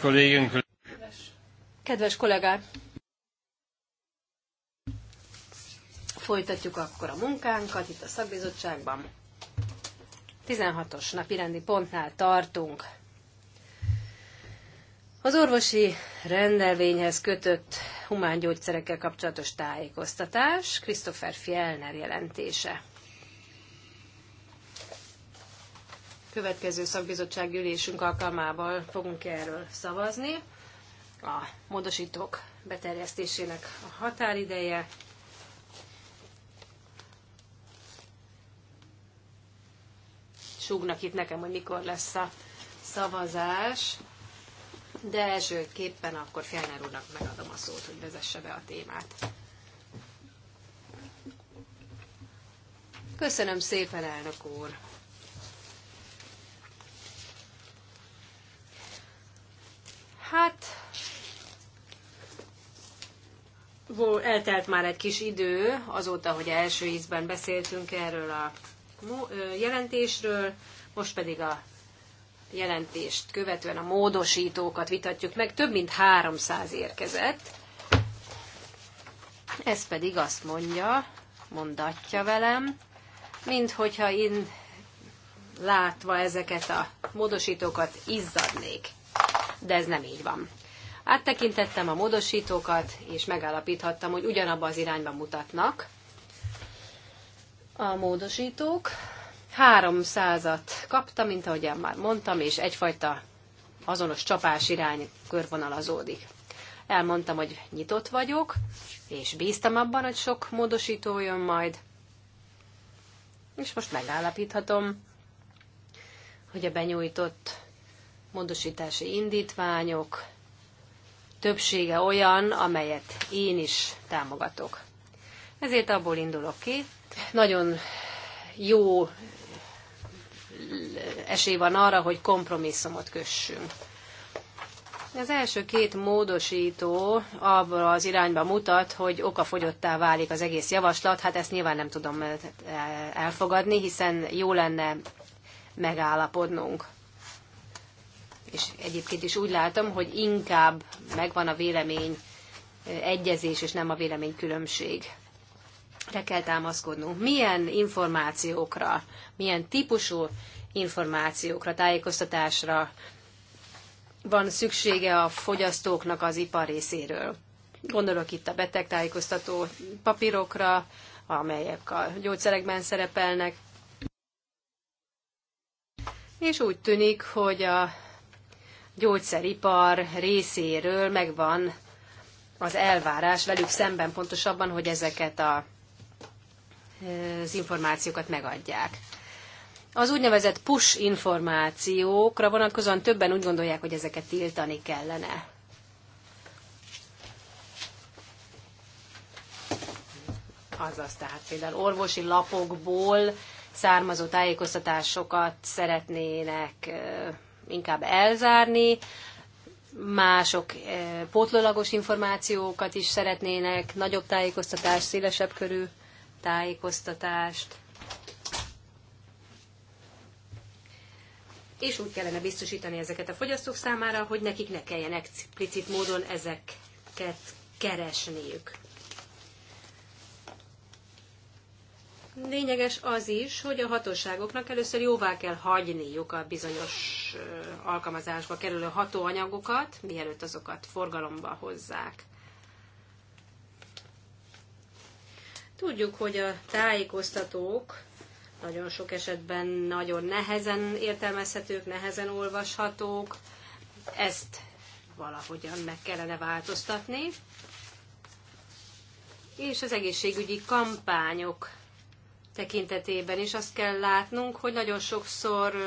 Kollegen. Kedves kollégák! Folytatjuk akkor a munkánkat itt a szakbizottságban. 16-os napi rendi pontnál tartunk. Az orvosi rendelvényhez kötött humán gyógyszerekkel kapcsolatos tájékoztatás, Christopher Fjellner jelentése. következő szakbizottsági ülésünk alkalmával fogunk erről szavazni. A módosítók beterjesztésének a határideje. Súgnak itt nekem, hogy mikor lesz a szavazás, de elsőképpen akkor Fjellner úrnak megadom a szót, hogy vezesse be a témát. Köszönöm szépen, elnök úr! Hát, eltelt már egy kis idő azóta, hogy első ízben beszéltünk erről a jelentésről, most pedig a jelentést követően a módosítókat vitatjuk meg. Több mint 300 érkezett. Ez pedig azt mondja, mondatja velem, mint hogyha én látva ezeket a módosítókat izzadnék de ez nem így van. Áttekintettem a módosítókat, és megállapíthattam, hogy ugyanabba az irányba mutatnak a módosítók. 300 százat kapta, mint én már mondtam, és egyfajta azonos csapás irány körvonalazódik. Elmondtam, hogy nyitott vagyok, és bíztam abban, hogy sok módosító jön majd. És most megállapíthatom, hogy a benyújtott módosítási indítványok többsége olyan, amelyet én is támogatok. Ezért abból indulok ki. Nagyon jó esély van arra, hogy kompromisszumot kössünk. Az első két módosító abba az irányba mutat, hogy okafogyottá válik az egész javaslat. Hát ezt nyilván nem tudom elfogadni, hiszen jó lenne megállapodnunk és egyébként is úgy látom, hogy inkább megvan a vélemény egyezés, és nem a vélemény különbség. Re kell támaszkodnunk. Milyen információkra, milyen típusú információkra, tájékoztatásra van szüksége a fogyasztóknak az ipar részéről. Gondolok itt a betegtájékoztató papírokra, amelyek a gyógyszerekben szerepelnek. És úgy tűnik, hogy a gyógyszeripar részéről megvan az elvárás velük szemben pontosabban, hogy ezeket a, az információkat megadják. Az úgynevezett push információkra vonatkozóan többen úgy gondolják, hogy ezeket tiltani kellene. Azaz, tehát például orvosi lapokból származó tájékoztatásokat szeretnének inkább elzárni, mások eh, pótlólagos információkat is szeretnének, nagyobb tájékoztatást, szélesebb körű tájékoztatást. És úgy kellene biztosítani ezeket a fogyasztók számára, hogy nekik ne kelljen explicit módon ezeket keresniük. lényeges az is, hogy a hatóságoknak először jóvá kell hagyniuk a bizonyos alkalmazásba kerülő hatóanyagokat, mielőtt azokat forgalomba hozzák. Tudjuk, hogy a tájékoztatók nagyon sok esetben nagyon nehezen értelmezhetők, nehezen olvashatók. Ezt valahogyan meg kellene változtatni. És az egészségügyi kampányok tekintetében is azt kell látnunk, hogy nagyon sokszor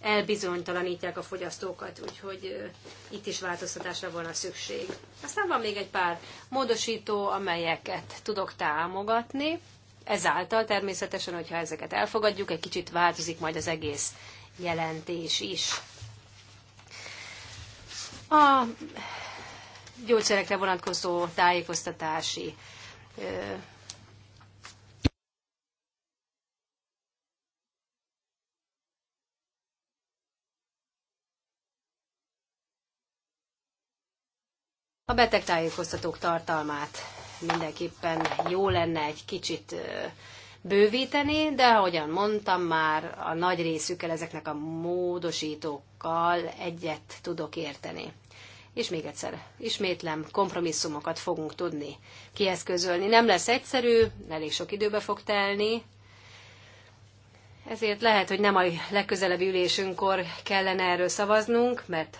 elbizonytalanítják a fogyasztókat, úgyhogy itt is változtatásra volna szükség. Aztán van még egy pár módosító, amelyeket tudok támogatni. Ezáltal természetesen, hogyha ezeket elfogadjuk, egy kicsit változik majd az egész jelentés is. A gyógyszerekre vonatkozó tájékoztatási A betegtájékoztatók tartalmát mindenképpen jó lenne egy kicsit bővíteni, de ahogyan mondtam már, a nagy részükkel ezeknek a módosítókkal egyet tudok érteni. És még egyszer, ismétlem, kompromisszumokat fogunk tudni kieszközölni. Nem lesz egyszerű, elég sok időbe fog telni, ezért lehet, hogy nem a legközelebbi ülésünkkor kellene erről szavaznunk, mert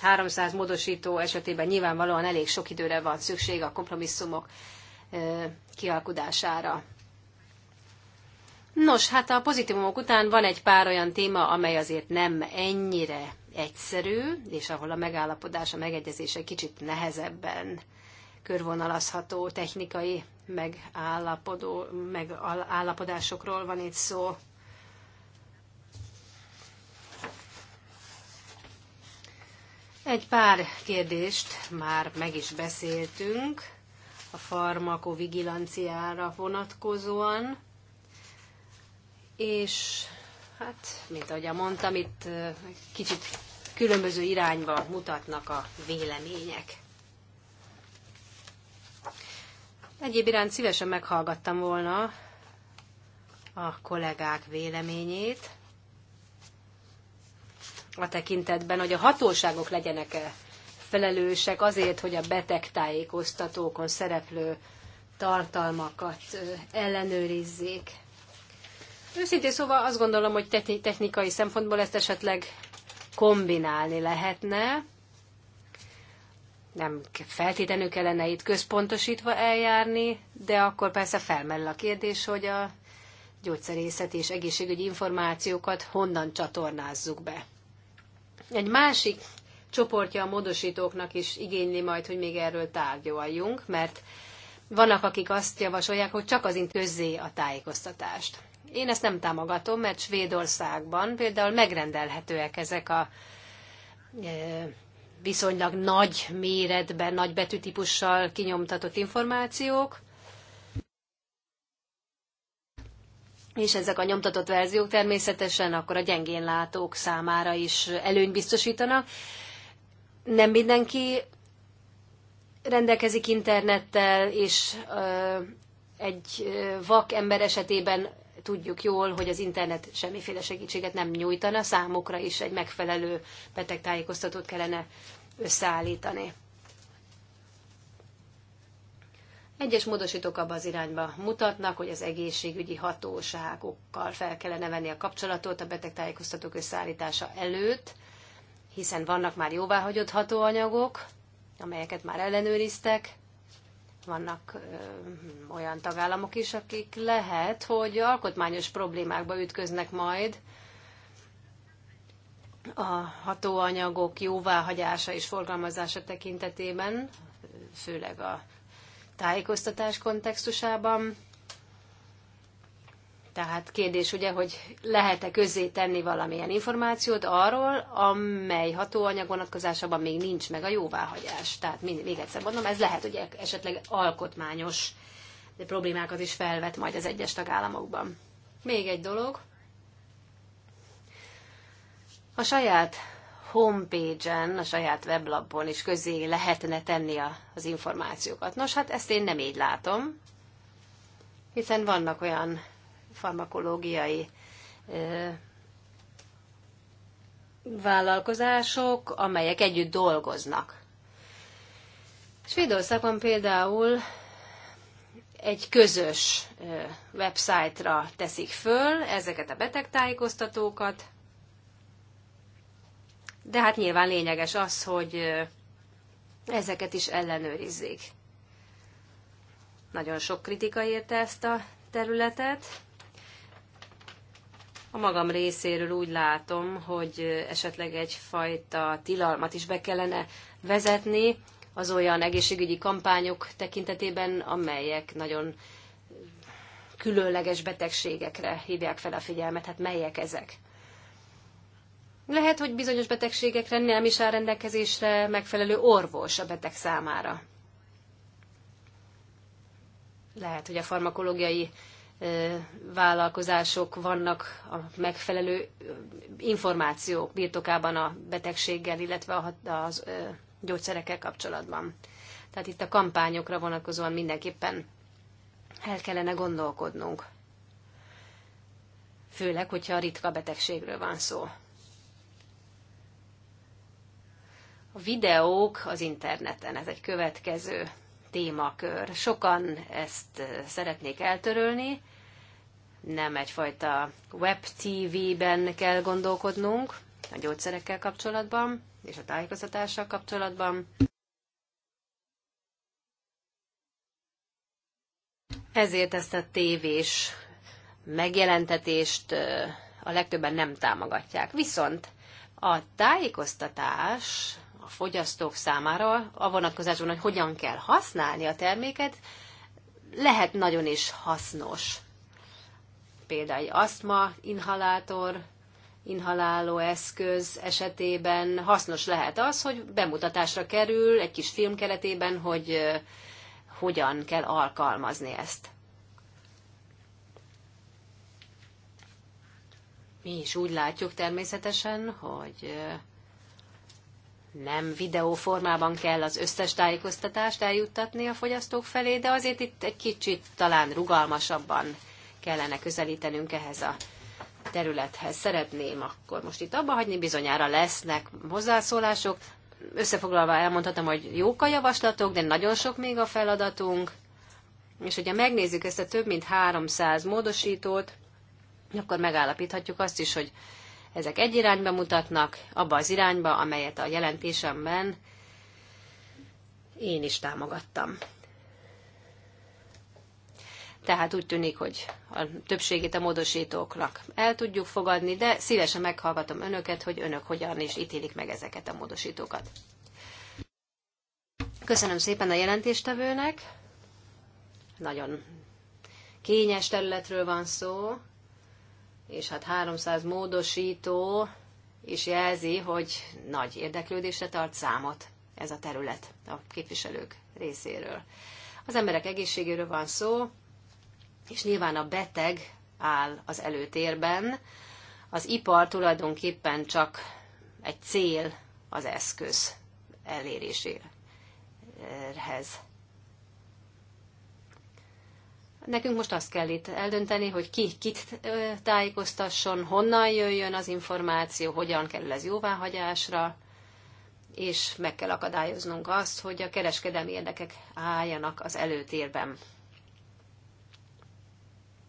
300 módosító esetében nyilvánvalóan elég sok időre van szükség a kompromisszumok kialkudására. Nos, hát a pozitívumok után van egy pár olyan téma, amely azért nem ennyire egyszerű, és ahol a megállapodás, a megegyezés egy kicsit nehezebben körvonalazható technikai megállapodó, megállapodásokról van itt szó. Egy pár kérdést már meg is beszéltünk a farmakovigilanciára vonatkozóan, és hát, mint ahogy mondtam, itt kicsit különböző irányba mutatnak a vélemények. Egyéb iránt szívesen meghallgattam volna a kollégák véleményét, a tekintetben, hogy a hatóságok legyenek-e felelősek azért, hogy a beteg tájékoztatókon szereplő tartalmakat ellenőrizzék. Őszintén szóval azt gondolom, hogy technikai szempontból ezt esetleg kombinálni lehetne. Nem feltétlenül kellene itt központosítva eljárni, de akkor persze felmerül a kérdés, hogy a gyógyszerészeti és egészségügyi információkat honnan csatornázzuk be. Egy másik csoportja a módosítóknak is igényli majd, hogy még erről tárgyaljunk, mert vannak, akik azt javasolják, hogy csak azint közzé a tájékoztatást. Én ezt nem támogatom, mert Svédországban például megrendelhetőek ezek a e, viszonylag nagy méretben, nagy betűtípussal kinyomtatott információk, és ezek a nyomtatott verziók természetesen akkor a gyengén látók számára is előny biztosítanak. Nem mindenki rendelkezik internettel, és egy vak ember esetében tudjuk jól, hogy az internet semmiféle segítséget nem nyújtana, számukra is egy megfelelő betegtájékoztatót kellene összeállítani. Egyes módosítók abba az irányba mutatnak, hogy az egészségügyi hatóságokkal fel kellene venni a kapcsolatot a betegtájékoztatók összeállítása előtt, hiszen vannak már jóváhagyott hatóanyagok, amelyeket már ellenőriztek, vannak ö, olyan tagállamok is, akik lehet, hogy alkotmányos problémákba ütköznek majd a hatóanyagok jóváhagyása és forgalmazása tekintetében, főleg a tájékoztatás kontextusában. Tehát kérdés ugye, hogy lehet-e közzé tenni valamilyen információt arról, amely hatóanyag vonatkozásában még nincs meg a jóváhagyás. Tehát mind, még egyszer mondom, ez lehet, hogy esetleg alkotmányos de problémákat is felvet majd az egyes tagállamokban. Még egy dolog. A saját homepage-en, a saját weblapon is közé lehetne tenni a, az információkat. Nos, hát ezt én nem így látom, hiszen vannak olyan farmakológiai ö, vállalkozások, amelyek együtt dolgoznak. Svédországban például egy közös websájtra teszik föl ezeket a betegtájékoztatókat, de hát nyilván lényeges az, hogy ezeket is ellenőrizzék. Nagyon sok kritika érte ezt a területet. A magam részéről úgy látom, hogy esetleg egyfajta tilalmat is be kellene vezetni az olyan egészségügyi kampányok tekintetében, amelyek nagyon különleges betegségekre hívják fel a figyelmet. Hát melyek ezek? Lehet, hogy bizonyos betegségekre nem is áll rendelkezésre megfelelő orvos a beteg számára. Lehet, hogy a farmakológiai vállalkozások vannak a megfelelő információk birtokában a betegséggel, illetve az gyógyszerekkel kapcsolatban. Tehát itt a kampányokra vonatkozóan mindenképpen el kellene gondolkodnunk. Főleg, hogyha ritka betegségről van szó. A videók az interneten, ez egy következő témakör. Sokan ezt eh, szeretnék eltörölni, nem egyfajta web TV-ben kell gondolkodnunk a gyógyszerekkel kapcsolatban és a tájékoztatással kapcsolatban. Ezért ezt a tévés megjelentetést eh, a legtöbben nem támogatják. Viszont a tájékoztatás a fogyasztók számára a vonatkozásban, hogy hogyan kell használni a terméket, lehet nagyon is hasznos. Például egy asztma inhalátor, inhaláló eszköz esetében hasznos lehet az, hogy bemutatásra kerül egy kis film keretében, hogy hogyan kell alkalmazni ezt. Mi is úgy látjuk természetesen, hogy nem videóformában kell az összes tájékoztatást eljuttatni a fogyasztók felé, de azért itt egy kicsit talán rugalmasabban kellene közelítenünk ehhez a területhez. Szeretném akkor most itt abba hagyni, bizonyára lesznek hozzászólások. Összefoglalva elmondhatom, hogy jók a javaslatok, de nagyon sok még a feladatunk. És hogyha megnézzük ezt a több mint 300 módosítót, akkor megállapíthatjuk azt is, hogy ezek egy irányba mutatnak, abba az irányba, amelyet a jelentésemben én is támogattam. Tehát úgy tűnik, hogy a többségét a módosítóknak el tudjuk fogadni, de szívesen meghallgatom önöket, hogy önök hogyan is ítélik meg ezeket a módosítókat. Köszönöm szépen a jelentéstevőnek. Nagyon kényes területről van szó, és hát 300 módosító is jelzi, hogy nagy érdeklődésre tart számot ez a terület a képviselők részéről. Az emberek egészségéről van szó, és nyilván a beteg áll az előtérben. Az ipar tulajdonképpen csak egy cél az eszköz eléréséhez. Nekünk most azt kell itt eldönteni, hogy ki kit tájékoztasson, honnan jöjjön az információ, hogyan kerül ez jóváhagyásra, és meg kell akadályoznunk azt, hogy a kereskedelmi érdekek álljanak az előtérben.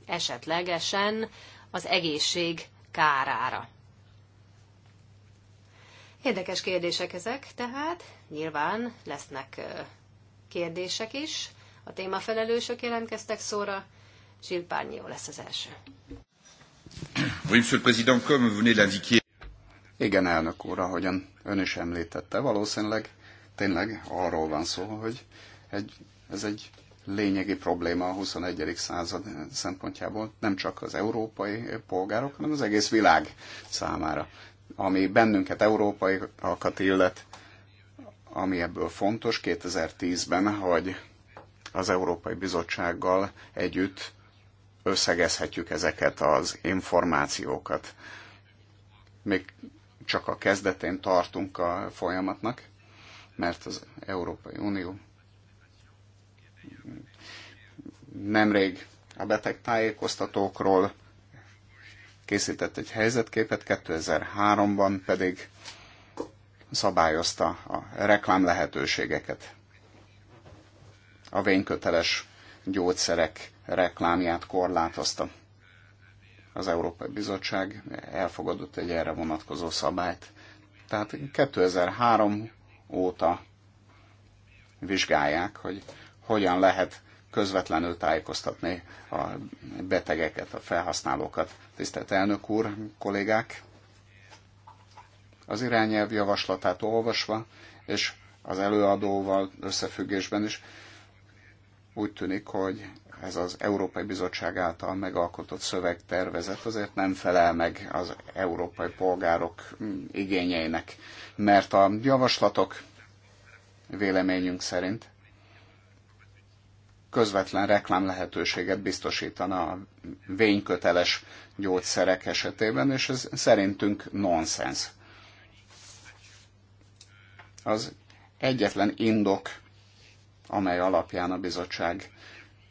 Esetlegesen az egészség kárára. Érdekes kérdések ezek, tehát nyilván lesznek kérdések is. A témafelelősök jelentkeztek szóra. Gilles Párnyó lesz az első. Igen, elnök úr, ahogyan ön is említette, valószínűleg tényleg arról van szó, hogy egy, ez egy lényegi probléma a XXI. század szempontjából, nem csak az európai polgárok, hanem az egész világ számára. Ami bennünket, európaiakat illet, ami ebből fontos 2010-ben, hogy az Európai Bizottsággal együtt összegezhetjük ezeket az információkat. Még csak a kezdetén tartunk a folyamatnak, mert az Európai Unió nemrég a tájékoztatókról készített egy helyzetképet, 2003-ban pedig szabályozta a reklám lehetőségeket a vényköteles gyógyszerek reklámját korlátozta. Az Európai Bizottság elfogadott egy erre vonatkozó szabályt. Tehát 2003 óta vizsgálják, hogy hogyan lehet közvetlenül tájékoztatni a betegeket, a felhasználókat. Tisztelt elnök úr, kollégák! Az irányelv javaslatát olvasva, és az előadóval összefüggésben is úgy tűnik, hogy ez az Európai Bizottság által megalkotott szövegtervezet azért nem felel meg az európai polgárok igényeinek, mert a javaslatok véleményünk szerint közvetlen reklám lehetőséget biztosítana a vényköteles gyógyszerek esetében, és ez szerintünk nonsens. Az egyetlen indok amely alapján a bizottság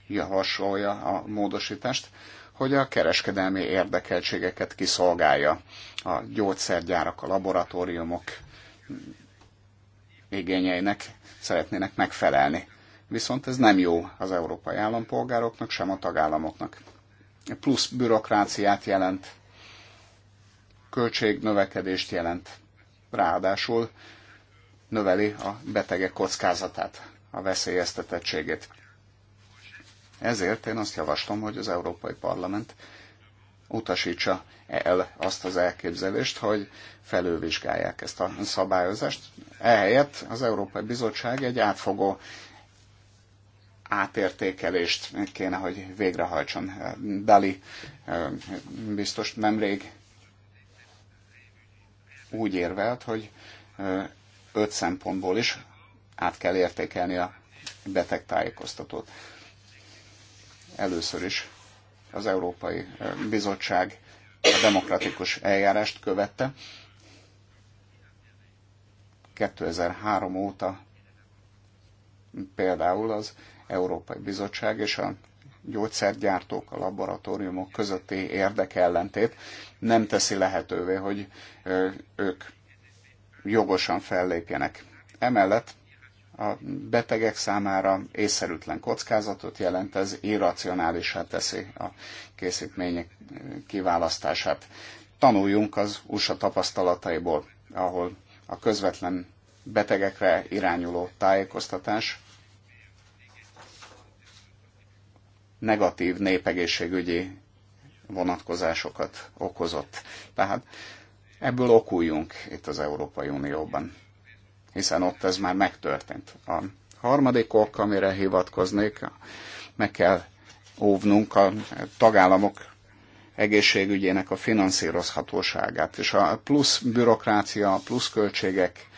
javasolja a módosítást, hogy a kereskedelmi érdekeltségeket kiszolgálja a gyógyszergyárak, a laboratóriumok igényeinek szeretnének megfelelni. Viszont ez nem jó az európai állampolgároknak, sem a tagállamoknak. Plusz bürokráciát jelent, költségnövekedést jelent, ráadásul növeli a betegek kockázatát a veszélyeztetettségét. Ezért én azt javaslom, hogy az Európai Parlament utasítsa el azt az elképzelést, hogy felülvizsgálják ezt a szabályozást. Ehelyett az Európai Bizottság egy átfogó átértékelést kéne, hogy végrehajtson. Dali biztos nemrég úgy érvelt, hogy öt szempontból is át kell értékelni a beteg tájékoztatót. Először is az Európai Bizottság a demokratikus eljárást követte. 2003 óta például az Európai Bizottság és a gyógyszergyártók, a laboratóriumok közötti érdekellentét nem teszi lehetővé, hogy ők jogosan fellépjenek. Emellett a betegek számára észszerűtlen kockázatot jelent, ez irracionálisá teszi a készítmények kiválasztását. Tanuljunk az USA tapasztalataiból, ahol a közvetlen betegekre irányuló tájékoztatás negatív népegészségügyi vonatkozásokat okozott. Tehát ebből okuljunk itt az Európai Unióban hiszen ott ez már megtörtént. A harmadik ok, amire hivatkoznék, meg kell óvnunk a tagállamok egészségügyének a finanszírozhatóságát, és a plusz bürokrácia, a plusz költségek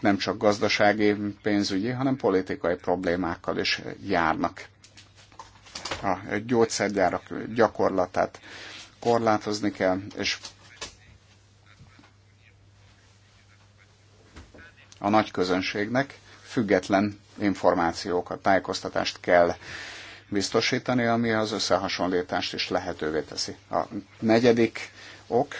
nem csak gazdasági, pénzügyi, hanem politikai problémákkal is járnak. A gyógyszergyárak gyakorlatát korlátozni kell, és a nagy közönségnek független információkat, tájékoztatást kell biztosítani, ami az összehasonlítást is lehetővé teszi. A negyedik ok,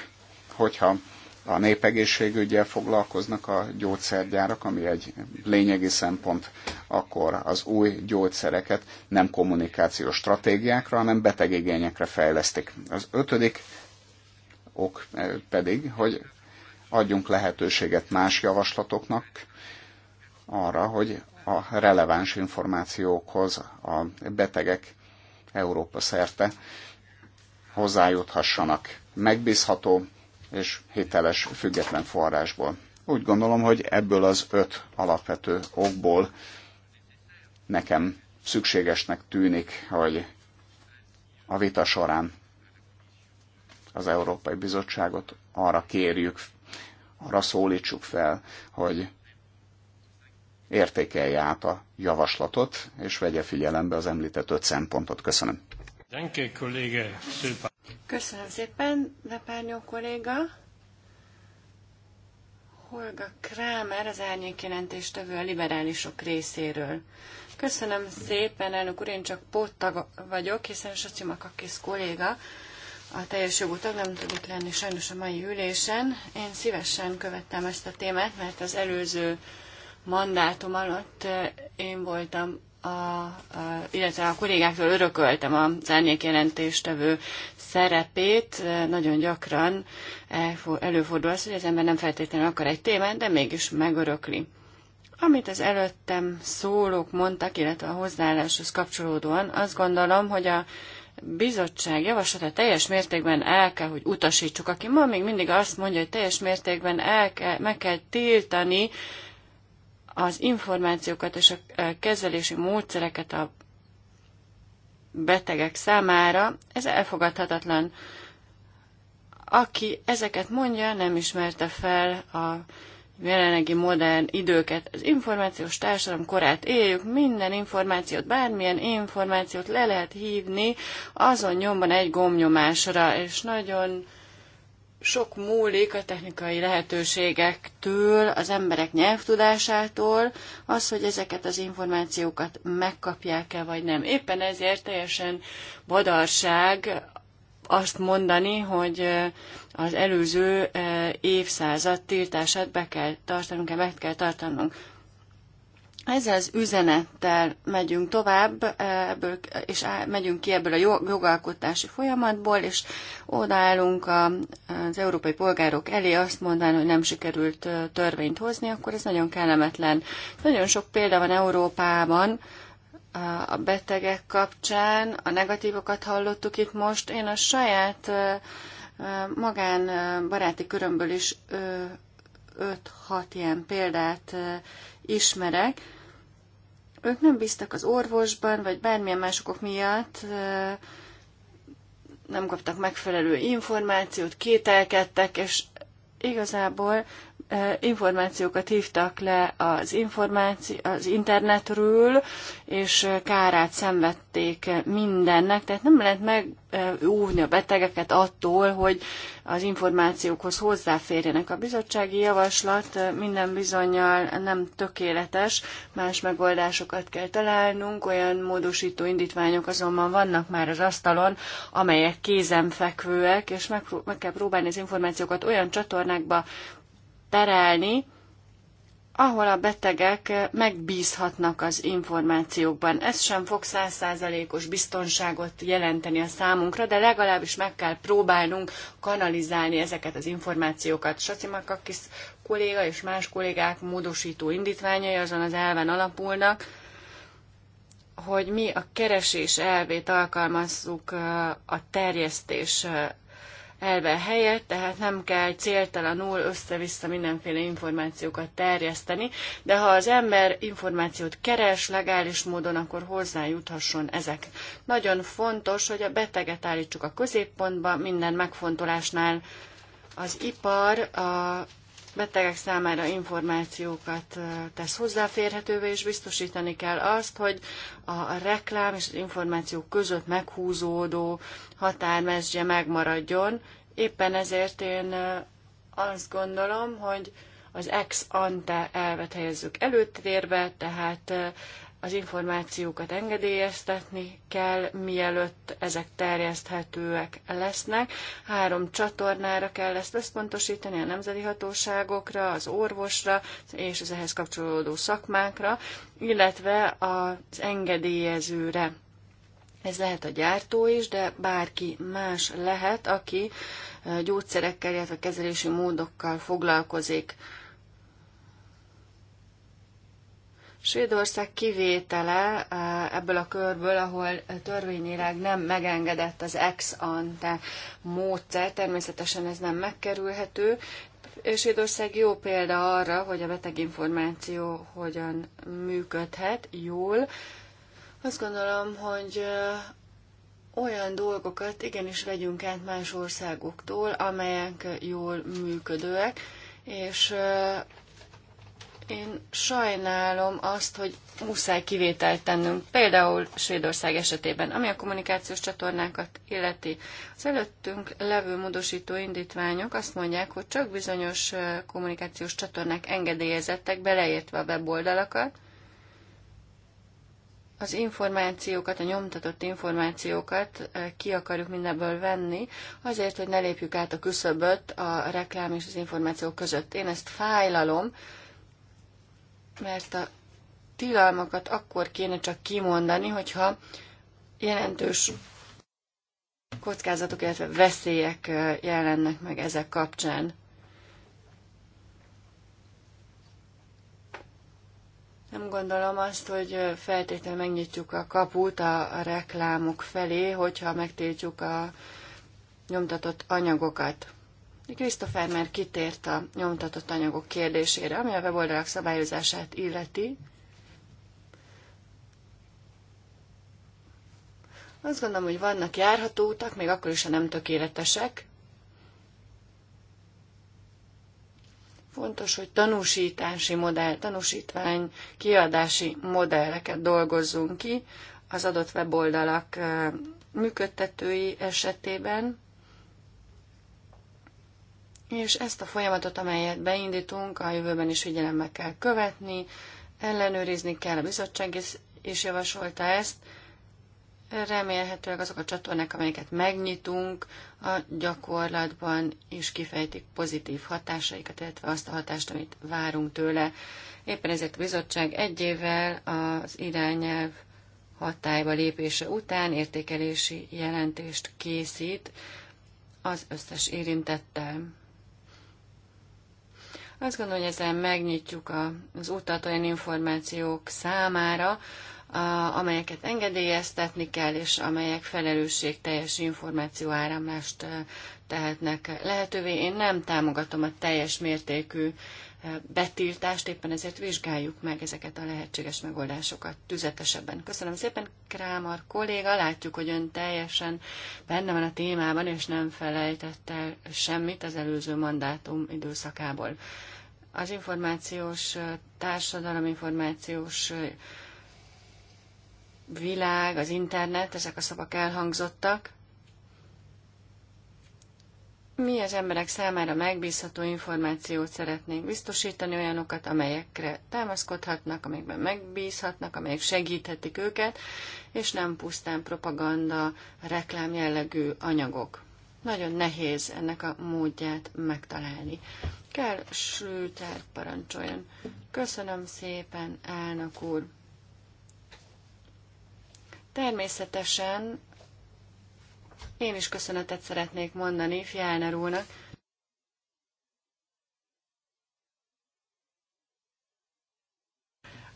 hogyha a népegészségügyel foglalkoznak a gyógyszergyárak, ami egy lényegi szempont, akkor az új gyógyszereket nem kommunikációs stratégiákra, hanem betegigényekre fejlesztik. Az ötödik ok eh, pedig, hogy adjunk lehetőséget más javaslatoknak arra, hogy a releváns információkhoz a betegek Európa szerte hozzájuthassanak megbízható és hiteles, független forrásból. Úgy gondolom, hogy ebből az öt alapvető okból nekem szükségesnek tűnik, hogy a vita során az Európai Bizottságot arra kérjük arra szólítsuk fel, hogy értékelje át a javaslatot, és vegye figyelembe az említett öt szempontot. Köszönöm. Köszönöm szépen, Depárnyó kolléga. Holga Krámer, az árnyék jelentéstevő a liberálisok részéről. Köszönöm szépen, elnök úr, én csak pótta vagyok, hiszen Sacimakakis kolléga a teljes jogú tag nem itt lenni sajnos a mai ülésen. Én szívesen követtem ezt a témát, mert az előző mandátum alatt eh, én voltam a, a, illetve a kollégáktól örököltem az jelentéstevő szerepét. Eh, nagyon gyakran előfordul az, hogy az ember nem feltétlenül akar egy témát, de mégis megörökli. Amit az előttem szólók mondtak, illetve a hozzáálláshoz kapcsolódóan, azt gondolom, hogy a bizottság javaslata teljes mértékben el kell, hogy utasítsuk. Aki ma még mindig azt mondja, hogy teljes mértékben el kell, meg kell tiltani az információkat és a e, kezelési módszereket a betegek számára, ez elfogadhatatlan. Aki ezeket mondja, nem ismerte fel a jelenlegi modern időket, az információs társadalom korát éljük, minden információt, bármilyen információt le lehet hívni azon nyomban egy gomnyomásra, és nagyon sok múlik a technikai lehetőségektől, az emberek nyelvtudásától, az, hogy ezeket az információkat megkapják-e vagy nem. Éppen ezért teljesen badarság azt mondani, hogy eh, az előző eh, évszázad tiltását be kell tartanunk, meg kell tartanunk. Ezzel az üzenettel megyünk tovább, eh, ebből, és megyünk ki ebből a jogalkotási folyamatból, és odaállunk az európai polgárok elé azt mondani, hogy nem sikerült törvényt hozni, akkor ez nagyon kellemetlen. Nagyon sok példa van Európában, a betegek kapcsán, a negatívokat hallottuk itt most. Én a saját magán baráti körömből is 5-6 ilyen példát ismerek. Ők nem bíztak az orvosban, vagy bármilyen másokok miatt, nem kaptak megfelelő információt, kételkedtek, és igazából információkat hívtak le az, információ, az internetről, és kárát szenvedték mindennek, tehát nem lehet megúvni a betegeket attól, hogy az információkhoz hozzáférjenek. A bizottsági javaslat minden bizonyal nem tökéletes, más megoldásokat kell találnunk, olyan módosító indítványok azonban vannak már az asztalon, amelyek kézenfekvőek, és meg, meg kell próbálni az információkat olyan csatornákba terelni, ahol a betegek megbízhatnak az információkban. Ez sem fog százszázalékos biztonságot jelenteni a számunkra, de legalábbis meg kell próbálnunk kanalizálni ezeket az információkat. Makakis kolléga és más kollégák módosító indítványai azon az elven alapulnak, hogy mi a keresés elvét alkalmazzuk a terjesztés elve helyett, tehát nem kell céltalanul össze-vissza mindenféle információkat terjeszteni, de ha az ember információt keres legális módon, akkor hozzájuthasson ezek. Nagyon fontos, hogy a beteget állítsuk a középpontba minden megfontolásnál. Az ipar a betegek számára információkat tesz hozzáférhetővé, és biztosítani kell azt, hogy a reklám és az információ között meghúzódó határmezgye megmaradjon. Éppen ezért én azt gondolom, hogy az ex ante elvet helyezzük előtérbe, tehát az információkat engedélyeztetni kell, mielőtt ezek terjeszthetőek lesznek. Három csatornára kell ezt összpontosítani, a nemzeti hatóságokra, az orvosra és az ehhez kapcsolódó szakmákra, illetve az engedélyezőre. Ez lehet a gyártó is, de bárki más lehet, aki gyógyszerekkel, illetve kezelési módokkal foglalkozik. Svédország kivétele eh, ebből a körből, ahol törvényileg nem megengedett az ex ante módszer, természetesen ez nem megkerülhető. Svédország jó példa arra, hogy a beteginformáció hogyan működhet jól. Azt gondolom, hogy eh, olyan dolgokat igenis vegyünk át más országoktól, amelyek jól működőek, és eh, én sajnálom azt, hogy muszáj kivételt tennünk, például Svédország esetében, ami a kommunikációs csatornákat illeti. Az előttünk levő módosító indítványok azt mondják, hogy csak bizonyos kommunikációs csatornák engedélyezettek, beleértve a weboldalakat, az információkat, a nyomtatott információkat ki akarjuk mindenből venni, azért, hogy ne lépjük át a küszöböt a reklám és az információ között. Én ezt fájlalom, mert a tilalmakat akkor kéne csak kimondani, hogyha jelentős kockázatok, illetve veszélyek jelennek meg ezek kapcsán. Nem gondolom azt, hogy feltétlenül megnyitjuk a kaput a, reklámok felé, hogyha megtiltjuk a nyomtatott anyagokat. Christopher már kitért a nyomtatott anyagok kérdésére, ami a weboldalak szabályozását illeti. Azt gondolom, hogy vannak járható utak, még akkor is, ha nem tökéletesek. Fontos, hogy tanúsítási modell, tanúsítvány, kiadási modelleket dolgozzunk ki az adott weboldalak működtetői esetében lépni, és ezt a folyamatot, amelyet beindítunk, a jövőben is figyelemmel kell követni, ellenőrizni kell, a bizottság is, is javasolta ezt. Remélhetőleg azok a csatornák, amelyeket megnyitunk, a gyakorlatban is kifejtik pozitív hatásaikat, illetve azt a hatást, amit várunk tőle. Éppen ezért a bizottság egy évvel az irányelv hatályba lépése után értékelési jelentést készít az összes érintettel. Azt gondolom, hogy ezzel megnyitjuk az utat olyan információk számára, amelyeket engedélyeztetni kell, és amelyek felelősségteljes információáramlást tehetnek lehetővé. Én nem támogatom a teljes mértékű betiltást, éppen ezért vizsgáljuk meg ezeket a lehetséges megoldásokat tüzetesebben. Köszönöm szépen, Krámar kolléga, látjuk, hogy ön teljesen benne van a témában, és nem felejtett el semmit az előző mandátum időszakából az információs társadalom, információs világ, az internet, ezek a szavak elhangzottak. Mi az emberek számára megbízható információt szeretnénk biztosítani, olyanokat, amelyekre támaszkodhatnak, amelyekben megbízhatnak, amelyek segíthetik őket, és nem pusztán propaganda, reklám jellegű anyagok. Nagyon nehéz ennek a módját megtalálni. Kell Schröter parancsoljon. Köszönöm szépen, elnök úr. Természetesen én is köszönetet szeretnék mondani Fjellner úrnak,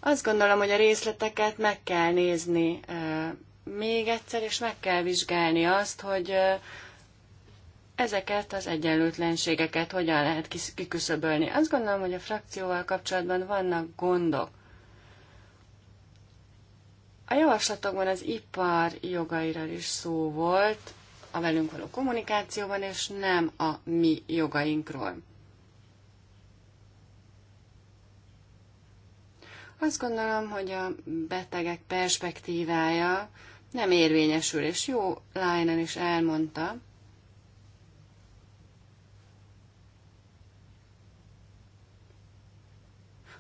Azt gondolom, hogy a részleteket meg kell nézni még egyszer, és meg kell vizsgálni azt, hogy ezeket az egyenlőtlenségeket hogyan lehet kiküszöbölni. Azt gondolom, hogy a frakcióval kapcsolatban vannak gondok. A javaslatokban az ipar jogairól is szó volt, a velünk való kommunikációban, és nem a mi jogainkról. Azt gondolom, hogy a betegek perspektívája nem érvényesül, és jó Lionel is elmondta,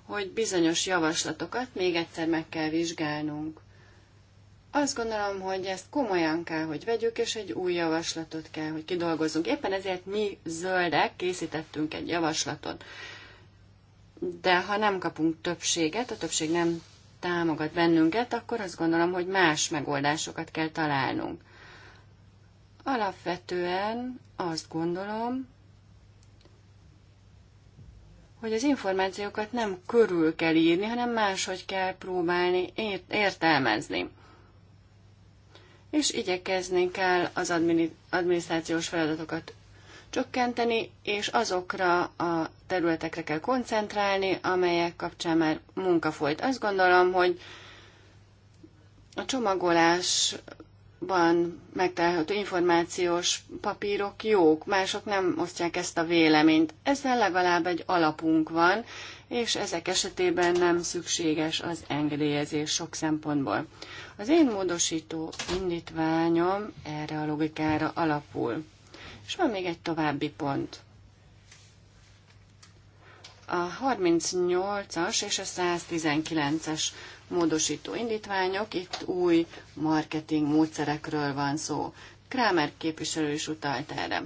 hogy bizonyos javaslatokat még egyszer meg kell vizsgálnunk. Azt gondolom, hogy ezt komolyan kell, hogy vegyük, és egy új javaslatot kell, hogy kidolgozzunk. Éppen ezért mi zöldek készítettünk egy javaslatot. De ha nem kapunk többséget, a többség nem támogat bennünket, akkor azt gondolom, hogy más megoldásokat kell találnunk. Alapvetően azt gondolom, hogy az információkat nem körül kell írni, hanem máshogy kell próbálni értelmezni. És igyekezni kell az adminisztrációs feladatokat csökkenteni, és azokra a területekre kell koncentrálni, amelyek kapcsán már munka folyt. Azt gondolom, hogy a csomagolás ban megtalálható információs papírok jók, mások nem osztják ezt a véleményt. Ezzel legalább egy alapunk van, és ezek esetében nem szükséges az engedélyezés sok szempontból. Az én módosító indítványom erre a logikára alapul. És van még egy további pont. A 38-as és a 119-es módosító indítványok, itt új marketing módszerekről van szó. Krámer képviselő is utalt erre.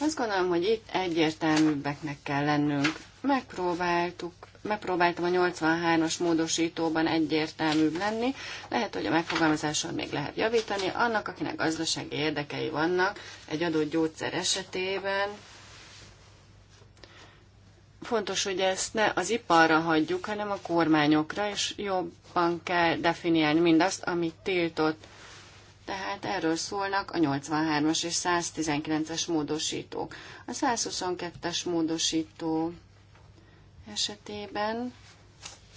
Azt gondolom, hogy itt egyértelműbbeknek kell lennünk. Megpróbáltuk, megpróbáltam a 83-as módosítóban egyértelműbb lenni. Lehet, hogy a megfogalmazáson még lehet javítani. Annak, akinek gazdasági érdekei vannak egy adott gyógyszer esetében, Fontos, hogy ezt ne az iparra hagyjuk, hanem a kormányokra, és jobban kell definiálni mindazt, amit tiltott. Tehát erről szólnak a 83-as és 119-es módosítók. A 122-es módosító esetében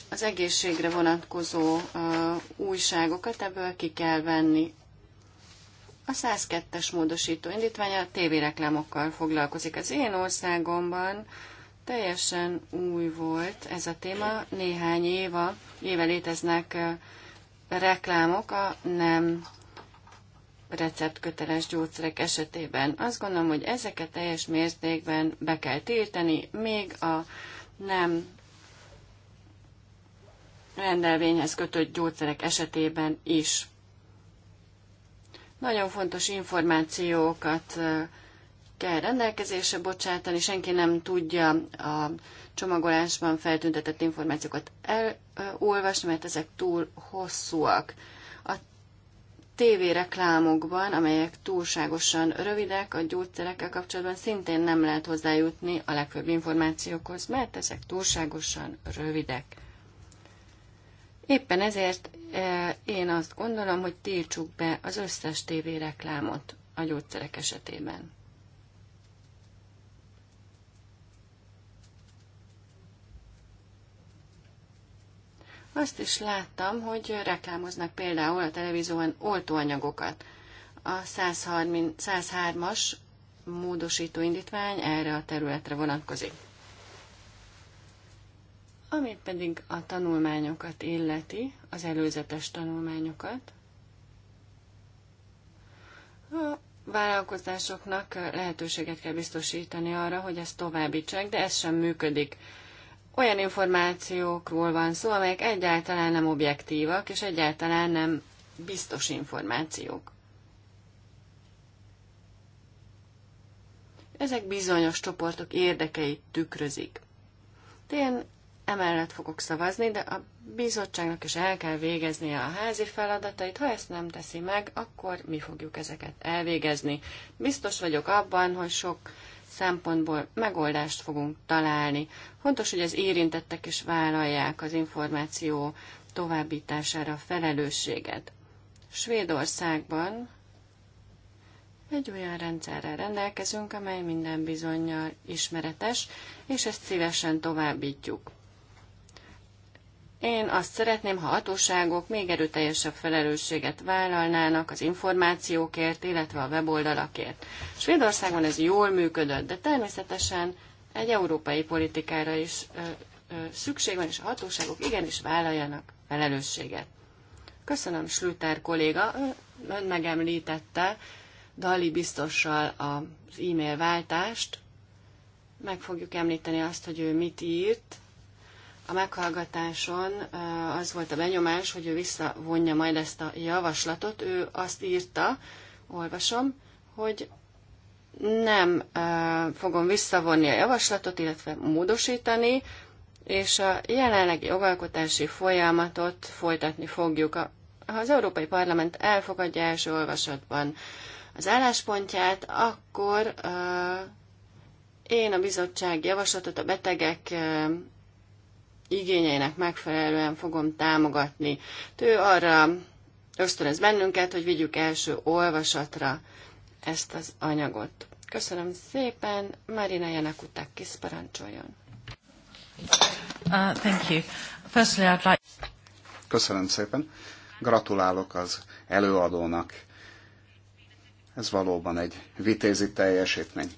az egészségre vonatkozó uh, újságokat ebből ki kell venni. A 102-es módosító indítványa a tévéreklámokkal foglalkozik. Az én országomban Teljesen új volt ez a téma. Néhány éva, éve léteznek reklámok a nem receptköteles gyógyszerek esetében. Azt gondolom, hogy ezeket teljes mértékben be kell tiltani, még a nem rendelvényhez kötött gyógyszerek esetében is. Nagyon fontos információkat kell rendelkezésre bocsátani, senki nem tudja a csomagolásban feltüntetett információkat elolvasni, mert ezek túl hosszúak. A TV reklámokban, amelyek túlságosan rövidek a gyógyszerekkel kapcsolatban, szintén nem lehet hozzájutni a legfőbb információkhoz, mert ezek túlságosan rövidek. Éppen ezért e, én azt gondolom, hogy tiltsuk be az összes tévéreklámot a gyógyszerek esetében. Azt is láttam, hogy reklámoznak például a televízióban oltóanyagokat. A 103-as módosító indítvány erre a területre vonatkozik. Ami pedig a tanulmányokat illeti, az előzetes tanulmányokat, a vállalkozásoknak lehetőséget kell biztosítani arra, hogy ezt továbbítsák, de ez sem működik olyan információkról van szó, amelyek egyáltalán nem objektívak, és egyáltalán nem biztos információk. Ezek bizonyos csoportok érdekeit tükrözik. Én emellett fogok szavazni, de a bizottságnak is el kell végeznie a házi feladatait. Ha ezt nem teszi meg, akkor mi fogjuk ezeket elvégezni. Biztos vagyok abban, hogy sok szempontból megoldást fogunk találni. Fontos, hogy az érintettek is vállalják az információ továbbítására a felelősséget. Svédországban egy olyan rendszerrel rendelkezünk, amely minden bizonyal ismeretes, és ezt szívesen továbbítjuk. Én azt szeretném, ha hatóságok még erőteljesebb felelősséget vállalnának az információkért, illetve a weboldalakért. Svédországban ez jól működött, de természetesen egy európai politikára is ö, ö, szükség van, és a hatóságok igenis vállaljanak felelősséget. Köszönöm, Slüter kolléga, ön megemlítette Dali biztossal az e-mail váltást. Meg fogjuk említeni azt, hogy ő mit írt, a meghallgatáson az volt a benyomás, hogy ő visszavonja majd ezt a javaslatot. Ő azt írta, olvasom, hogy nem fogom visszavonni a javaslatot, illetve módosítani, és a jelenlegi jogalkotási folyamatot folytatni fogjuk. Ha az Európai Parlament elfogadja első olvasatban az álláspontját, akkor én a bizottság javaslatot a betegek igényeinek megfelelően fogom támogatni. Ő arra ösztönöz bennünket, hogy vigyük első olvasatra ezt az anyagot. Köszönöm szépen, Marina Janakutak kis parancsoljon. Uh, thank you. Firstly, I'd like... Köszönöm szépen. Gratulálok az előadónak. Ez valóban egy vitézi teljesítmény.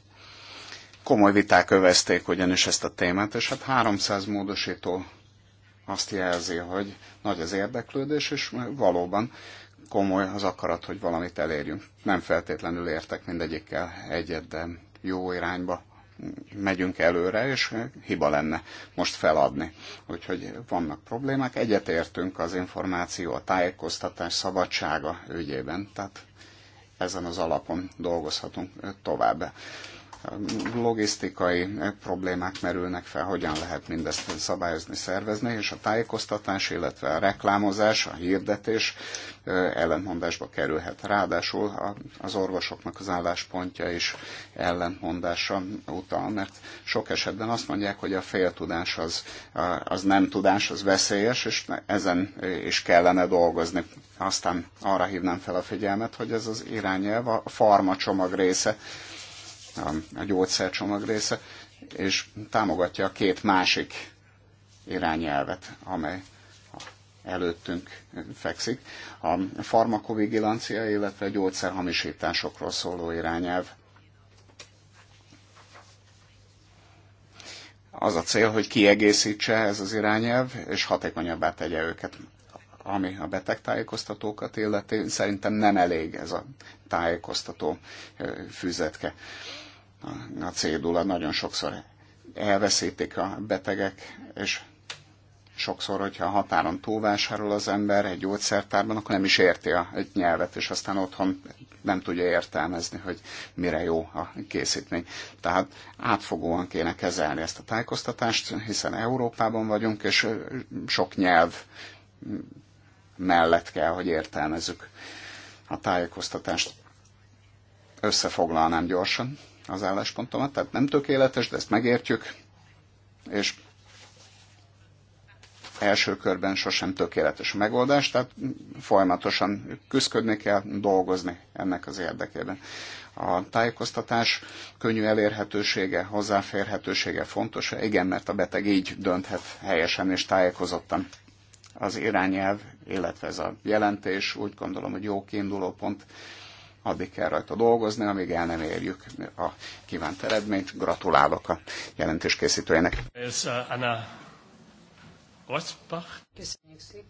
Komoly viták övezték ugyanis ezt a témát, és hát 300 módosító azt jelzi, hogy nagy az érdeklődés, és valóban komoly az akarat, hogy valamit elérjünk. Nem feltétlenül értek mindegyikkel egyet, de jó irányba megyünk előre, és hiba lenne most feladni. Úgyhogy vannak problémák, egyetértünk az információ, a tájékoztatás szabadsága ügyében, tehát ezen az alapon dolgozhatunk tovább logisztikai problémák merülnek fel, hogyan lehet mindezt szabályozni, szervezni, és a tájékoztatás, illetve a reklámozás, a hirdetés ellentmondásba kerülhet. Ráadásul az orvosoknak az álláspontja is ellentmondásra utal, mert sok esetben azt mondják, hogy a féltudás az, az nem tudás, az veszélyes, és ezen is kellene dolgozni. Aztán arra hívnám fel a figyelmet, hogy ez az irányelv a farmacsomag része, a gyógyszercsomag része, és támogatja a két másik irányelvet, amely előttünk fekszik. A farmakovigilancia, illetve a gyógyszerhamisításokról szóló irányelv. Az a cél, hogy kiegészítse ez az irányelv, és hatékonyabbá tegye őket. Ami a betegtájékoztatókat illeti, szerintem nem elég ez a tájékoztató füzetke a cédula nagyon sokszor elveszítik a betegek, és sokszor, hogyha határon túlvásárol az ember egy gyógyszertárban, akkor nem is érti a nyelvet, és aztán otthon nem tudja értelmezni, hogy mire jó a készítmény. Tehát átfogóan kéne kezelni ezt a tájkoztatást, hiszen Európában vagyunk, és sok nyelv mellett kell, hogy értelmezzük a tájékoztatást. Összefoglalnám gyorsan az álláspontomat, tehát nem tökéletes, de ezt megértjük, és első körben sosem tökéletes a megoldás, tehát folyamatosan küzdködni kell, dolgozni ennek az érdekében. A tájékoztatás könnyű elérhetősége, hozzáférhetősége fontos, igen, mert a beteg így dönthet helyesen és tájékozottan. Az irányelv, illetve ez a jelentés úgy gondolom, hogy jó kiinduló pont addig kell rajta dolgozni, amíg el nem érjük a kívánt eredményt. Gratulálok a jelentés készítőjének. Ez uh, Anna Rosbach. Köszönjük szépen.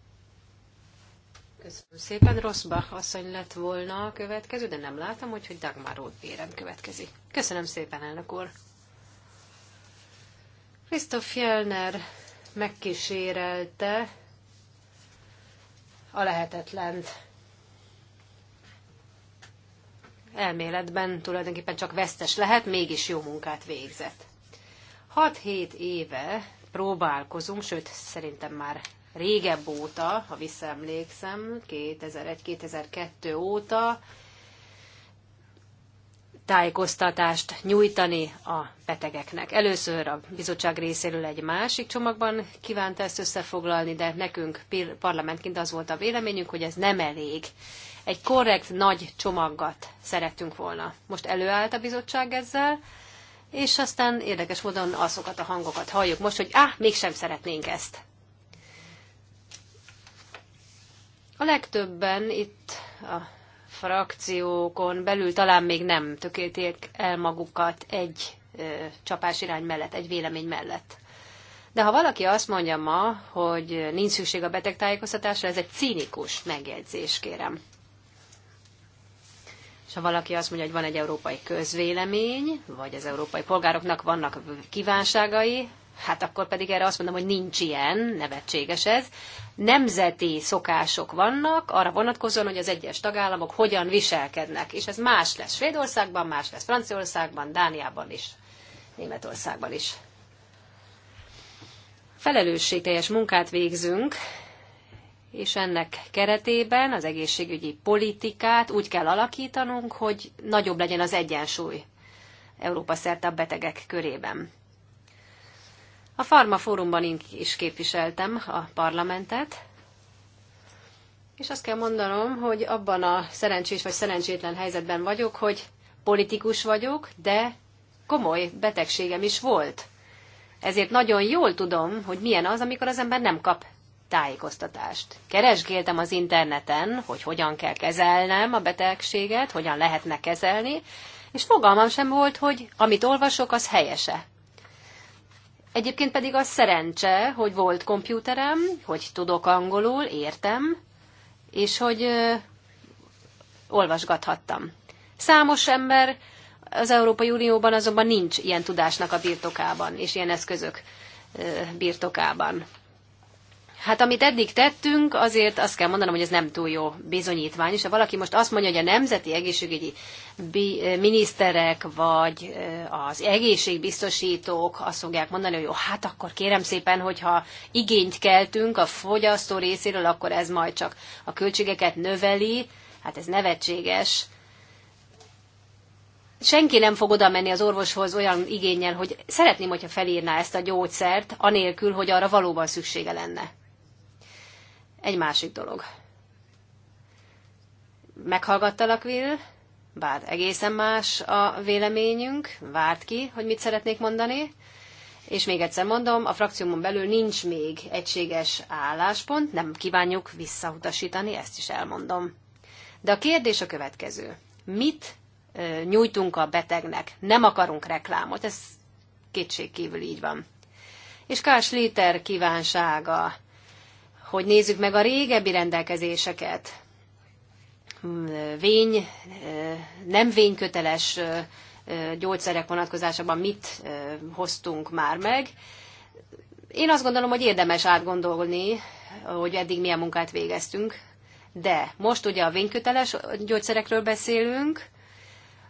Köszönöm szépen. Rosbach asszony lett volna a következő, de nem látom, hogy Dagmar érem következik. Köszönöm szépen, elnök úr. Krisztof Jelner megkísérelte a lehetetlent elméletben tulajdonképpen csak vesztes lehet, mégis jó munkát végzett. 6-7 éve próbálkozunk, sőt szerintem már régebb óta, ha visszaemlékszem, 2001-2002 óta tájékoztatást nyújtani a betegeknek. Először a bizottság részéről egy másik csomagban kívánta ezt összefoglalni, de nekünk parlamentként az volt a véleményünk, hogy ez nem elég. Egy korrekt nagy csomagot szerettünk volna. Most előállt a bizottság ezzel, és aztán érdekes módon azokat a hangokat halljuk most, hogy áh, mégsem szeretnénk ezt. A legtöbben itt a frakciókon belül talán még nem tökélték el magukat egy csapás irány mellett, egy vélemény mellett. De ha valaki azt mondja ma, hogy nincs szükség a betegtájékoztatásra, ez egy cínikus megjegyzés, kérem. És ha valaki azt mondja, hogy van egy európai közvélemény, vagy az európai polgároknak vannak kívánságai, hát akkor pedig erre azt mondom, hogy nincs ilyen, nevetséges ez. Nemzeti szokások vannak arra vonatkozóan, hogy az egyes tagállamok hogyan viselkednek, és ez más lesz Svédországban, más lesz Franciaországban, Dániában is, Németországban is. Felelősségteljes munkát végzünk, és ennek keretében az egészségügyi politikát úgy kell alakítanunk, hogy nagyobb legyen az egyensúly Európa szerte a betegek körében. A Farma Fórumban is képviseltem a parlamentet, és azt kell mondanom, hogy abban a szerencsés vagy szerencsétlen helyzetben vagyok, hogy politikus vagyok, de komoly betegségem is volt. Ezért nagyon jól tudom, hogy milyen az, amikor az ember nem kap tájékoztatást. Keresgéltem az interneten, hogy hogyan kell kezelnem a betegséget, hogyan lehetne kezelni, és fogalmam sem volt, hogy amit olvasok, az helyese. Egyébként pedig a szerencse, hogy volt kompjúterem, hogy tudok angolul, értem, és hogy ö, olvasgathattam. Számos ember az Európai Unióban azonban nincs ilyen tudásnak a birtokában, és ilyen eszközök ö, birtokában. Hát amit eddig tettünk, azért azt kell mondanom, hogy ez nem túl jó bizonyítvány. És ha valaki most azt mondja, hogy a nemzeti egészségügyi miniszterek vagy az egészségbiztosítók azt fogják mondani, hogy jó, hát akkor kérem szépen, hogyha igényt keltünk a fogyasztó részéről, akkor ez majd csak a költségeket növeli. Hát ez nevetséges senki nem fog oda menni az orvoshoz olyan igényel, hogy szeretném, hogyha felírná ezt a gyógyszert, anélkül, hogy arra valóban szüksége lenne egy másik dolog. Meghallgattalak, Will, bár egészen más a véleményünk, várt ki, hogy mit szeretnék mondani, és még egyszer mondom, a frakciómon belül nincs még egységes álláspont, nem kívánjuk visszautasítani, ezt is elmondom. De a kérdés a következő. Mit nyújtunk a betegnek? Nem akarunk reklámot, ez kétségkívül így van. És Kás Liter kívánsága hogy nézzük meg a régebbi rendelkezéseket. Vény, nem vényköteles gyógyszerek vonatkozásában mit hoztunk már meg. Én azt gondolom, hogy érdemes átgondolni, hogy eddig milyen munkát végeztünk, de most ugye a vényköteles gyógyszerekről beszélünk,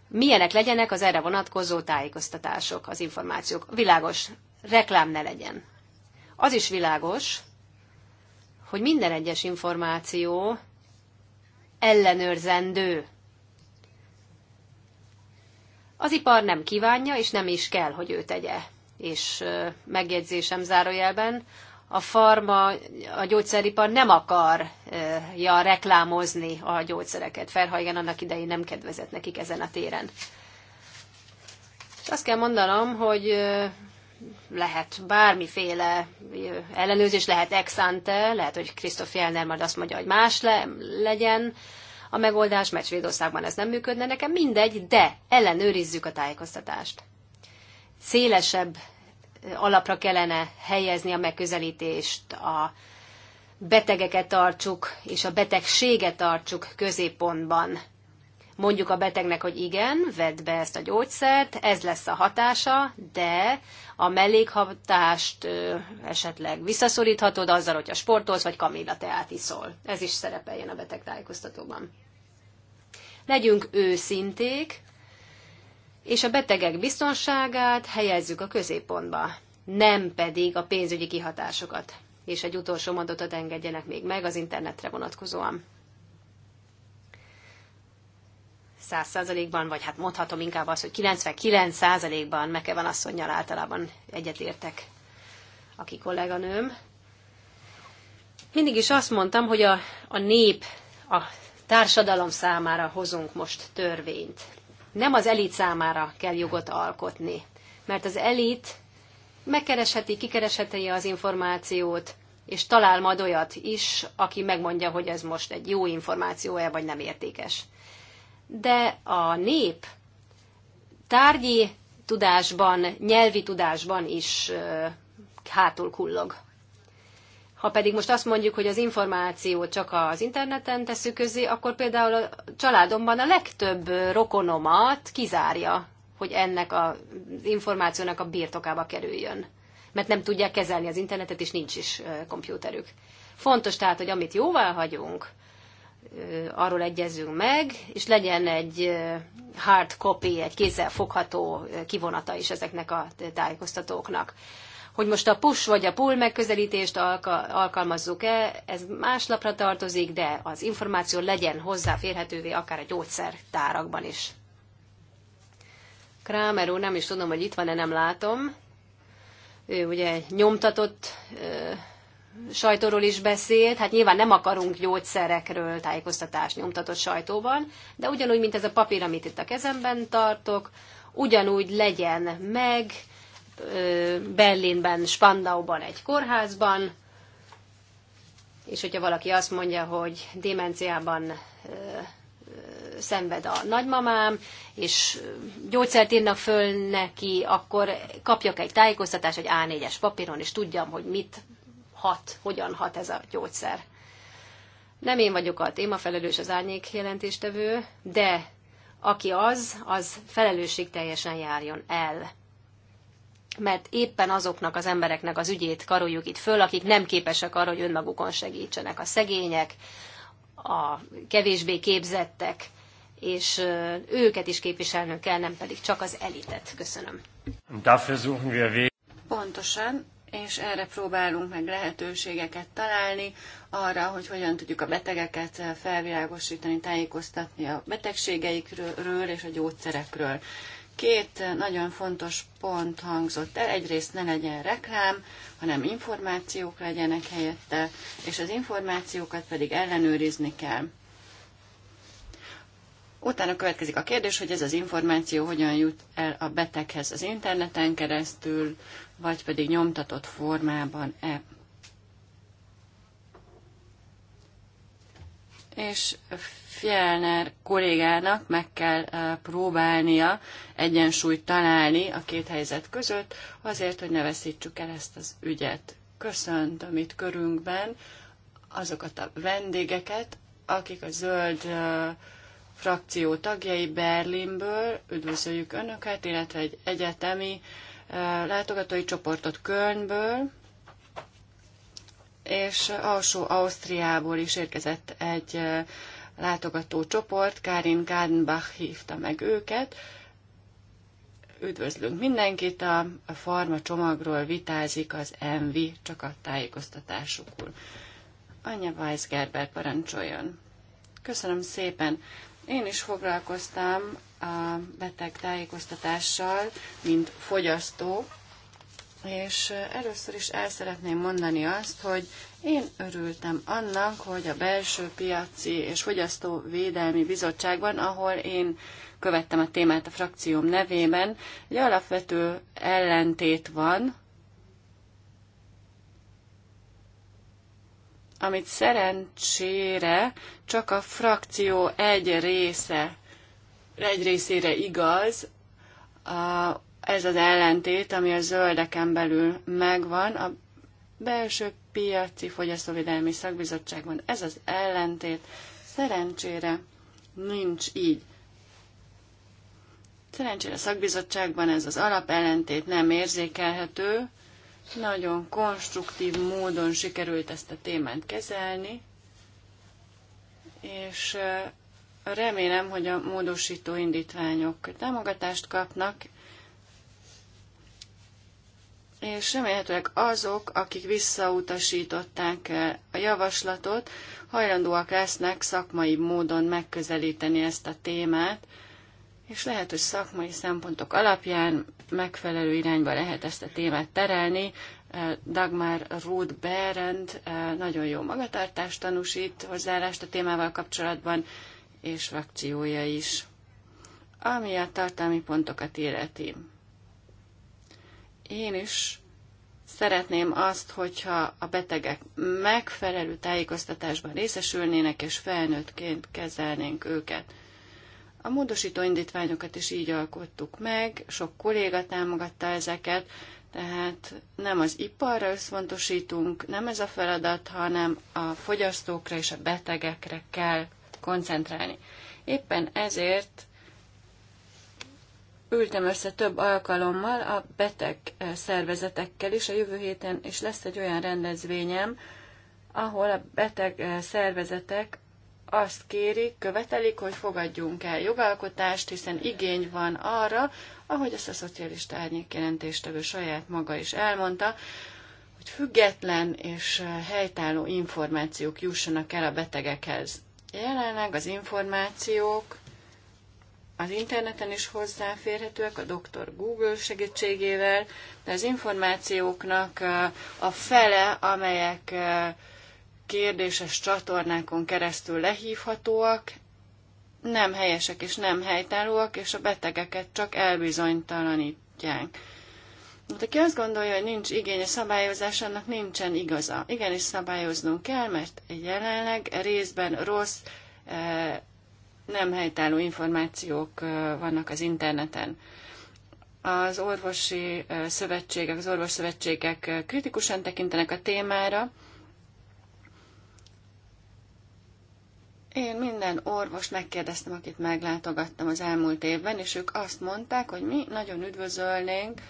milyenek legyenek az erre vonatkozó tájékoztatások, az információk. Világos, reklám ne legyen. Az is világos, hogy minden egyes információ ellenőrzendő. Az ipar nem kívánja, és nem is kell, hogy ő tegye. És megjegyzésem zárójelben, a farma, a gyógyszeripar nem akarja reklámozni a gyógyszereket. Ferhajgen annak idején nem kedvezett nekik ezen a téren. És azt kell mondanom, hogy lehet bármiféle ellenőrzés, lehet ex ante, lehet, hogy Krisztof Jelner majd azt mondja, hogy más le, legyen a megoldás, mert Svédországban ez nem működne, nekem mindegy, de ellenőrizzük a tájékoztatást. Szélesebb alapra kellene helyezni a megközelítést, a betegeket tartsuk, és a betegséget tartsuk középpontban mondjuk a betegnek, hogy igen, vedd be ezt a gyógyszert, ez lesz a hatása, de a mellékhatást esetleg visszaszoríthatod azzal, hogyha sportolsz, vagy kamilla teát iszol. Ez is szerepeljen a tájékoztatóban. Legyünk őszinték, és a betegek biztonságát helyezzük a középpontba, nem pedig a pénzügyi kihatásokat. És egy utolsó mondatot engedjenek még meg az internetre vonatkozóan. 100%-ban, vagy hát mondhatom inkább azt, hogy 99%-ban van asszonynal általában egyetértek, aki kolléganőm. Mindig is azt mondtam, hogy a, a nép, a társadalom számára hozunk most törvényt. Nem az elit számára kell jogot alkotni, mert az elit megkeresheti, kikeresheti az információt, és talál majd olyat is, aki megmondja, hogy ez most egy jó információ-e, vagy nem értékes de a nép tárgyi tudásban, nyelvi tudásban is hátul kullog. Ha pedig most azt mondjuk, hogy az információt csak az interneten tesszük közé, akkor például a családomban a legtöbb rokonomat kizárja, hogy ennek az információnak a birtokába kerüljön. Mert nem tudják kezelni az internetet, és nincs is kompjúterük. Fontos tehát, hogy amit jóvá hagyunk, arról egyezünk meg, és legyen egy hard copy, egy kézzel fogható kivonata is ezeknek a tájékoztatóknak. Hogy most a push vagy a pull megközelítést alkalmazzuk-e, ez más lapra tartozik, de az információ legyen hozzáférhetővé akár a gyógyszertárakban is. Kramer úr, nem is tudom, hogy itt van-e, nem látom. Ő ugye nyomtatott sajtóról is beszélt, hát nyilván nem akarunk gyógyszerekről tájékoztatást nyomtatott sajtóban, de ugyanúgy, mint ez a papír, amit itt a kezemben tartok, ugyanúgy legyen meg Berlinben, Spandauban, egy kórházban, és hogyha valaki azt mondja, hogy demenciában szenved a nagymamám, és gyógyszert írnak föl neki, akkor kapjak egy tájékoztatást egy A4-es papíron, és tudjam, hogy mit hat, hogyan hat ez a gyógyszer. Nem én vagyok a témafelelős, az árnyék jelentéstevő, de aki az, az felelősség teljesen járjon el. Mert éppen azoknak az embereknek az ügyét karoljuk itt föl, akik nem képesek arra, hogy önmagukon segítsenek. A szegények, a kevésbé képzettek, és őket is képviselnünk kell, nem pedig csak az elitet. Köszönöm. Pontosan, és erre próbálunk meg lehetőségeket találni, arra, hogy hogyan tudjuk a betegeket felvilágosítani, tájékoztatni a betegségeikről és a gyógyszerekről. Két nagyon fontos pont hangzott el, egyrészt ne legyen reklám, hanem információk legyenek helyette, és az információkat pedig ellenőrizni kell. Utána következik a kérdés, hogy ez az információ hogyan jut el a beteghez az interneten keresztül, vagy pedig nyomtatott formában-e. És Fjellner kollégának meg kell e, próbálnia egyensúlyt találni a két helyzet között, azért, hogy ne veszítsük el ezt az ügyet. Köszöntöm itt körünkben azokat a vendégeket, akik a zöld e, frakció tagjai Berlinből, üdvözöljük Önöket, illetve egy egyetemi látogatói csoportot Kölnből, és alsó Ausztriából is érkezett egy látogató csoport, Karin Kádenbach hívta meg őket. Üdvözlünk mindenkit, a, farma csomagról vitázik az Envi, csak a tájékoztatásukul. Anya Gerber parancsoljon. Köszönöm szépen. Én is foglalkoztam a beteg tájékoztatással, mint fogyasztó, és először is el szeretném mondani azt, hogy én örültem annak, hogy a belső piaci és fogyasztóvédelmi bizottságban, ahol én követtem a témát a frakcióm nevében, egy alapvető ellentét van, amit szerencsére csak a frakció egy része egy részére igaz, ez az ellentét, ami a zöldeken belül megvan, a belső piaci fogyasztóvédelmi szakbizottságban ez az ellentét szerencsére nincs így. Szerencsére a szakbizottságban ez az alapellentét nem érzékelhető, nagyon konstruktív módon sikerült ezt a témát kezelni, és Remélem, hogy a módosító indítványok támogatást kapnak, és remélhetőleg azok, akik visszautasították a javaslatot, hajlandóak lesznek szakmai módon megközelíteni ezt a témát, és lehet, hogy szakmai szempontok alapján megfelelő irányba lehet ezt a témát terelni. Dagmar Ruth Berend nagyon jó magatartást tanúsít hozzáállást a témával kapcsolatban, és frakciója is, ami a tartalmi pontokat illeti. Én is szeretném azt, hogyha a betegek megfelelő tájékoztatásban részesülnének, és felnőttként kezelnénk őket. A módosító indítványokat is így alkottuk meg, sok kolléga támogatta ezeket, tehát nem az iparra összpontosítunk, nem ez a feladat, hanem a fogyasztókra és a betegekre kell koncentrálni. Éppen ezért ültem össze több alkalommal a beteg eh, szervezetekkel is. A jövő héten is lesz egy olyan rendezvényem, ahol a beteg eh, szervezetek azt kérik, követelik, hogy fogadjunk el jogalkotást, hiszen igény van arra, ahogy ezt a szocialista árnyék jelentéstevő saját maga is elmondta, hogy független és eh, helytálló információk jussanak el a betegekhez. Jelenleg az információk az interneten is hozzáférhetőek, a doktor Google segítségével, de az információknak a fele, amelyek kérdéses csatornákon keresztül lehívhatóak, nem helyesek és nem helytállóak, és a betegeket csak elbizonytalanítják. Hát aki azt gondolja, hogy nincs igény a szabályozás, annak nincsen igaza. Igenis szabályoznunk kell, mert jelenleg részben rossz, eh, nem helytálló információk eh, vannak az interneten. Az orvosi eh, szövetségek, az orvos szövetségek kritikusan tekintenek a témára. Én minden orvos megkérdeztem, akit meglátogattam az elmúlt évben, és ők azt mondták, hogy mi nagyon üdvözölnénk,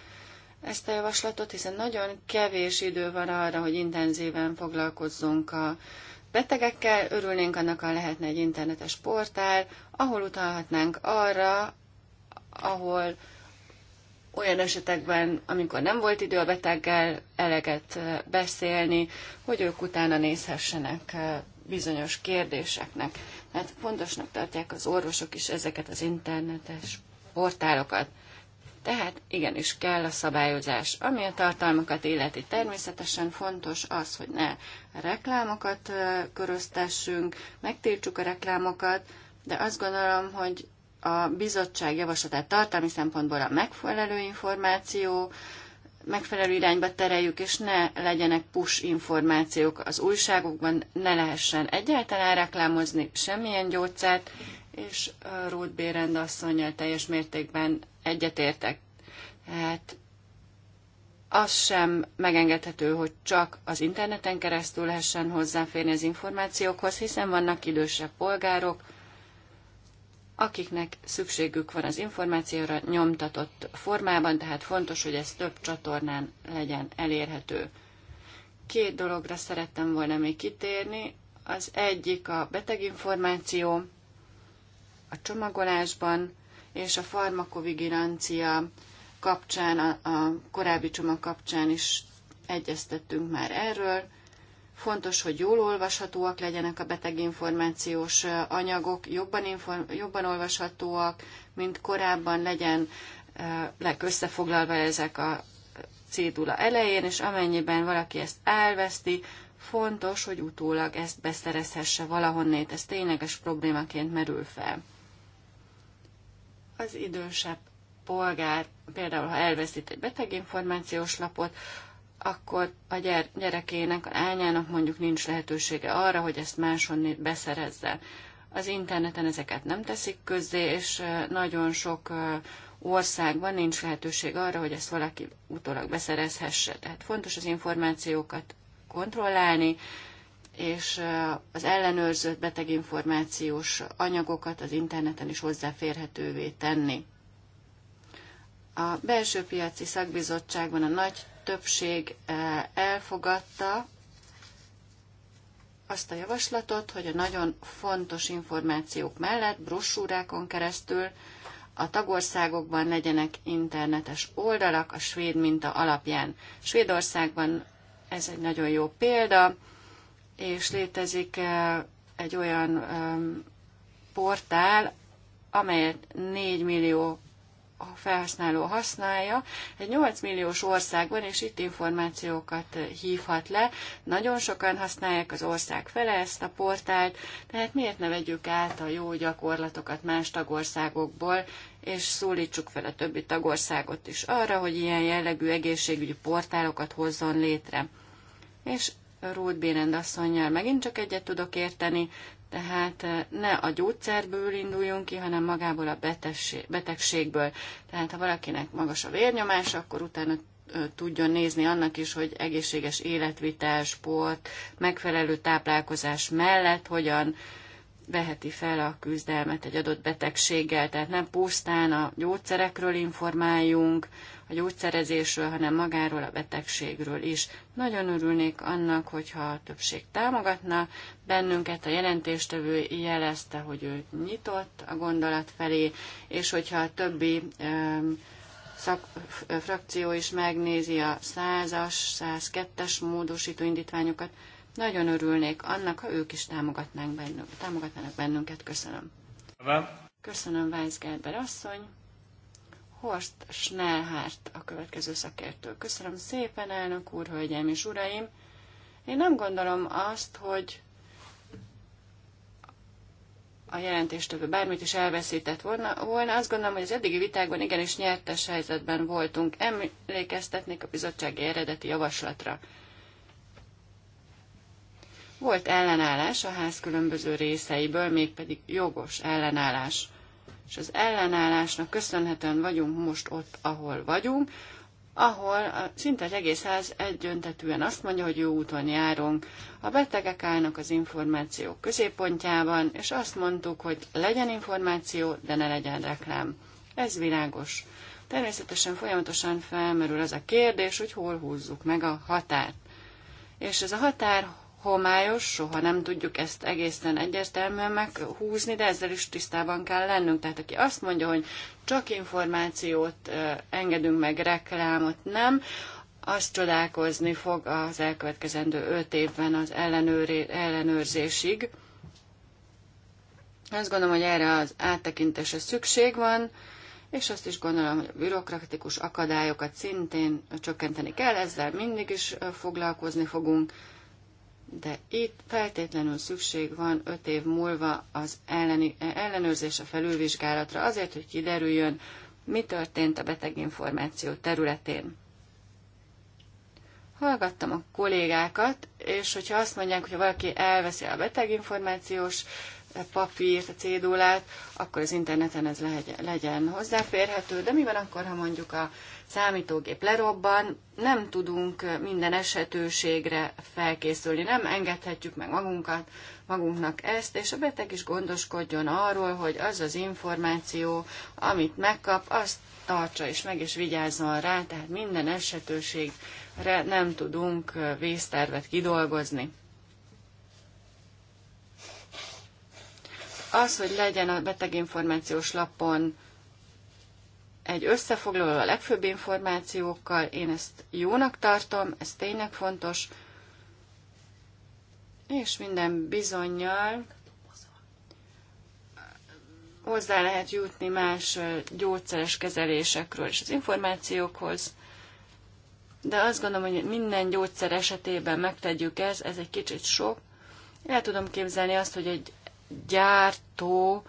ezt a javaslatot, hiszen nagyon kevés idő van arra, hogy intenzíven foglalkozzunk a betegekkel. Örülnénk annak, ha lehetne egy internetes portál, ahol utalhatnánk arra, ahol olyan esetekben, amikor nem volt idő a beteggel eleget beszélni, hogy ők utána nézhessenek bizonyos kérdéseknek. Mert hát fontosnak tartják az orvosok is ezeket az internetes portálokat. Tehát igenis kell a szabályozás. Ami a tartalmakat illeti, természetesen fontos az, hogy ne reklámokat köröztessünk, megtiltsuk a reklámokat, de azt gondolom, hogy a bizottság javaslatát tartalmi szempontból a megfelelő információ, megfelelő irányba tereljük, és ne legyenek push információk az újságokban, ne lehessen egyáltalán reklámozni semmilyen gyógyszert, és Ruth Bérend asszonyjal teljes mértékben egyetértek. Tehát az sem megengedhető, hogy csak az interneten keresztül lehessen hozzáférni az információkhoz, hiszen vannak idősebb polgárok, akiknek szükségük van az információra nyomtatott formában, tehát fontos, hogy ez több csatornán legyen elérhető. Két dologra szerettem volna még kitérni. Az egyik a beteginformáció, a csomagolásban és a farmakovigilancia kapcsán, a, a korábbi csomag kapcsán is egyeztettünk már erről. Fontos, hogy jól olvashatóak legyenek a beteginformációs anyagok, jobban, inform, jobban olvashatóak, mint korábban legyen összefoglalva ezek a cédula elején, és amennyiben valaki ezt elveszti, fontos, hogy utólag ezt beszerezhesse valahonnét. Ez tényleges problémaként merül fel az idősebb polgár, például ha elveszít egy beteginformációs lapot, akkor a gyerekének, a lányának mondjuk nincs lehetősége arra, hogy ezt máson beszerezze. Az interneten ezeket nem teszik közzé, és nagyon sok országban nincs lehetőség arra, hogy ezt valaki utólag beszerezhesse. Tehát fontos az információkat kontrollálni, és az ellenőrzött beteginformációs anyagokat az interneten is hozzáférhetővé tenni. A belső piaci szakbizottságban a nagy többség elfogadta azt a javaslatot, hogy a nagyon fontos információk mellett brossúrákon keresztül a tagországokban legyenek internetes oldalak a svéd minta alapján. Svédországban ez egy nagyon jó példa, és létezik egy olyan portál, amelyet 4 millió felhasználó használja. Egy 8 milliós országban, és itt információkat hívhat le. Nagyon sokan használják az ország fele ezt a portált, tehát miért ne vegyük át a jó gyakorlatokat más tagországokból, és szólítsuk fel a többi tagországot is arra, hogy ilyen jellegű egészségügyi portálokat hozzon létre. És Ruth Bérend asszonynal megint csak egyet tudok érteni, tehát eh, ne a gyógyszerből induljunk ki, hanem magából a betegségből. Tehát ha valakinek magas a vérnyomás, akkor utána eh, tudjon nézni annak is, hogy egészséges életvitel, sport, megfelelő táplálkozás mellett hogyan veheti fel a küzdelmet egy adott betegséggel, tehát nem pusztán a gyógyszerekről informáljunk, a gyógyszerezésről, hanem magáról a betegségről is. Nagyon örülnék annak, hogyha a többség támogatna bennünket, a jelentéstevő jelezte, hogy ő nyitott a gondolat felé, és hogyha a többi szak, frakció is megnézi a 100-as, 102-es módosító indítványokat, nagyon örülnék annak, ha ők is támogatnánk bennünk, támogatnának bennünket. Köszönöm. Köszönöm, Gerber asszony. Horst Schnellhárt a következő szakértő. Köszönöm szépen, elnök úr, hölgyeim és uraim. Én nem gondolom azt, hogy a jelentéstevő bármit is elveszített volna, volna. Azt gondolom, hogy az eddigi vitákban igenis nyertes helyzetben voltunk. Emlékeztetnék a bizottsági eredeti javaslatra. Volt ellenállás a ház különböző részeiből, mégpedig jogos ellenállás. És az ellenállásnak köszönhetően vagyunk most ott, ahol vagyunk, ahol a, szinte az egész ház egyöntetűen azt mondja, hogy jó úton járunk. A betegek állnak az információk középpontjában, és azt mondtuk, hogy legyen információ, de ne legyen reklám. Ez világos. Természetesen folyamatosan felmerül az a kérdés, hogy hol húzzuk meg a határt. És ez a határ homályos, soha nem tudjuk ezt egészen egyértelműen meghúzni, de ezzel is tisztában kell lennünk. Tehát aki azt mondja, hogy csak információt engedünk meg, reklámot nem, azt csodálkozni fog az elkövetkezendő öt évben az ellenőrzésig. Azt gondolom, hogy erre az áttekintésre szükség van, és azt is gondolom, hogy a bürokratikus akadályokat szintén csökkenteni kell, ezzel mindig is foglalkozni fogunk de itt feltétlenül szükség van öt év múlva az elleni, eh, ellenőrzés a felülvizsgálatra azért, hogy kiderüljön, mi történt a beteginformáció területén. Hallgattam a kollégákat, és hogyha azt mondják, hogy valaki elveszi a beteginformációs E, papírt, a cédulát, akkor az interneten ez legyen hozzáférhető. De mi van akkor, ha mondjuk a számítógép lerobban, nem tudunk minden esetőségre felkészülni, nem engedhetjük meg magunkat, magunknak ezt, és a beteg is gondoskodjon arról, hogy az az információ, amit megkap, azt tartsa és meg is vigyázzon rá, tehát minden esetőségre nem tudunk vésztervet kidolgozni. az, hogy legyen a beteginformációs lapon egy összefoglaló a legfőbb információkkal, én ezt jónak tartom, ez tényleg fontos, és minden bizonyal hozzá lehet jutni más gyógyszeres kezelésekről és az információkhoz, de azt gondolom, hogy minden gyógyszer esetében megtegyük ezt, ez egy kicsit sok. El tudom képzelni azt, hogy egy gyártó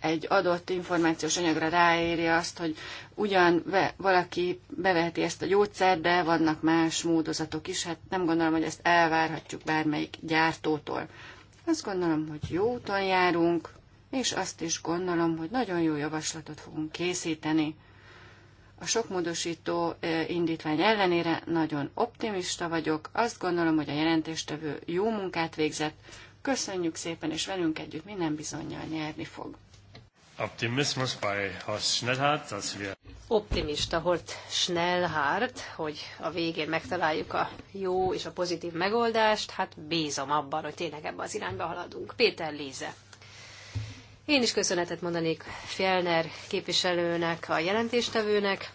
egy adott információs anyagra ráéri azt, hogy ugyan ve, valaki beveheti ezt a gyógyszert, de vannak más módozatok is, hát nem gondolom, hogy ezt elvárhatjuk bármelyik gyártótól. Azt gondolom, hogy jó úton járunk, és azt is gondolom, hogy nagyon jó javaslatot fogunk készíteni. A sok módosító indítvány ellenére nagyon optimista vagyok. Azt gondolom, hogy a jelentéstevő jó munkát végzett, Köszönjük szépen, és velünk együtt minden bizonyal nyerni fog. Optimismus by Horst Schnellhardt, dass wir optimista Holt Schnellhardt, hogy a végén megtaláljuk a jó és a pozitív megoldást, hát bízom abban, hogy tényleg ebbe az irányba haladunk. Péter Líze. Én is köszönetet mondanék Fjellner képviselőnek, a jelentéstevőnek.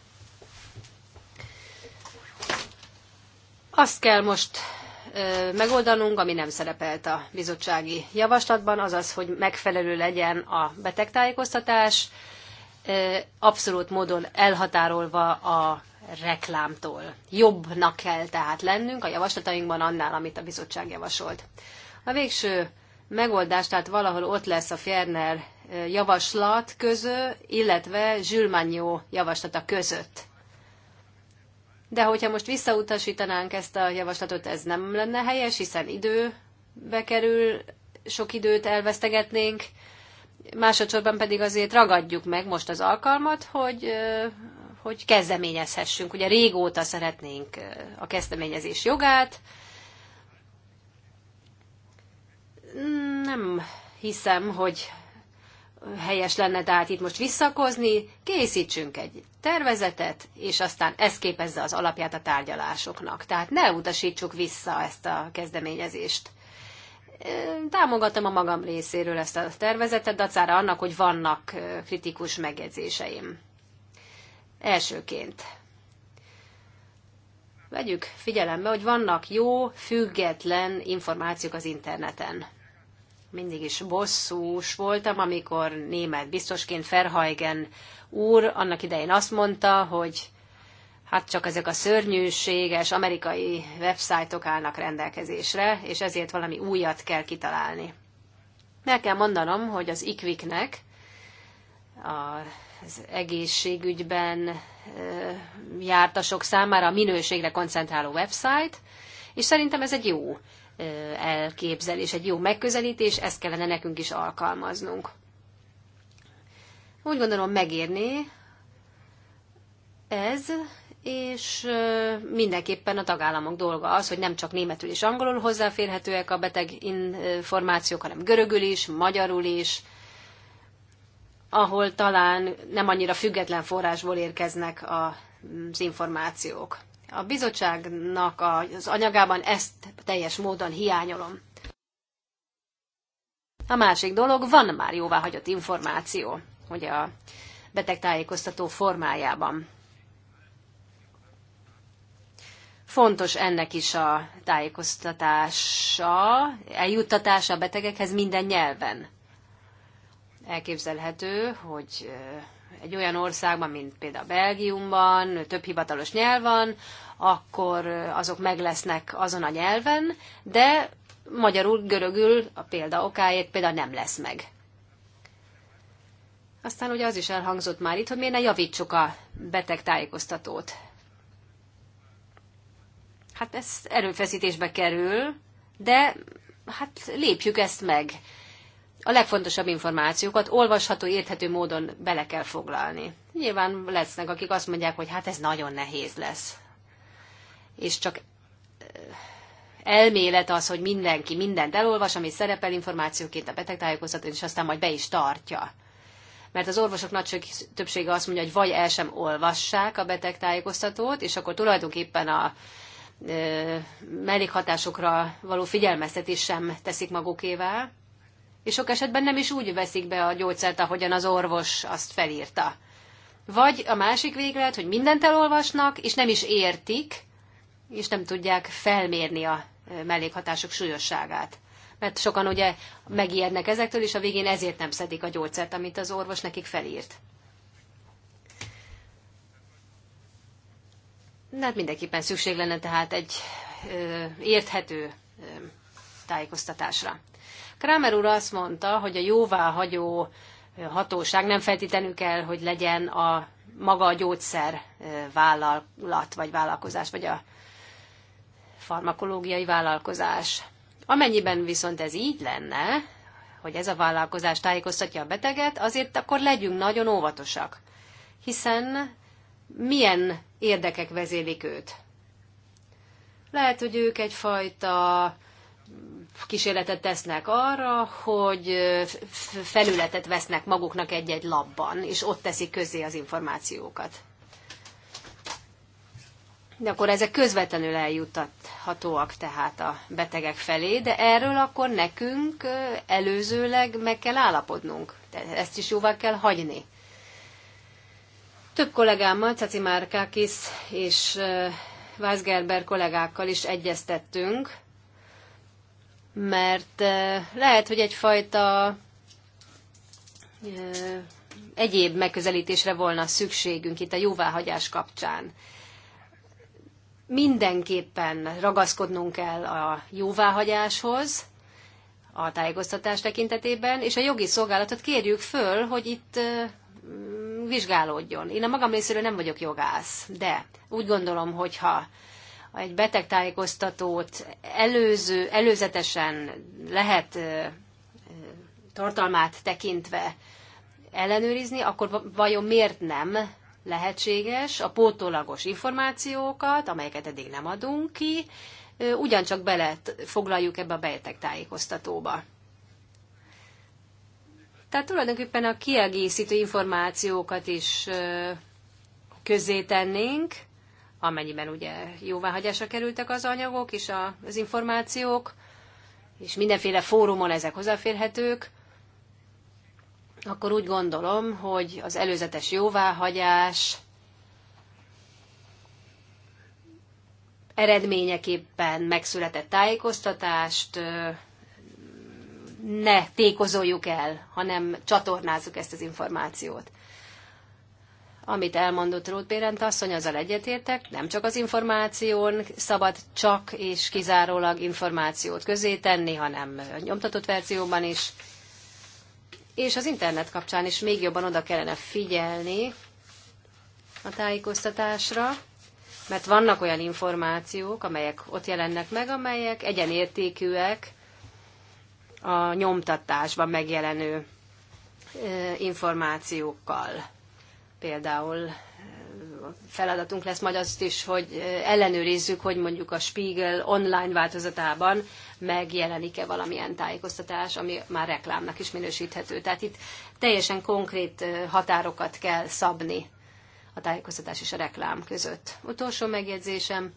Azt kell most megoldanunk, ami nem szerepelt a bizottsági javaslatban, az az, hogy megfelelő legyen a betegtájékoztatás, abszolút módon elhatárolva a reklámtól. Jobbnak kell tehát lennünk a javaslatainkban annál, amit a bizottság javasolt. A végső megoldás, tehát valahol ott lesz a Fjerner javaslat közö, illetve Zsülmányó javaslata között de hogyha most visszautasítanánk ezt a javaslatot, ez nem lenne helyes, hiszen időbe kerül, sok időt elvesztegetnénk, másodszorban pedig azért ragadjuk meg most az alkalmat, hogy, hogy kezdeményezhessünk. Ugye régóta szeretnénk a kezdeményezés jogát. Nem hiszem, hogy helyes lenne tehát itt most visszakozni, készítsünk egy tervezetet, és aztán ez képezze az alapját a tárgyalásoknak. Tehát ne utasítsuk vissza ezt a kezdeményezést. Támogatom a magam részéről ezt a tervezetet, dacára annak, hogy vannak kritikus megjegyzéseim. Elsőként vegyük figyelembe, hogy vannak jó, független információk az interneten mindig is bosszús voltam, amikor német biztosként Ferhajgen úr annak idején azt mondta, hogy hát csak ezek a szörnyűséges amerikai websájtok állnak rendelkezésre, és ezért valami újat kell kitalálni. Meg kell mondanom, hogy az ikviknek az egészségügyben jártasok számára a minőségre koncentráló website, és szerintem ez egy jó elképzelés, egy jó megközelítés, ezt kellene nekünk is alkalmaznunk. Úgy gondolom megérni ez, és mindenképpen a tagállamok dolga az, hogy nem csak németül és angolul hozzáférhetőek a beteg információk, hanem görögül is, magyarul is, ahol talán nem annyira független forrásból érkeznek az információk. A bizottságnak az anyagában ezt teljes módon hiányolom. A másik dolog, van már jóváhagyott információ, hogy a betegtájékoztató formájában. Fontos ennek is a tájékoztatása, eljuttatása a betegekhez minden nyelven. Elképzelhető, hogy egy olyan országban, mint például Belgiumban, több hivatalos nyelv van, akkor azok meg lesznek azon a nyelven, de magyarul, görögül a példa okáért például nem lesz meg. Aztán ugye az is elhangzott már itt, hogy miért ne javítsuk a beteg tájékoztatót. Hát ez erőfeszítésbe kerül, de hát lépjük ezt meg a legfontosabb információkat olvasható, érthető módon bele kell foglalni. Nyilván lesznek, akik azt mondják, hogy hát ez nagyon nehéz lesz. És csak eh, elmélet az, hogy mindenki mindent elolvas, ami szerepel információként a betegtájékoztatón, és aztán majd be is tartja. Mert az orvosok nagy többsége azt mondja, hogy vagy el sem olvassák a betegtájékoztatót, és akkor tulajdonképpen a eh, mellékhatásokra való figyelmeztetés sem teszik magukével, és sok esetben nem is úgy veszik be a gyógyszert, ahogyan az orvos azt felírta. Vagy a másik véglet, hogy mindent elolvasnak, és nem is értik, és nem tudják felmérni a mellékhatások súlyosságát. Mert sokan ugye megijednek ezektől, és a végén ezért nem szedik a gyógyszert, amit az orvos nekik felírt. Na, hát mindenképpen szükség lenne tehát egy ö, érthető ö, tájékoztatásra. Kramer úr azt mondta, hogy a jóváhagyó hatóság nem feltétlenül kell, hogy legyen a maga a gyógyszer vállalat, vagy vállalkozás, vagy a farmakológiai vállalkozás. Amennyiben viszont ez így lenne, hogy ez a vállalkozás tájékoztatja a beteget, azért akkor legyünk nagyon óvatosak. Hiszen milyen érdekek vezélik őt? Lehet, hogy ők egyfajta kísérletet tesznek arra, hogy felületet vesznek maguknak egy-egy labban, és ott teszik közé az információkat. De akkor ezek közvetlenül eljuttathatóak tehát a betegek felé, de erről akkor nekünk előzőleg meg kell állapodnunk. Ezt is jóvá kell hagyni. Több kollégámmal, Caci Márkákis és Weisgerber kollégákkal is egyeztettünk, mert eh, lehet, hogy egyfajta eh, egyéb megközelítésre volna szükségünk itt a jóváhagyás kapcsán. Mindenképpen ragaszkodnunk kell a jóváhagyáshoz, a tájékoztatás tekintetében, és a jogi szolgálatot kérjük föl, hogy itt eh, vizsgálódjon. Én a magam részéről nem vagyok jogász, de úgy gondolom, hogyha egy betegtájékoztatót előző, előzetesen lehet tartalmát tekintve ellenőrizni, akkor vajon miért nem lehetséges a pótolagos információkat, amelyeket eddig nem adunk ki, ugyancsak bele foglaljuk ebbe a betegtájékoztatóba. Tehát tulajdonképpen a kiegészítő információkat is közé tennénk, amennyiben ugye jóváhagyásra kerültek az anyagok és az információk, és mindenféle fórumon ezek hozzáférhetők, akkor úgy gondolom, hogy az előzetes jóváhagyás eredményeképpen megszületett tájékoztatást ne tékozoljuk el, hanem csatornázzuk ezt az információt. Amit elmondott Ruth Bérent asszony, azzal egyetértek, nem csak az információn szabad csak és kizárólag információt közé tenni, hanem nyomtatott verzióban is. És az internet kapcsán is még jobban oda kellene figyelni a tájékoztatásra, mert vannak olyan információk, amelyek ott jelennek meg, amelyek egyenértékűek a nyomtatásban megjelenő információkkal. Például feladatunk lesz majd azt is, hogy ellenőrizzük, hogy mondjuk a Spiegel online változatában megjelenik-e valamilyen tájékoztatás, ami már reklámnak is minősíthető. Tehát itt teljesen konkrét határokat kell szabni a tájékoztatás és a reklám között. Utolsó megjegyzésem.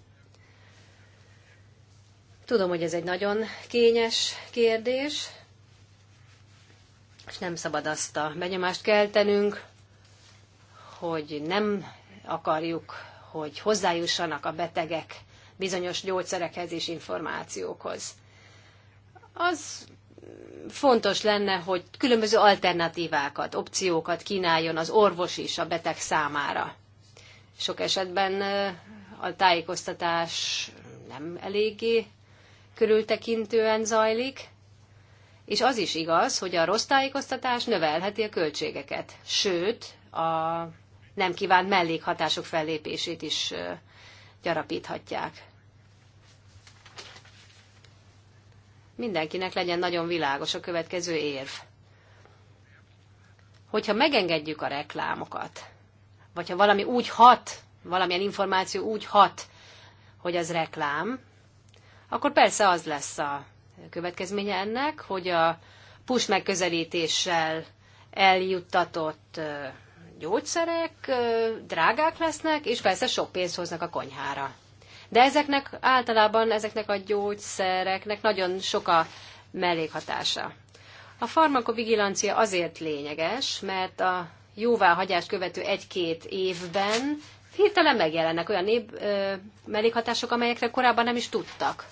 Tudom, hogy ez egy nagyon kényes kérdés, és nem szabad azt a benyomást keltenünk, hogy nem akarjuk, hogy hozzájussanak a betegek bizonyos gyógyszerekhez és információkhoz. Az fontos lenne, hogy különböző alternatívákat, opciókat kínáljon az orvos is a beteg számára. Sok esetben a tájékoztatás nem eléggé körültekintően zajlik, és az is igaz, hogy a rossz tájékoztatás növelheti a költségeket. Sőt, a nem kívánt mellékhatások fellépését is gyarapíthatják. Mindenkinek legyen nagyon világos a következő érv. Hogyha megengedjük a reklámokat, vagy ha valami úgy hat, valamilyen információ úgy hat, hogy az reklám, akkor persze az lesz a következménye ennek, hogy a push megközelítéssel eljuttatott gyógyszerek drágák lesznek, és persze sok pénzt hoznak a konyhára. De ezeknek általában, ezeknek a gyógyszereknek nagyon sok a mellékhatása. A farmakovigilancia azért lényeges, mert a jóváhagyást követő egy-két évben hirtelen megjelennek olyan nép, ö, mellékhatások, amelyekre korábban nem is tudtak.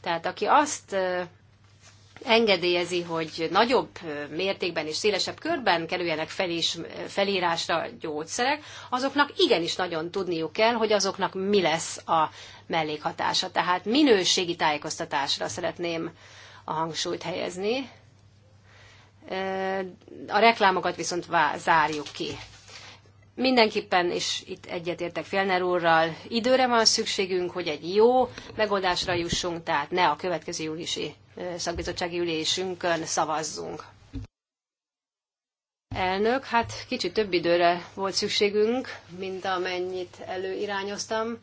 Tehát aki azt engedélyezi, hogy nagyobb mértékben és szélesebb körben kerüljenek felis, felírásra gyógyszerek, azoknak igenis nagyon tudniuk kell, hogy azoknak mi lesz a mellékhatása. Tehát minőségi tájékoztatásra szeretném a hangsúlyt helyezni. A reklámokat viszont zárjuk ki. Mindenképpen, és itt egyetértek Félner úrral, időre van szükségünk, hogy egy jó megoldásra jussunk, tehát ne a következő júliusi szakbizottsági ülésünkön szavazzunk. Elnök, hát kicsit több időre volt szükségünk, mint amennyit előirányoztam,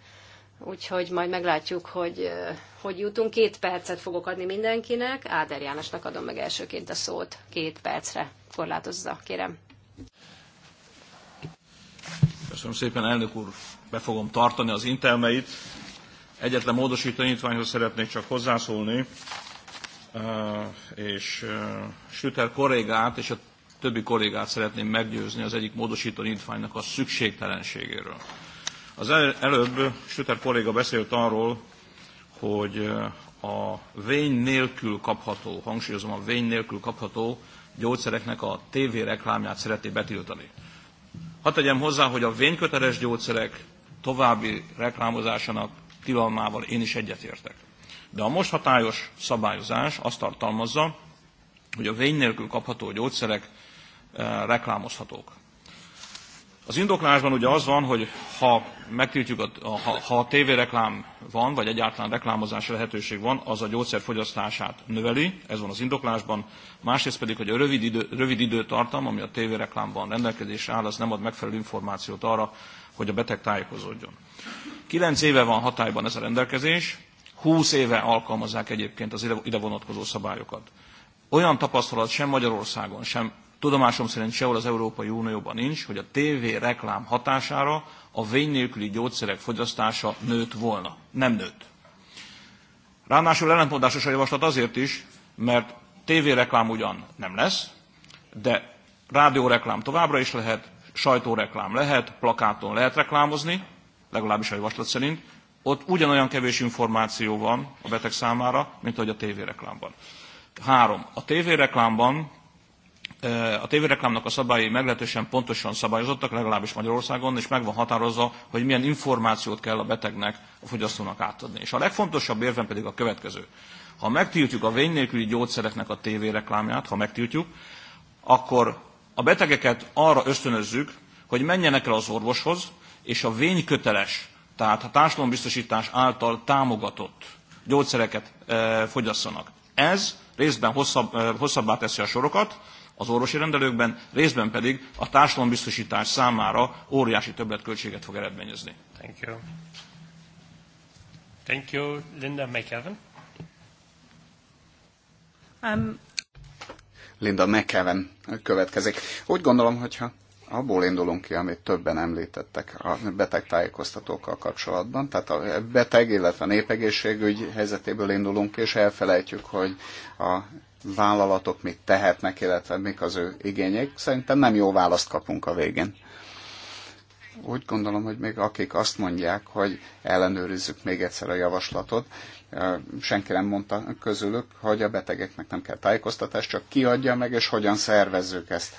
úgyhogy majd meglátjuk, hogy hogy jutunk. Két percet fogok adni mindenkinek. Áder Jánosnak adom meg elsőként a szót. Két percre korlátozza, kérem. Köszönöm szépen, elnök úr, be fogom tartani az intelmeit. Egyetlen módosítanítványhoz szeretnék csak hozzászólni és Schlüter kollégát és a többi kollégát szeretném meggyőzni az egyik módosító nyitványnak a szükségtelenségéről. Az előbb Schlüter kolléga beszélt arról, hogy a vény nélkül kapható, hangsúlyozom, a vény nélkül kapható gyógyszereknek a TV reklámját szereti betiltani. Hadd tegyem hozzá, hogy a vényköteles gyógyszerek további reklámozásának tilalmával én is egyetértek. De a most hatályos szabályozás azt tartalmazza, hogy a vény nélkül kapható gyógyszerek eh, reklámozhatók. Az indoklásban ugye az van, hogy ha megtiltjuk, a, ha, ha a tévéreklám van, vagy egyáltalán reklámozási lehetőség van, az a gyógyszer fogyasztását növeli, ez van az indoklásban. Másrészt pedig, hogy a rövid, idő, rövid időtartam, ami a tévéreklámban rendelkezésre áll, az nem ad megfelelő információt arra, hogy a beteg tájékozódjon. Kilenc éve van hatályban ez a rendelkezés, 20 éve alkalmazzák egyébként az ide vonatkozó szabályokat. Olyan tapasztalat sem Magyarországon, sem tudomásom szerint sehol az Európai Unióban nincs, hogy a TV reklám hatására a vény nélküli gyógyszerek fogyasztása nőtt volna. Nem nőtt. Ráadásul ellentmondásos a javaslat azért is, mert TV reklám ugyan nem lesz, de rádióreklám továbbra is lehet, sajtóreklám lehet, plakáton lehet reklámozni, legalábbis a javaslat szerint, ott ugyanolyan kevés információ van a beteg számára, mint ahogy a tévéreklámban. Három. A tévéreklámban a tévéreklámnak a szabályai meglehetősen pontosan szabályozottak, legalábbis Magyarországon, és meg van határozva, hogy milyen információt kell a betegnek, a fogyasztónak átadni. És a legfontosabb érvem pedig a következő. Ha megtiltjuk a vény nélküli gyógyszereknek a tévéreklámját, ha megtiltjuk, akkor a betegeket arra ösztönözzük, hogy menjenek el az orvoshoz, és a vényköteles tehát a társadalombiztosítás által támogatott gyógyszereket fogyasszanak. Ez részben hosszabb, hosszabbá teszi a sorokat az orvosi rendelőkben, részben pedig a társadalombiztosítás számára óriási többletköltséget fog eredményezni. Thank you. Thank you, Linda McEwen. Um, Linda McEwen következik. Úgy gondolom, hogyha abból indulunk ki, amit többen említettek a tájékoztatókkal kapcsolatban, tehát a beteg, illetve a népegészségügy helyzetéből indulunk, és elfelejtjük, hogy a vállalatok mit tehetnek, illetve mik az ő igények. Szerintem nem jó választ kapunk a végén. Úgy gondolom, hogy még akik azt mondják, hogy ellenőrizzük még egyszer a javaslatot, senki nem mondta közülük, hogy a betegeknek nem kell tájékoztatás, csak kiadja meg, és hogyan szervezzük ezt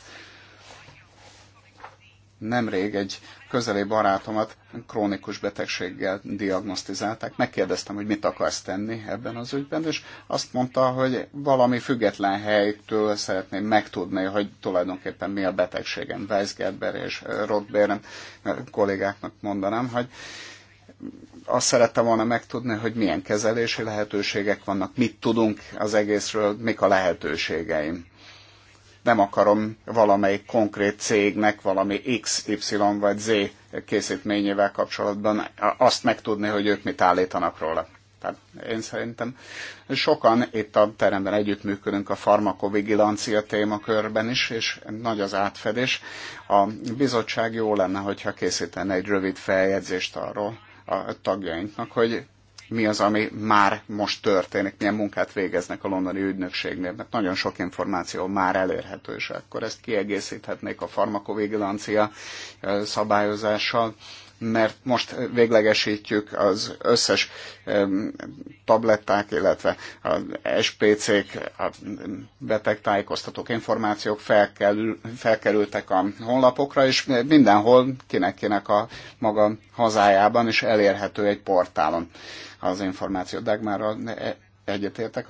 nemrég egy közeli barátomat krónikus betegséggel diagnosztizálták. Megkérdeztem, hogy mit akarsz tenni ebben az ügyben, és azt mondta, hogy valami független helytől szeretném megtudni, hogy tulajdonképpen mi a betegségem. Weisgerber és Rothbérem kollégáknak mondanám, hogy azt szerettem volna megtudni, hogy milyen kezelési lehetőségek vannak, mit tudunk az egészről, mik a lehetőségeim nem akarom valamelyik konkrét cégnek valami X, Y vagy Z készítményével kapcsolatban azt megtudni, hogy ők mit állítanak róla. Tehát én szerintem sokan itt a teremben együttműködünk a farmakovigilancia témakörben is, és nagy az átfedés. A bizottság jó lenne, hogyha készítene egy rövid feljegyzést arról a tagjainknak, hogy mi az, ami már most történik, milyen munkát végeznek a londoni ügynökségnél, mert nagyon sok információ már elérhető, és akkor ezt kiegészíthetnék a farmakovigilancia szabályozással, mert most véglegesítjük az összes tabletták, illetve a SPC-k, a tájékoztatók információk felkerül, felkerültek a honlapokra, és mindenhol kinek-kinek a maga hazájában is elérhető egy portálon az információ. Dagmar egyetértek,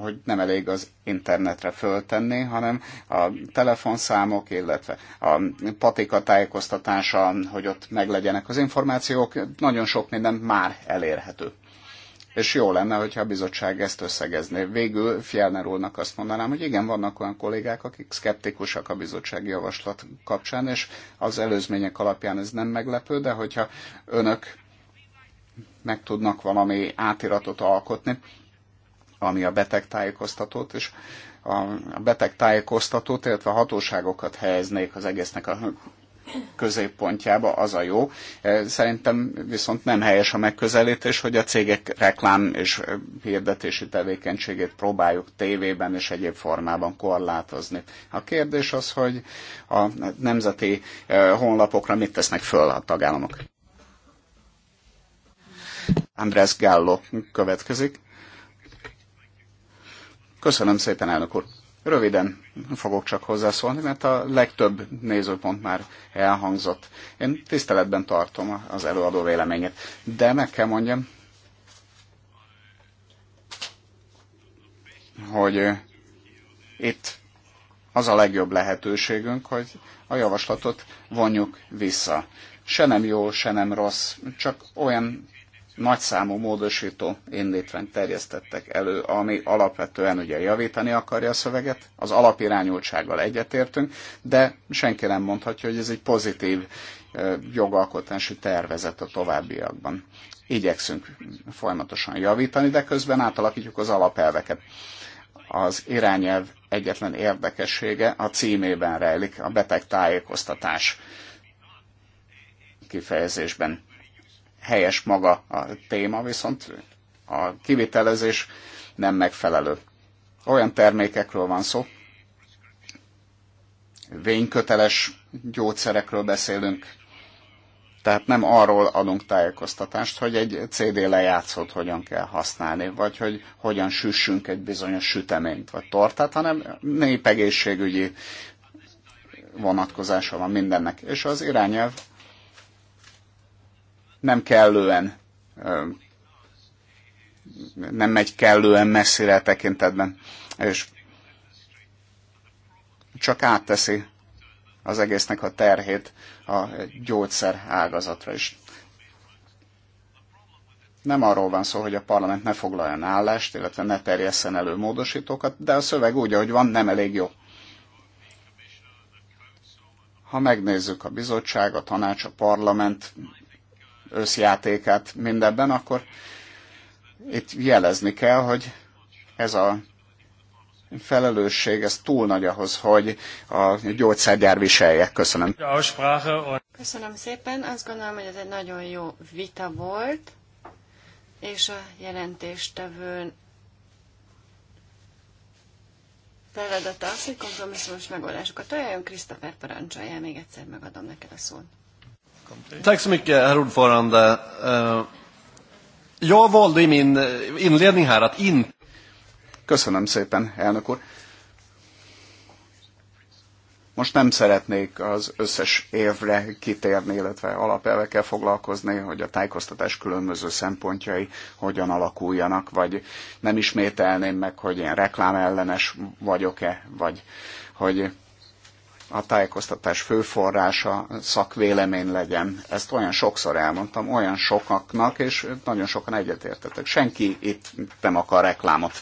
hogy nem elég az internetre föltenni, hanem a telefonszámok, illetve a patika tájékoztatása, hogy ott meglegyenek az információk, nagyon sok minden már elérhető. És jó lenne, hogyha a bizottság ezt összegezné. Végül Fjellner úrnak azt mondanám, hogy igen, vannak olyan kollégák, akik szkeptikusak a bizottsági javaslat kapcsán, és az előzmények alapján ez nem meglepő, de hogyha önök meg tudnak valami átiratot alkotni, ami a tájékoztatót, és a tájékoztatót, illetve a hatóságokat helyeznék az egésznek a középpontjába, az a jó. E, szerintem viszont nem helyes a megközelítés, hogy a cégek reklám és hirdetési tevékenységét próbáljuk tévében és egyéb formában korlátozni. A kérdés az, hogy a nemzeti e, honlapokra mit tesznek föl a tagállamok. András Gallo következik. Köszönöm szépen, elnök úr. Röviden fogok csak hozzászólni, mert a legtöbb nézőpont már elhangzott. Én tiszteletben tartom az előadó véleményét, de meg kell mondjam, hogy itt az a legjobb lehetőségünk, hogy a javaslatot vonjuk vissza. Se nem jó, se nem rossz, csak olyan nagyszámú módosító indítványt terjesztettek elő, ami alapvetően ugye javítani akarja a szöveget, az alapirányultsággal egyetértünk, de senki nem mondhatja, hogy ez egy pozitív jogalkotási tervezet a továbbiakban. Igyekszünk folyamatosan javítani, de közben átalakítjuk az alapelveket. Az irányelv egyetlen érdekessége a címében rejlik, a beteg tájékoztatás kifejezésben helyes maga a téma, viszont a kivitelezés nem megfelelő. Olyan termékekről van szó, vényköteles gyógyszerekről beszélünk, tehát nem arról adunk tájékoztatást, hogy egy CD lejátszót hogyan kell használni, vagy hogy hogyan süssünk egy bizonyos süteményt, vagy tortát, hanem népegészségügyi vonatkozása van mindennek. És az irányelv nem kellően nem megy kellően messzire a tekintetben, és csak átteszi az egésznek a terhét a gyógyszer ágazatra is. Nem arról van szó, hogy a parlament ne foglaljon állást, illetve ne terjesszen elő módosítókat, de a szöveg úgy, ahogy van, nem elég jó. Ha megnézzük a bizottság, a tanács, a parlament összjátékát mindebben, akkor itt jelezni kell, hogy ez a felelősség, ez túl nagy ahhoz, hogy a gyógyszergyár viselje. Köszönöm. Köszönöm szépen. Azt gondolom, hogy ez egy nagyon jó vita volt, és a jelentéstevőn feladata az, hogy kompromisszumos megoldásokat ajánljon. Krisztaper parancsolja, még egyszer megadom neked a szót. Tack så mycket, herr ordförande. Eh, jag valde i min eh, inledning här att in... Köszönöm szépen, elnök úr. Most nem szeretnék az összes évre kitérni, illetve alapelvekkel foglalkozni, hogy a tájékoztatás különböző szempontjai hogyan alakuljanak, vagy nem ismételném meg, hogy én reklámellenes vagyok-e, vagy hogy a tájékoztatás fő forrása szakvélemény legyen. Ezt olyan sokszor elmondtam, olyan sokaknak, és nagyon sokan egyetértettek. Senki itt nem akar reklámot.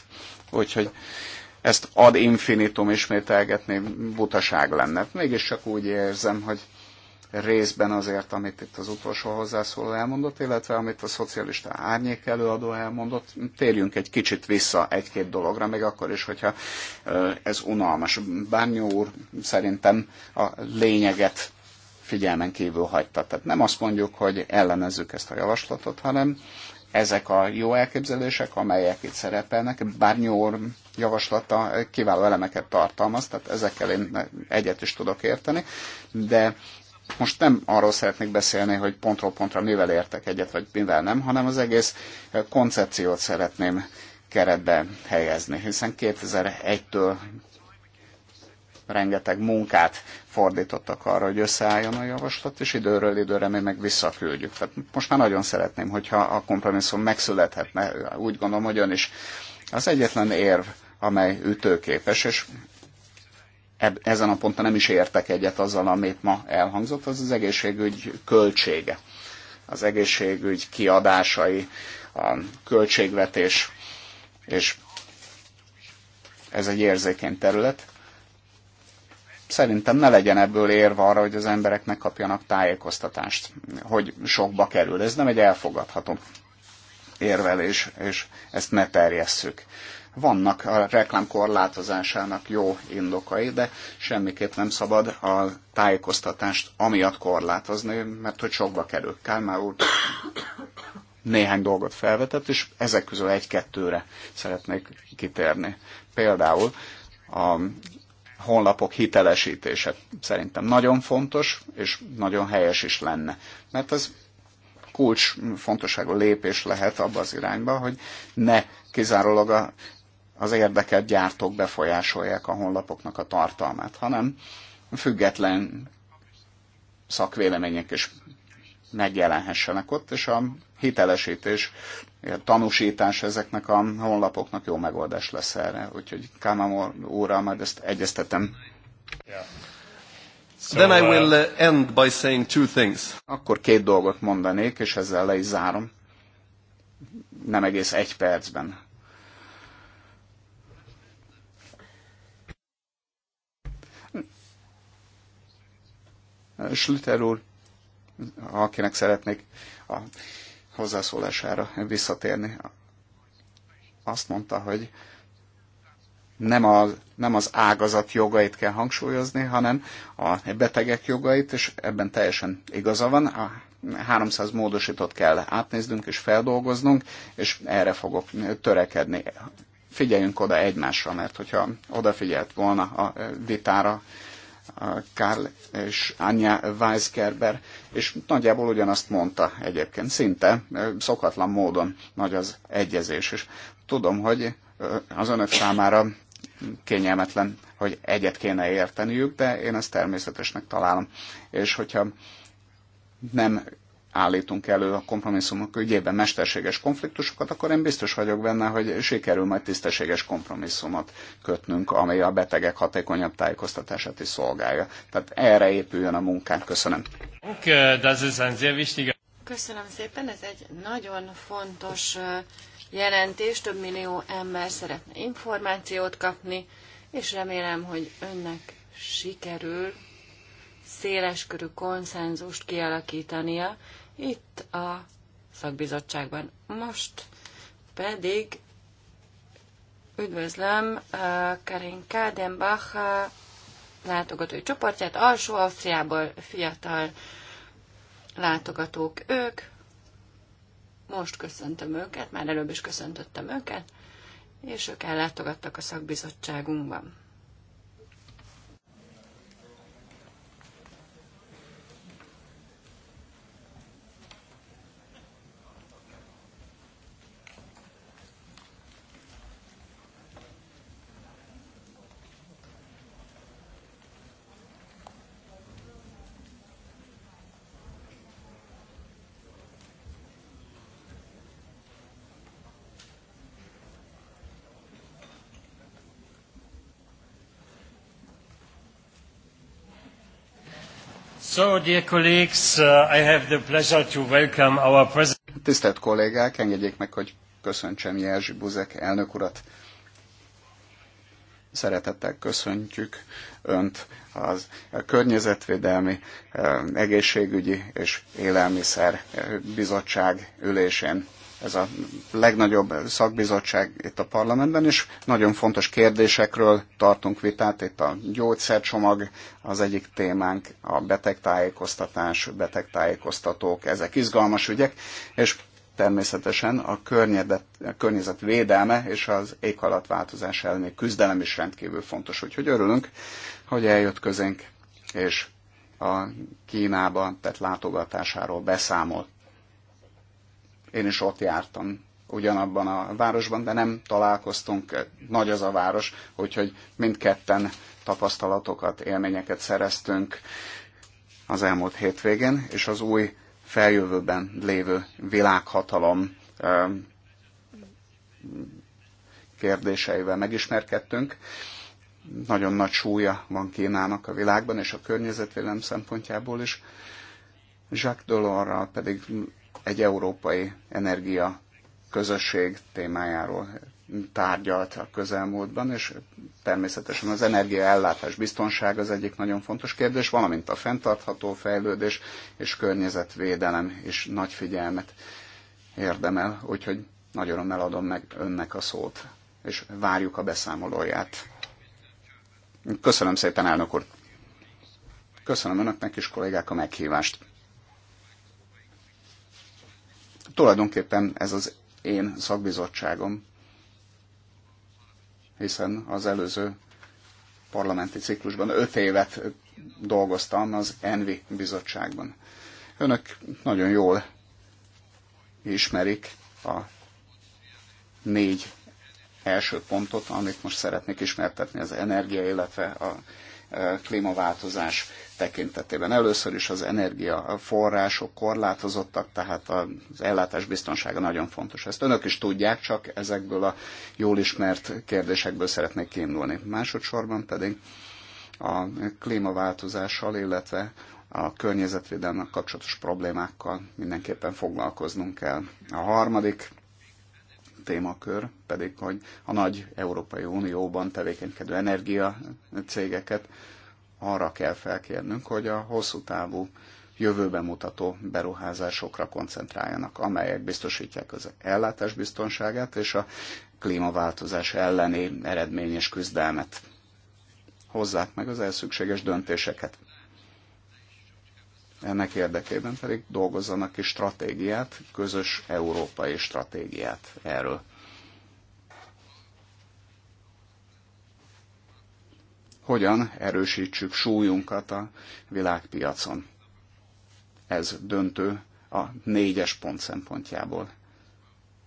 Úgyhogy ezt ad infinitum ismételgetni butaság lenne. Mégis csak úgy érzem, hogy részben azért, amit itt az utolsó hozzászóló elmondott, illetve amit a szocialista árnyék előadó elmondott, térjünk egy kicsit vissza egy-két dologra, még akkor is, hogyha ez unalmas. Bárnyó úr szerintem a lényeget figyelmen kívül hagyta. Tehát nem azt mondjuk, hogy ellenezzük ezt a javaslatot, hanem ezek a jó elképzelések, amelyek itt szerepelnek, bárnyór javaslata kiváló elemeket tartalmaz, tehát ezekkel én egyet is tudok érteni, de most nem arról szeretnék beszélni, hogy pontról pontra mivel értek egyet, vagy mivel nem, hanem az egész koncepciót szeretném keretbe helyezni, hiszen 2001-től rengeteg munkát fordítottak arra, hogy összeálljon a javaslat, és időről időre mi meg visszaküldjük. Tehát most már nagyon szeretném, hogyha a kompromisszum megszülethetne, úgy gondolom, hogy ön is. Az egyetlen érv, amely ütőképes, és ezen a ponton nem is értek egyet azzal, amit ma elhangzott, az az egészségügy költsége. Az egészségügy kiadásai, a költségvetés, és ez egy érzékeny terület. Szerintem ne legyen ebből érve arra, hogy az emberek ne kapjanak tájékoztatást, hogy sokba kerül. Ez nem egy elfogadható érvelés, és ezt ne terjesszük vannak a reklám korlátozásának jó indokai, de semmiképp nem szabad a tájékoztatást amiatt korlátozni, mert hogy sokba kerül. Kálmár úr néhány dolgot felvetett, és ezek közül egy-kettőre szeretnék kitérni. Például a honlapok hitelesítése szerintem nagyon fontos, és nagyon helyes is lenne. Mert ez kulcs fontosságú lépés lehet abba az irányba, hogy ne kizárólag a az érdekelt gyártók befolyásolják a honlapoknak a tartalmát, hanem független szakvélemények is megjelenhessenek ott, és a hitelesítés, a tanúsítás ezeknek a honlapoknak jó megoldás lesz erre. Úgyhogy Kámám úrral majd ezt egyeztetem. Yeah. So, Then I will uh, end by saying two things. Akkor két dolgot mondanék, és ezzel le is zárom. Nem egész egy percben. Schlüter úr, akinek szeretnék a hozzászólására visszatérni, azt mondta, hogy nem az, nem az ágazat jogait kell hangsúlyozni, hanem a betegek jogait, és ebben teljesen igaza van. A 300 módosítót kell átnéznünk és feldolgoznunk, és erre fogok törekedni. Figyeljünk oda egymásra, mert hogyha odafigyelt volna a vitára Karl és Anya Weisgerber, és nagyjából ugyanazt mondta egyébként, szinte szokatlan módon nagy az egyezés, és tudom, hogy az önök számára kényelmetlen, hogy egyet kéne érteniük, de én ezt természetesnek találom. És hogyha nem állítunk elő a kompromisszumok ügyében mesterséges konfliktusokat, akkor én biztos vagyok benne, hogy sikerül majd tisztességes kompromisszumot kötnünk, amely a betegek hatékonyabb tájékoztatását is szolgálja. Tehát erre épüljön a munkánk. Köszönöm. Köszönöm szépen, ez egy nagyon fontos jelentés, több millió ember szeretne információt kapni, és remélem, hogy önnek sikerül széleskörű konszenzust kialakítania, itt a szakbizottságban. Most pedig üdvözlöm uh, Karin Kádenbach uh, látogatói csoportját. Alsó-Ausztriából fiatal látogatók ők. Most köszöntöm őket, már előbb is köszöntöttem őket, és ők ellátogattak a szakbizottságunkban. So, dear colleagues, uh, I have the pleasure to welcome our president. Tisztelt kollégák, engedjék meg, hogy köszöntsem Jerzy Buzek elnök urat. Szeretettel köszöntjük Önt az Környezetvédelmi, uh, Egészségügyi és Élelmiszer uh, Bizottság ülésén ez a legnagyobb szakbizottság itt a parlamentben, és nagyon fontos kérdésekről tartunk vitát, itt a gyógyszercsomag az egyik témánk, a betegtájékoztatás, betegtájékoztatók, ezek izgalmas ügyek, és természetesen a, a környezet védelme és az éghajlatváltozás elleni küzdelem is rendkívül fontos. Úgyhogy örülünk, hogy eljött közénk, és a Kínában, tett látogatásáról beszámolt én is ott jártam ugyanabban a városban, de nem találkoztunk, nagy az a város, úgyhogy mindketten tapasztalatokat, élményeket szereztünk az elmúlt hétvégén, és az új feljövőben lévő világhatalom kérdéseivel megismerkedtünk. Nagyon nagy súlya van Kínának a világban, és a környezetvédelem szempontjából is. Jacques Delorral pedig egy európai energia közösség témájáról tárgyalt a közelmúltban, és természetesen az energiaellátás biztonság az egyik nagyon fontos kérdés, valamint a fenntartható fejlődés és környezetvédelem is nagy figyelmet érdemel, úgyhogy nagy örömmel adom meg önnek a szót, és várjuk a beszámolóját. Köszönöm szépen, elnök úr! Köszönöm önöknek és kollégák a meghívást. Tulajdonképpen ez az én szakbizottságom, hiszen az előző parlamenti ciklusban öt évet dolgoztam az Envi bizottságban. Önök nagyon jól ismerik a négy első pontot, amit most szeretnék ismertetni, az energia, illetve a Eh, klímaváltozás tekintetében. Először is az energiaforrások korlátozottak, tehát az ellátás biztonsága nagyon fontos. Ezt önök is tudják, csak ezekből a jól ismert kérdésekből szeretnék kiindulni. Másodszorban pedig a klímaváltozással, illetve a környezetvédelmek kapcsolatos problémákkal mindenképpen foglalkoznunk kell. A harmadik témakör pedig, hogy a nagy Európai Unióban tevékenykedő energia cégeket arra kell felkérnünk, hogy a hosszú távú jövőben mutató beruházásokra koncentráljanak, amelyek biztosítják az ellátás biztonságát és a klímaváltozás elleni eredményes küzdelmet. Hozzák meg az elszükséges döntéseket. Ennek érdekében pedig dolgozzanak ki stratégiát, közös európai stratégiát erről. Hogyan erősítsük súlyunkat a világpiacon? Ez döntő a négyes pont szempontjából.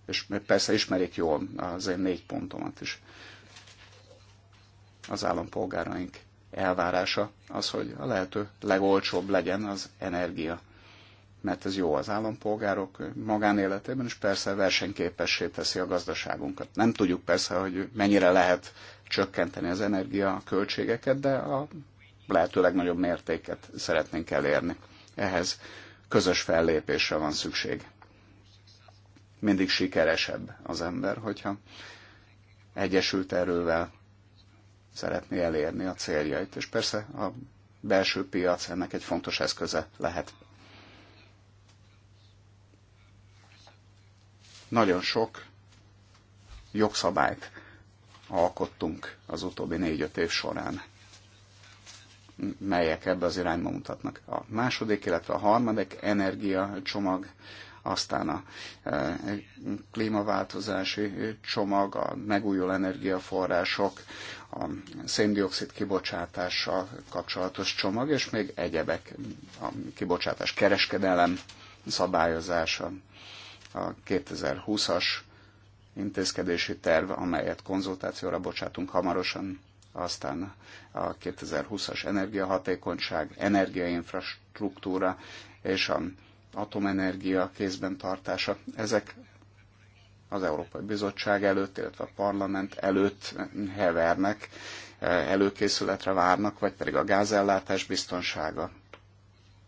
És persze ismerik jól az én négy pontomat is az állampolgáraink elvárása az, hogy a lehető legolcsóbb legyen az energia. Mert ez jó az állampolgárok magánéletében, és persze versenyképessé teszi a gazdaságunkat. Nem tudjuk persze, hogy mennyire lehet csökkenteni az energia költségeket, de a lehető legnagyobb mértéket szeretnénk elérni. Ehhez közös fellépésre van szükség. Mindig sikeresebb az ember, hogyha egyesült erővel szeretné elérni a céljait, és persze a belső piac ennek egy fontos eszköze lehet. Nagyon sok jogszabályt alkottunk az utóbbi négy-öt év során, melyek ebbe az irányba mutatnak. A második, illetve a harmadik energia csomag aztán a e, klímaváltozási csomag, a megújuló energiaforrások, a széndiokszid kibocsátással kapcsolatos csomag, és még egyebek, a kibocsátás kereskedelem szabályozása, a 2020-as intézkedési terv, amelyet konzultációra bocsátunk hamarosan, aztán a 2020-as energiahatékonyság, energiainfrastruktúra és a atomenergia kézben tartása. Ezek az Európai Bizottság előtt, illetve a parlament előtt hevernek, előkészületre várnak, vagy pedig a gázellátás biztonsága,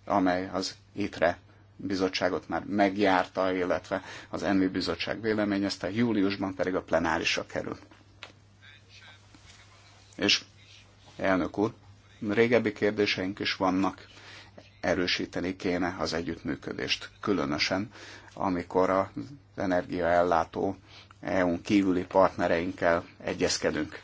amely az ITRE bizottságot már megjárta, illetve az ENVI bizottság véleményezte, júliusban pedig a plenárisra kerül. És elnök úr, régebbi kérdéseink is vannak erősíteni kéne az együttműködést, különösen amikor az energiaellátó EU-n kívüli partnereinkkel egyezkedünk.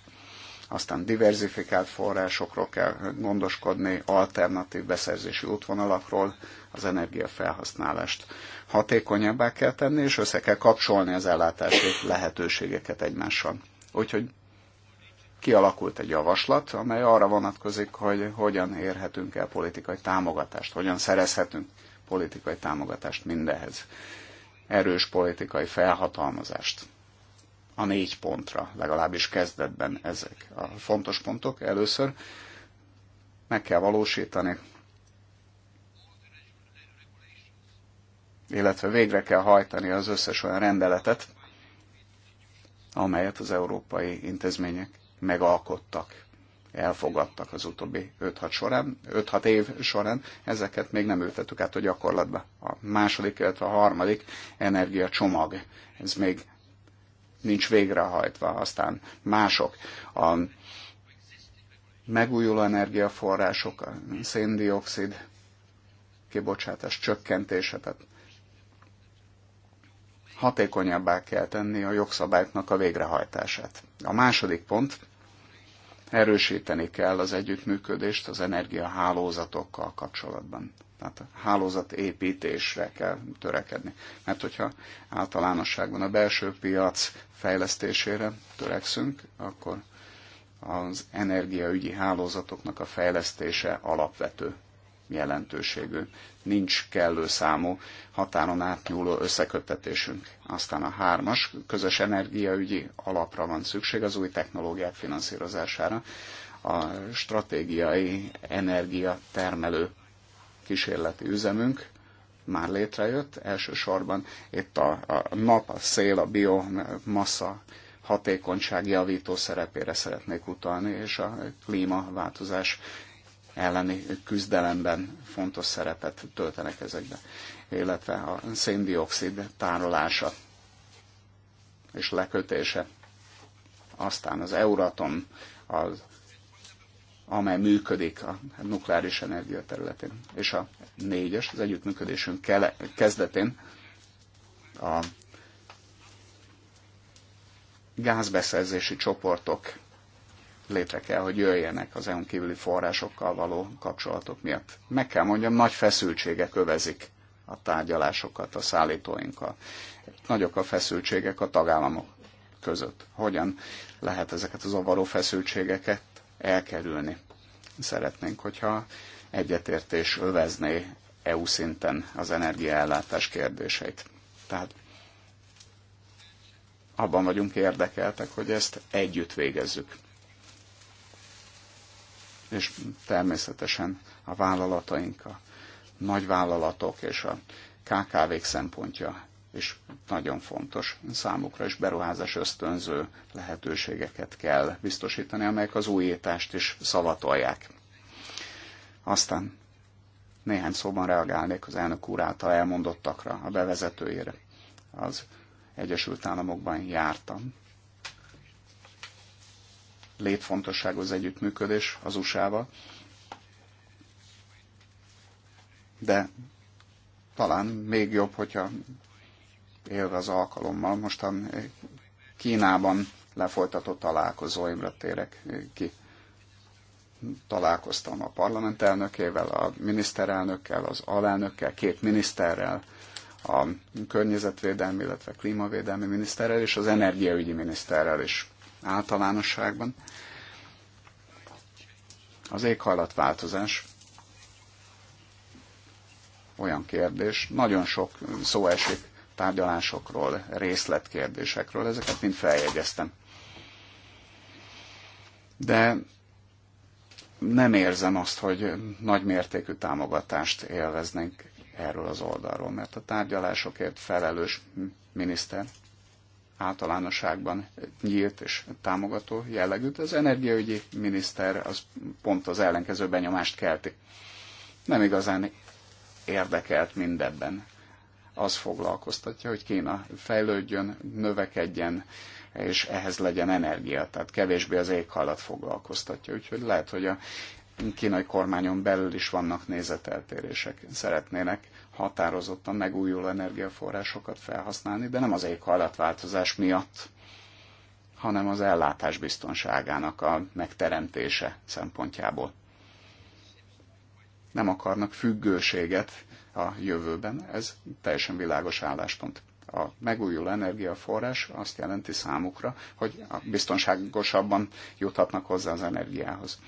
Aztán diversifikált forrásokról kell gondoskodni, alternatív beszerzési útvonalakról, az energiafelhasználást hatékonyabbá kell tenni, és össze kell kapcsolni az ellátási lehetőségeket egymással. Úgyhogy kialakult egy javaslat, amely arra vonatkozik, hogy hogyan érhetünk el politikai támogatást, hogyan szerezhetünk politikai támogatást mindehez. Erős politikai felhatalmazást. A négy pontra, legalábbis kezdetben ezek a fontos pontok. Először meg kell valósítani, illetve végre kell hajtani az összes olyan rendeletet, amelyet az európai intézmények megalkottak, elfogadtak az utóbbi 5-6, során, 5-6 év során, ezeket még nem ültettük át a gyakorlatba. A második, illetve a harmadik energiacsomag, ez még nincs végrehajtva, aztán mások. A megújuló energiaforrások, a széndiokszid kibocsátás csökkentése, tehát hatékonyabbá kell tenni a jogszabályoknak a végrehajtását. A második pont erősíteni kell az együttműködést az energiahálózatokkal kapcsolatban. Tehát a hálózatépítésre kell törekedni. Mert hogyha általánosságban a belső piac fejlesztésére törekszünk, akkor az energiaügyi hálózatoknak a fejlesztése alapvető jelentőségű, nincs kellő számú határon átnyúló összeköttetésünk. Aztán a hármas, közös energiaügyi alapra van szükség az új technológiák finanszírozására, a stratégiai energiatermelő kísérleti üzemünk már létrejött, elsősorban itt a, a nap, a szél, a biomassa hatékonyság javító szerepére szeretnék utalni, és a klímaváltozás elleni küzdelemben fontos szerepet töltenek ezekbe, illetve a széndiokszid tárolása és lekötése. Aztán az Euratom, az, amely működik a nukleáris energia területén, és a négyes, az együttműködésünk kele, kezdetén a gázbeszerzési csoportok létre kell, hogy jöjjenek az EU-n kívüli forrásokkal való kapcsolatok miatt. Meg kell mondjam, nagy feszültségek övezik a tárgyalásokat a szállítóinkkal. Nagyok a feszültségek a tagállamok között. Hogyan lehet ezeket az avaró feszültségeket elkerülni? Szeretnénk, hogyha egyetértés övezné EU szinten az energiaellátás kérdéseit. Tehát abban vagyunk érdekeltek, hogy ezt együtt végezzük és természetesen a vállalataink, a nagyvállalatok és a KKV-k szempontja és nagyon fontos számukra, is beruházás ösztönző lehetőségeket kell biztosítani, amelyek az újítást is szavatolják. Aztán néhány szóban reagálnék az elnök úr által elmondottakra, a bevezetőjére. Az Egyesült Államokban jártam, létfontosságú az együttműködés az USA-val, de talán még jobb, hogyha élve az alkalommal mostan Kínában lefolytatott találkozóimra térek ki. Találkoztam a parlament elnökével, a miniszterelnökkel, az alelnökkel, két miniszterrel, a környezetvédelmi, illetve klímavédelmi miniszterrel és az energiaügyi miniszterrel is általánosságban. Az éghajlatváltozás olyan kérdés, nagyon sok szó esik tárgyalásokról, részletkérdésekről, ezeket mind feljegyeztem. De nem érzem azt, hogy nagy mértékű támogatást élveznénk erről az oldalról, mert a tárgyalásokért felelős miniszter általánosságban nyílt és támogató jellegű, de az energiaügyi miniszter az pont az ellenkező benyomást kelti. Nem igazán érdekelt mindebben. Az foglalkoztatja, hogy Kína fejlődjön, növekedjen, és ehhez legyen energia, tehát kevésbé az éghajlat foglalkoztatja. Úgyhogy lehet, hogy a kínai kormányon belül is vannak nézeteltérések. Szeretnének határozottan megújuló energiaforrásokat felhasználni, de nem az éghajlatváltozás miatt, hanem az ellátás biztonságának a megteremtése szempontjából. Nem akarnak függőséget a jövőben, ez teljesen világos álláspont. A megújuló energiaforrás azt jelenti számukra, hogy biztonságosabban juthatnak hozzá az energiához.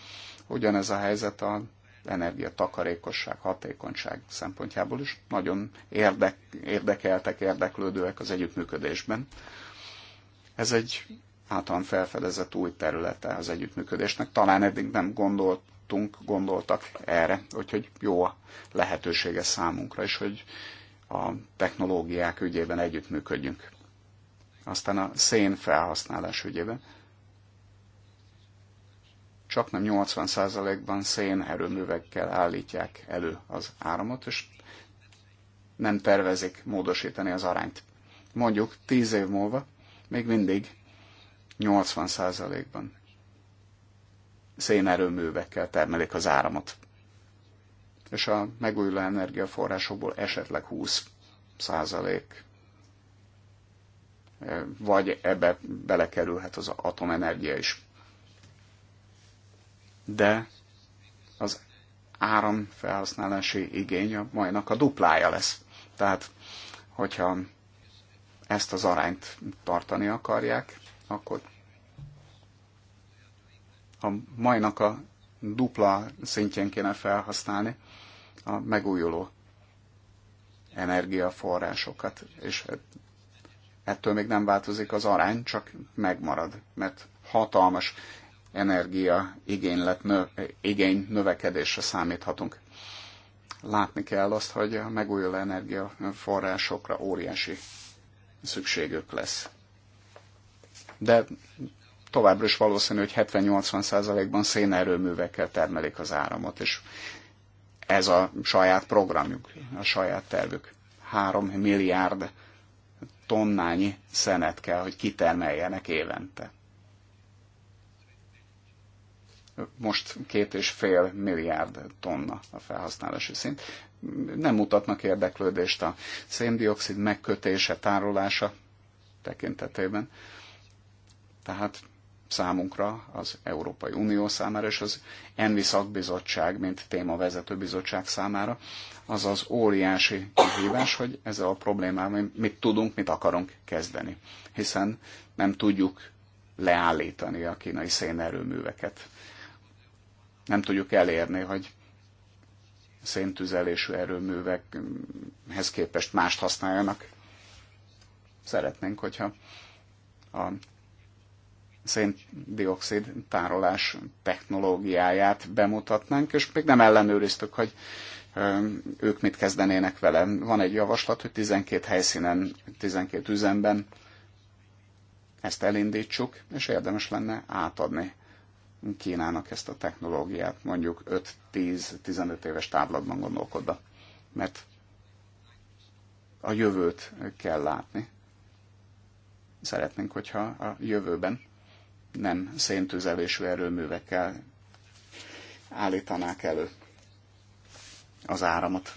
Ugyanez a helyzet a energiatakarékosság, hatékonyság szempontjából is nagyon érdek, érdekeltek, érdeklődőek az együttműködésben. Ez egy általán felfedezett új területe az együttműködésnek. Talán eddig nem gondoltunk, gondoltak erre, úgyhogy jó a lehetősége számunkra is, hogy a technológiák ügyében együttműködjünk. Aztán a szén felhasználás ügyében csak nem 80%-ban erőművekkel állítják elő az áramot, és nem tervezik módosítani az arányt. Mondjuk 10 év múlva még mindig 80%-ban szénerőművekkel termelik az áramot. És a megújuló energiaforrásokból esetleg 20% eh, vagy ebbe belekerülhet az atomenergia is de az felhasználási igény a majnak a duplája lesz. Tehát, hogyha ezt az arányt tartani akarják, akkor a majnak a dupla szintjén kéne felhasználni a megújuló energiaforrásokat, és ettől még nem változik az arány, csak megmarad, mert hatalmas energia igény növekedésre számíthatunk. Látni kell azt, hogy a megújuló energiaforrásokra óriási szükségük lesz. De továbbra is valószínű, hogy 70-80%-ban szénerőművekkel termelik az áramot, és ez a saját programjuk, a saját tervük. 3 milliárd tonnányi szenet kell, hogy kitermeljenek évente most két és fél milliárd tonna a felhasználási szint. Nem mutatnak érdeklődést a széndiokszid megkötése, tárolása tekintetében. Tehát számunkra, az Európai Unió számára és az ENVI szakbizottság, mint témavezető bizottság számára, az az óriási kihívás, hogy ezzel a problémával mit tudunk, mit akarunk kezdeni. Hiszen nem tudjuk leállítani a kínai szénerőműveket nem tudjuk elérni, hogy széntüzelésű erőművekhez képest mást használjanak. Szeretnénk, hogyha a széndiokszid tárolás technológiáját bemutatnánk, és még nem ellenőriztük, hogy ők mit kezdenének vele. Van egy javaslat, hogy 12 helyszínen, 12 üzemben ezt elindítsuk, és érdemes lenne átadni Kínának ezt a technológiát mondjuk 5-10-15 éves távlatban gondolkodva. Mert a jövőt kell látni. Szeretnénk, hogyha a jövőben nem széntüzelésű erőművekkel állítanák elő az áramot.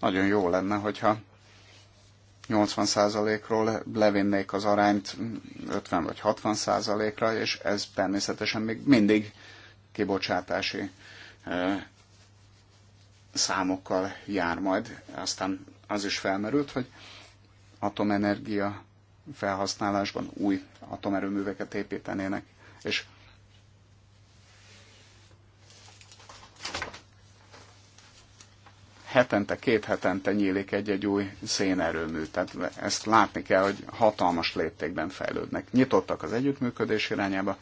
Nagyon jó lenne, hogyha 80%-ról levinnék az arányt 50 vagy 60%-ra, és ez természetesen még mindig kibocsátási számokkal jár majd. Aztán az is felmerült, hogy atomenergia felhasználásban új atomerőműveket építenének, és hetente, két hetente nyílik egy-egy új szénerőmű. Tehát ezt látni kell, hogy hatalmas léptékben fejlődnek. Nyitottak az együttműködés irányába,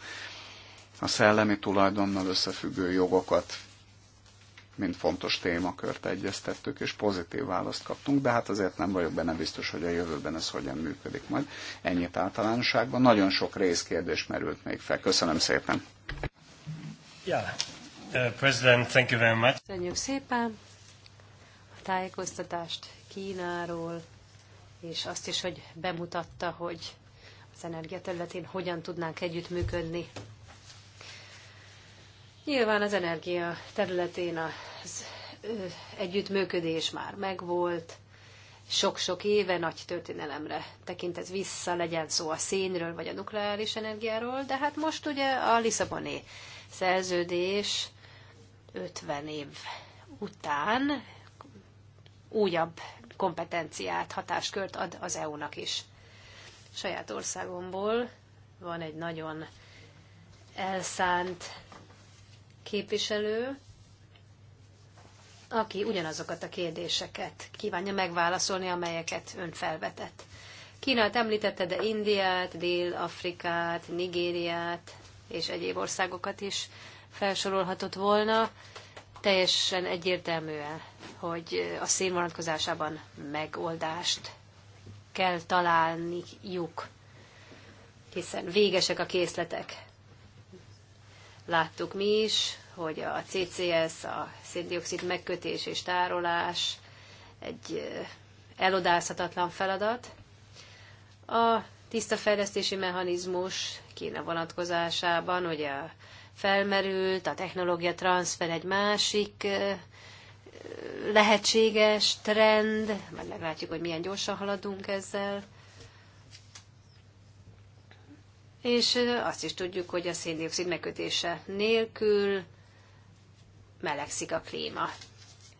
a szellemi tulajdonnal összefüggő jogokat, mint fontos témakört egyeztettük, és pozitív választ kaptunk, de hát azért nem vagyok benne biztos, hogy a jövőben ez hogyan működik majd. Ennyit általánosságban. Nagyon sok részkérdés merült még fel. Köszönöm szépen. Yeah. Uh, President, thank you very much. Köszönjük szépen tájékoztatást Kínáról, és azt is, hogy bemutatta, hogy az energiaterületén hogyan tudnánk együttműködni. Nyilván az energia területén az együttműködés már megvolt, sok-sok éve nagy történelemre tekint ez vissza, legyen szó a szénről vagy a nukleáris energiáról, de hát most ugye a Lisszaboni szerződés 50 év után újabb kompetenciát, hatáskört ad az EU-nak is. Saját országomból van egy nagyon elszánt képviselő, aki ugyanazokat a kérdéseket kívánja megválaszolni, amelyeket ön felvetett. Kínát említette, de Indiát, Dél-Afrikát, Nigériát és egyéb országokat is felsorolhatott volna teljesen egyértelműen, hogy a szén vonatkozásában megoldást kell találniuk, hiszen végesek a készletek. Láttuk mi is, hogy a CCS, a széndiokszid megkötés és tárolás egy elodázhatatlan feladat. A tiszta fejlesztési mechanizmus Kína vonatkozásában, hogy a felmerült, a technológia transfer egy másik lehetséges trend, majd meglátjuk, hogy milyen gyorsan haladunk ezzel. És azt is tudjuk, hogy a széndiokszid megkötése nélkül melegszik a klíma.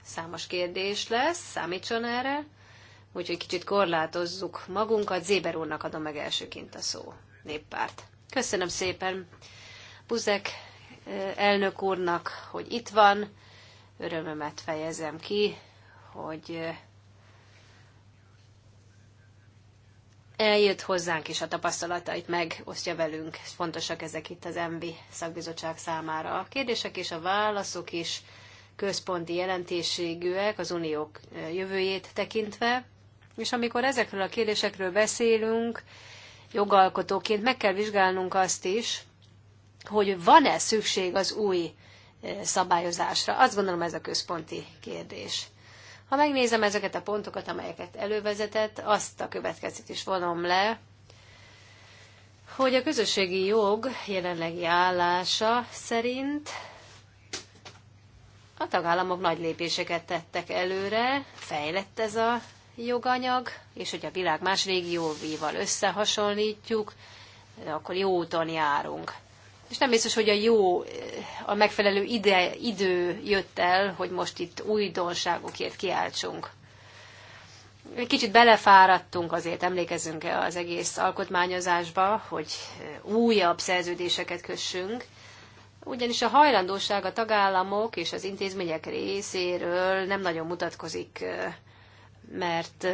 Számos kérdés lesz, számítson erre, úgyhogy kicsit korlátozzuk magunkat. Zéber úrnak adom meg elsőként a szó, néppárt. Köszönöm szépen! Buzek elnök úrnak, hogy itt van. Örömömet fejezem ki, hogy eljött hozzánk, és a tapasztalatait megosztja velünk. Fontosak ezek itt az MV szakbizottság számára. A kérdések és a válaszok is központi jelentésségűek az uniók jövőjét tekintve, és amikor ezekről a kérdésekről beszélünk, jogalkotóként meg kell vizsgálnunk azt is, hogy van-e szükség az új e, szabályozásra. Azt gondolom ez a központi kérdés. Ha megnézem ezeket a pontokat, amelyeket elővezetett, azt a következtetést vonom le, hogy a közösségi jog jelenlegi állása szerint a tagállamok nagy lépéseket tettek előre, fejlett ez a joganyag, és hogy a világ más régióival összehasonlítjuk, akkor jó úton járunk és nem biztos, hogy a jó, a megfelelő ide, idő jött el, hogy most itt újdonságokért kiáltsunk. Kicsit belefáradtunk, azért emlékezünk -e az egész alkotmányozásba, hogy újabb szerződéseket kössünk, ugyanis a hajlandóság a tagállamok és az intézmények részéről nem nagyon mutatkozik, mert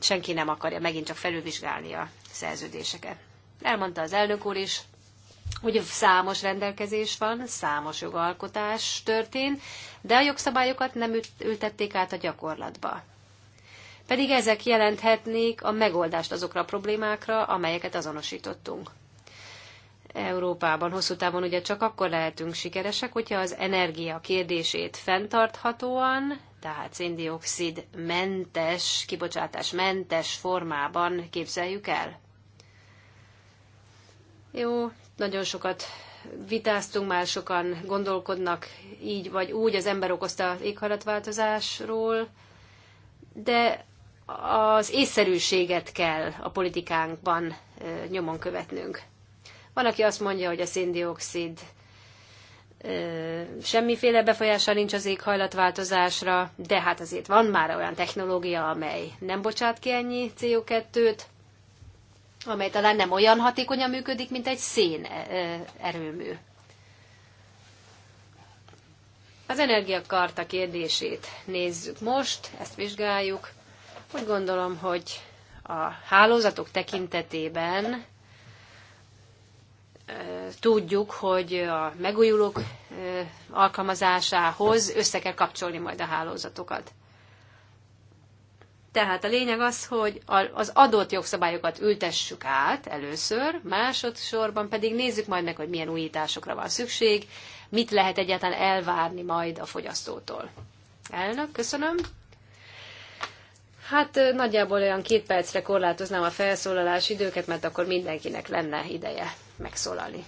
senki nem akarja megint csak felülvizsgálni a szerződéseket. Elmondta az elnök úr is, hogy számos rendelkezés van, számos jogalkotás történt, de a jogszabályokat nem ültették át a gyakorlatba. Pedig ezek jelenthetnék a megoldást azokra a problémákra, amelyeket azonosítottunk. Európában hosszú távon ugye csak akkor lehetünk sikeresek, hogyha az energia kérdését fenntarthatóan, tehát széndiokszid mentes, kibocsátás mentes formában képzeljük el. Jó, nagyon sokat vitáztunk, már sokan gondolkodnak így vagy úgy, az ember okozta éghajlatváltozásról, de az észszerűséget kell a politikánkban nyomon követnünk. Van, aki azt mondja, hogy a széndiokszid semmiféle befolyása nincs az éghajlatváltozásra, de hát azért van már olyan technológia, amely nem bocsát ki ennyi CO2-t, amely talán nem olyan hatékonyan működik, mint egy szén e, e, erőmű. Az energiakarta kérdését nézzük most, ezt vizsgáljuk. Úgy gondolom, hogy a hálózatok tekintetében e, tudjuk, hogy a megújulók alkalmazásához össze kell kapcsolni majd a hálózatokat. Tehát a lényeg az, hogy az adott jogszabályokat ültessük át először, másodszorban pedig nézzük majd meg, hogy milyen újításokra van szükség, mit lehet egyáltalán elvárni majd a fogyasztótól. Elnök, köszönöm. Hát nagyjából olyan két percre korlátoznám a felszólalás időket, mert akkor mindenkinek lenne ideje megszólalni.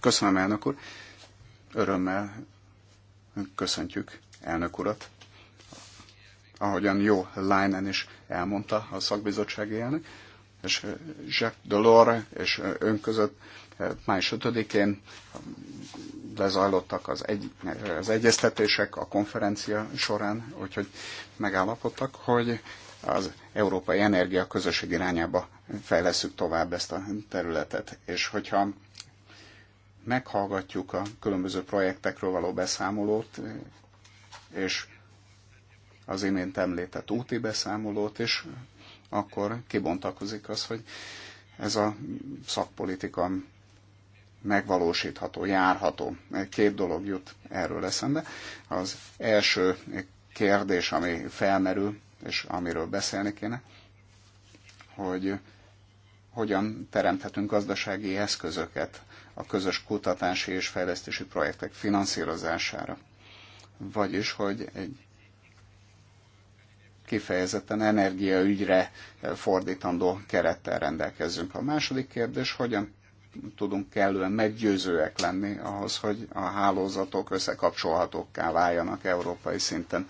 Köszönöm, elnök úr. Örömmel köszöntjük elnök urat ahogyan jó Leinen is elmondta a szakbizottsági elnök, és eh, Jacques Delors és eh, ön között eh, május 5-én lezajlottak az, egy, az egyeztetések a konferencia során, úgyhogy megállapodtak, hogy az Európai Energia Közösség irányába fejleszünk tovább ezt a területet. És hogyha meghallgatjuk a különböző projektekről való beszámolót, és az imént említett úti beszámolót és akkor kibontakozik az, hogy ez a szakpolitika megvalósítható, járható. Két dolog jut erről eszembe. Az első kérdés, ami felmerül, és amiről beszélni kéne, hogy hogyan teremthetünk gazdasági eszközöket a közös kutatási és fejlesztési projektek finanszírozására. Vagyis, hogy egy kifejezetten energiaügyre fordítandó kerettel rendelkezzünk. A második kérdés, hogyan tudunk kellően meggyőzőek lenni ahhoz, hogy a hálózatok összekapcsolhatókká váljanak európai szinten.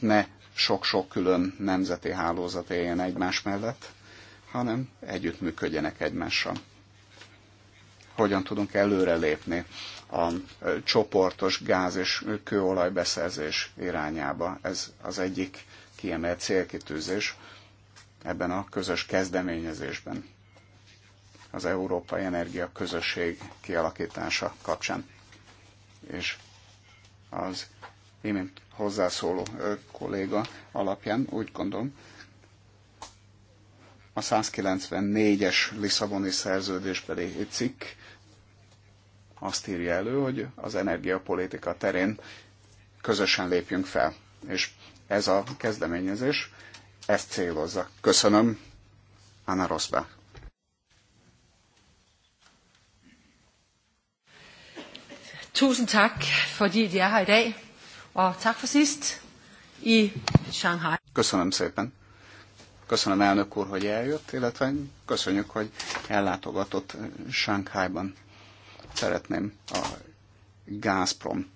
Ne sok-sok külön nemzeti hálózat éljen egymás mellett, hanem együttműködjenek egymással. Hogyan tudunk előrelépni a csoportos gáz és kőolaj beszerzés irányába? Ez az egyik kiemelt célkitűzés ebben a közös kezdeményezésben az Európai Energia Közösség kialakítása kapcsán. És az én hozzászóló kolléga alapján úgy gondolom, a 194-es Lisszaboni szerződésbeli cikk azt írja elő, hogy az energiapolitika terén közösen lépjünk fel. És ez a kezdeményezés ezt célozza. Köszönöm, Anna Rosbach. Tusind tak, fordi jeg er her i dag, og tak for sidst i Shanghai. Köszönöm szépen. Köszönöm elnök úr, hogy eljött, illetve köszönjük, hogy ellátogatott Shanghaiban. Szeretném a Gazprom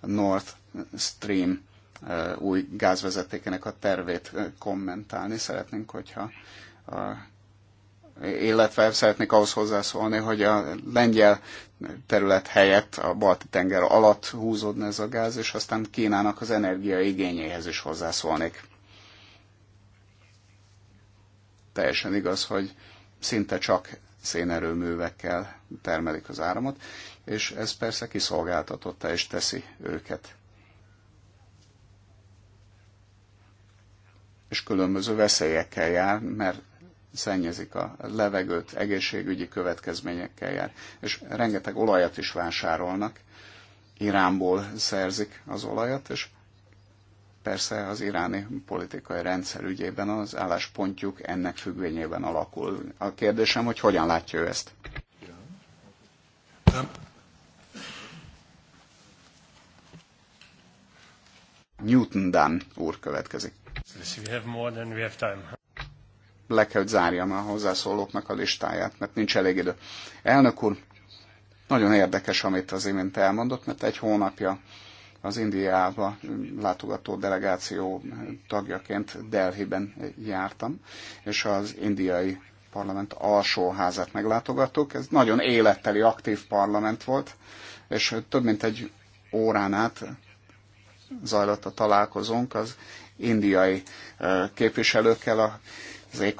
North Stream új gázvezetékenek a tervét kommentálni. Szeretnénk, hogyha a, illetve szeretnék ahhoz hozzászólni, hogy a lengyel terület helyett a balti tenger alatt húzódna ez a gáz, és aztán Kínának az energia igényéhez is hozzászólnék. Teljesen igaz, hogy szinte csak szénerőművekkel termelik az áramot, és ez persze kiszolgáltatotta és teszi őket és különböző veszélyekkel jár, mert szennyezik a levegőt, egészségügyi következményekkel jár, és rengeteg olajat is vásárolnak, Iránból szerzik az olajat, és persze az iráni politikai rendszer ügyében az álláspontjuk ennek függvényében alakul. A kérdésem, hogy hogyan látja ő ezt? Newton Dunn úr következik. We have more than we have time. Le kell, hogy zárjam a hozzászólóknak a listáját, mert nincs elég idő. Elnök úr, nagyon érdekes, amit az imént elmondott, mert egy hónapja az Indiába látogató delegáció tagjaként Delhiben jártam, és az indiai parlament alsóházát meglátogattuk. Ez nagyon életteli, aktív parlament volt, és több mint egy órán át zajlott a találkozónk az indiai képviselőkkel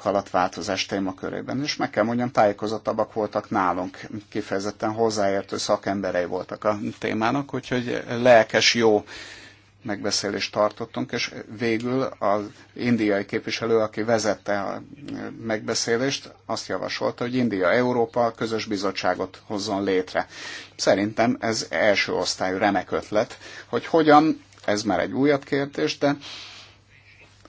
az változás témakörében. És meg kell mondjam, tájékozottabbak voltak nálunk, kifejezetten hozzáértő szakemberei voltak a témának, úgyhogy lelkes, jó megbeszélést tartottunk, és végül az indiai képviselő, aki vezette a megbeszélést, azt javasolta, hogy India-Európa közös bizottságot hozzon létre. Szerintem ez első osztályú remek ötlet, hogy hogyan, ez már egy újabb kérdés, de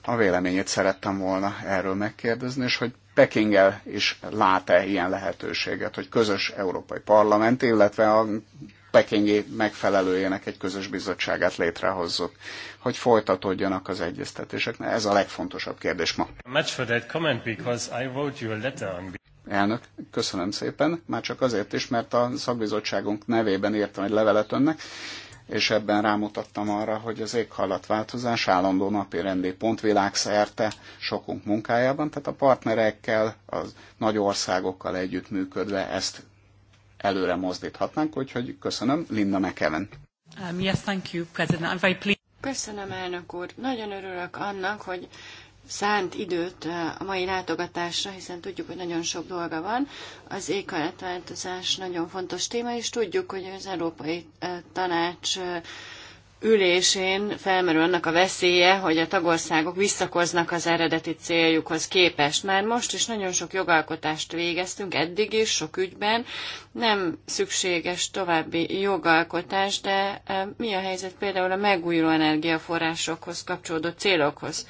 a véleményét szerettem volna erről megkérdezni, és hogy Pekinggel is lát-e ilyen lehetőséget, hogy közös Európai Parlament, illetve a pekingi megfelelőjének egy közös bizottságát létrehozzuk, hogy folytatódjanak az egyeztetések. Ez a legfontosabb kérdés ma. Elnök, köszönöm szépen, már csak azért is, mert a szakbizottságunk nevében írtam egy levelet önnek, és ebben rámutattam arra, hogy az éghajlatváltozás állandó napi rendi pont világszerte sokunk munkájában, tehát a partnerekkel, az nagy országokkal együttműködve ezt előre mozdíthatnánk, úgyhogy köszönöm, Linda McEwen. Um, yes, thank you, President. I'm very pleased. Köszönöm, elnök úr. Nagyon örülök annak, hogy szánt időt a mai látogatásra, hiszen tudjuk, hogy nagyon sok dolga van. Az éghajlatváltozás nagyon fontos téma, és tudjuk, hogy az Európai Tanács ülésén felmerül annak a veszélye, hogy a tagországok visszakoznak az eredeti céljukhoz képest. Már most is nagyon sok jogalkotást végeztünk, eddig is, sok ügyben. Nem szükséges további jogalkotás, de mi a helyzet például a megújuló energiaforrásokhoz kapcsolódó célokhoz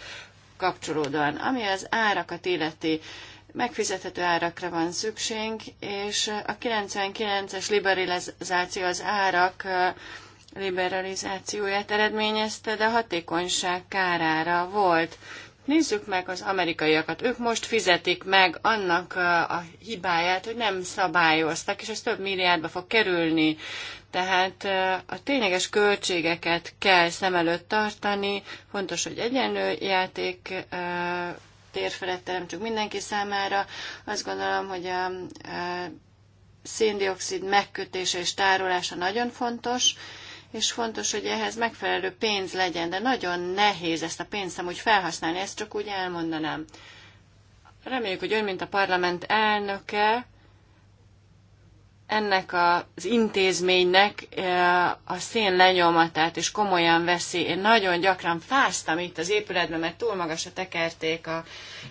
kapcsolódóan. Ami az árakat illeti, megfizethető árakra van szükség, és a 99-es liberalizáció az árak liberalizációját eredményezte, de a hatékonyság kárára volt. Nézzük meg az amerikaiakat. Ők most fizetik meg annak a hibáját, hogy nem szabályoztak, és ez több milliárdba fog kerülni. Tehát a tényleges költségeket kell szem előtt tartani, fontos, hogy egyenlő játék térfelet csak mindenki számára. Azt gondolom, hogy a széndiokszid megkötése és tárolása nagyon fontos, és fontos, hogy ehhez megfelelő pénz legyen, de nagyon nehéz ezt a pénzt amúgy felhasználni, ezt csak úgy elmondanám. Reméljük, hogy ön, mint a parlament elnöke, ennek az intézménynek eh, a szén lenyomatát is komolyan veszi. Én nagyon gyakran fáztam itt az épületben, mert túl magasra tekerték a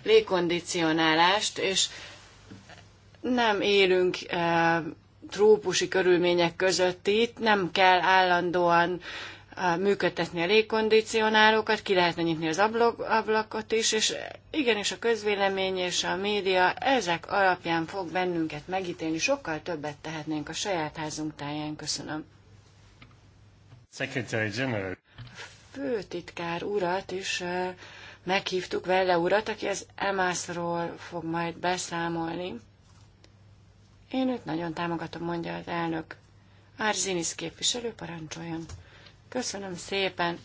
légkondicionálást, és nem élünk eh, trópusi körülmények között itt, nem kell állandóan működtetni a légkondicionálókat, ki lehetne nyitni az ablak, ablakot is, és igenis a közvélemény és a média ezek alapján fog bennünket megítélni, sokkal többet tehetnénk a saját házunk táján. Köszönöm. Secretary General. A főtitkár urat is meghívtuk, Velle urat, aki az EMAS-ról fog majd beszámolni. Én őt nagyon támogatom, mondja az elnök. Árzinisz képviselő parancsoljon. Köszönöm szépen.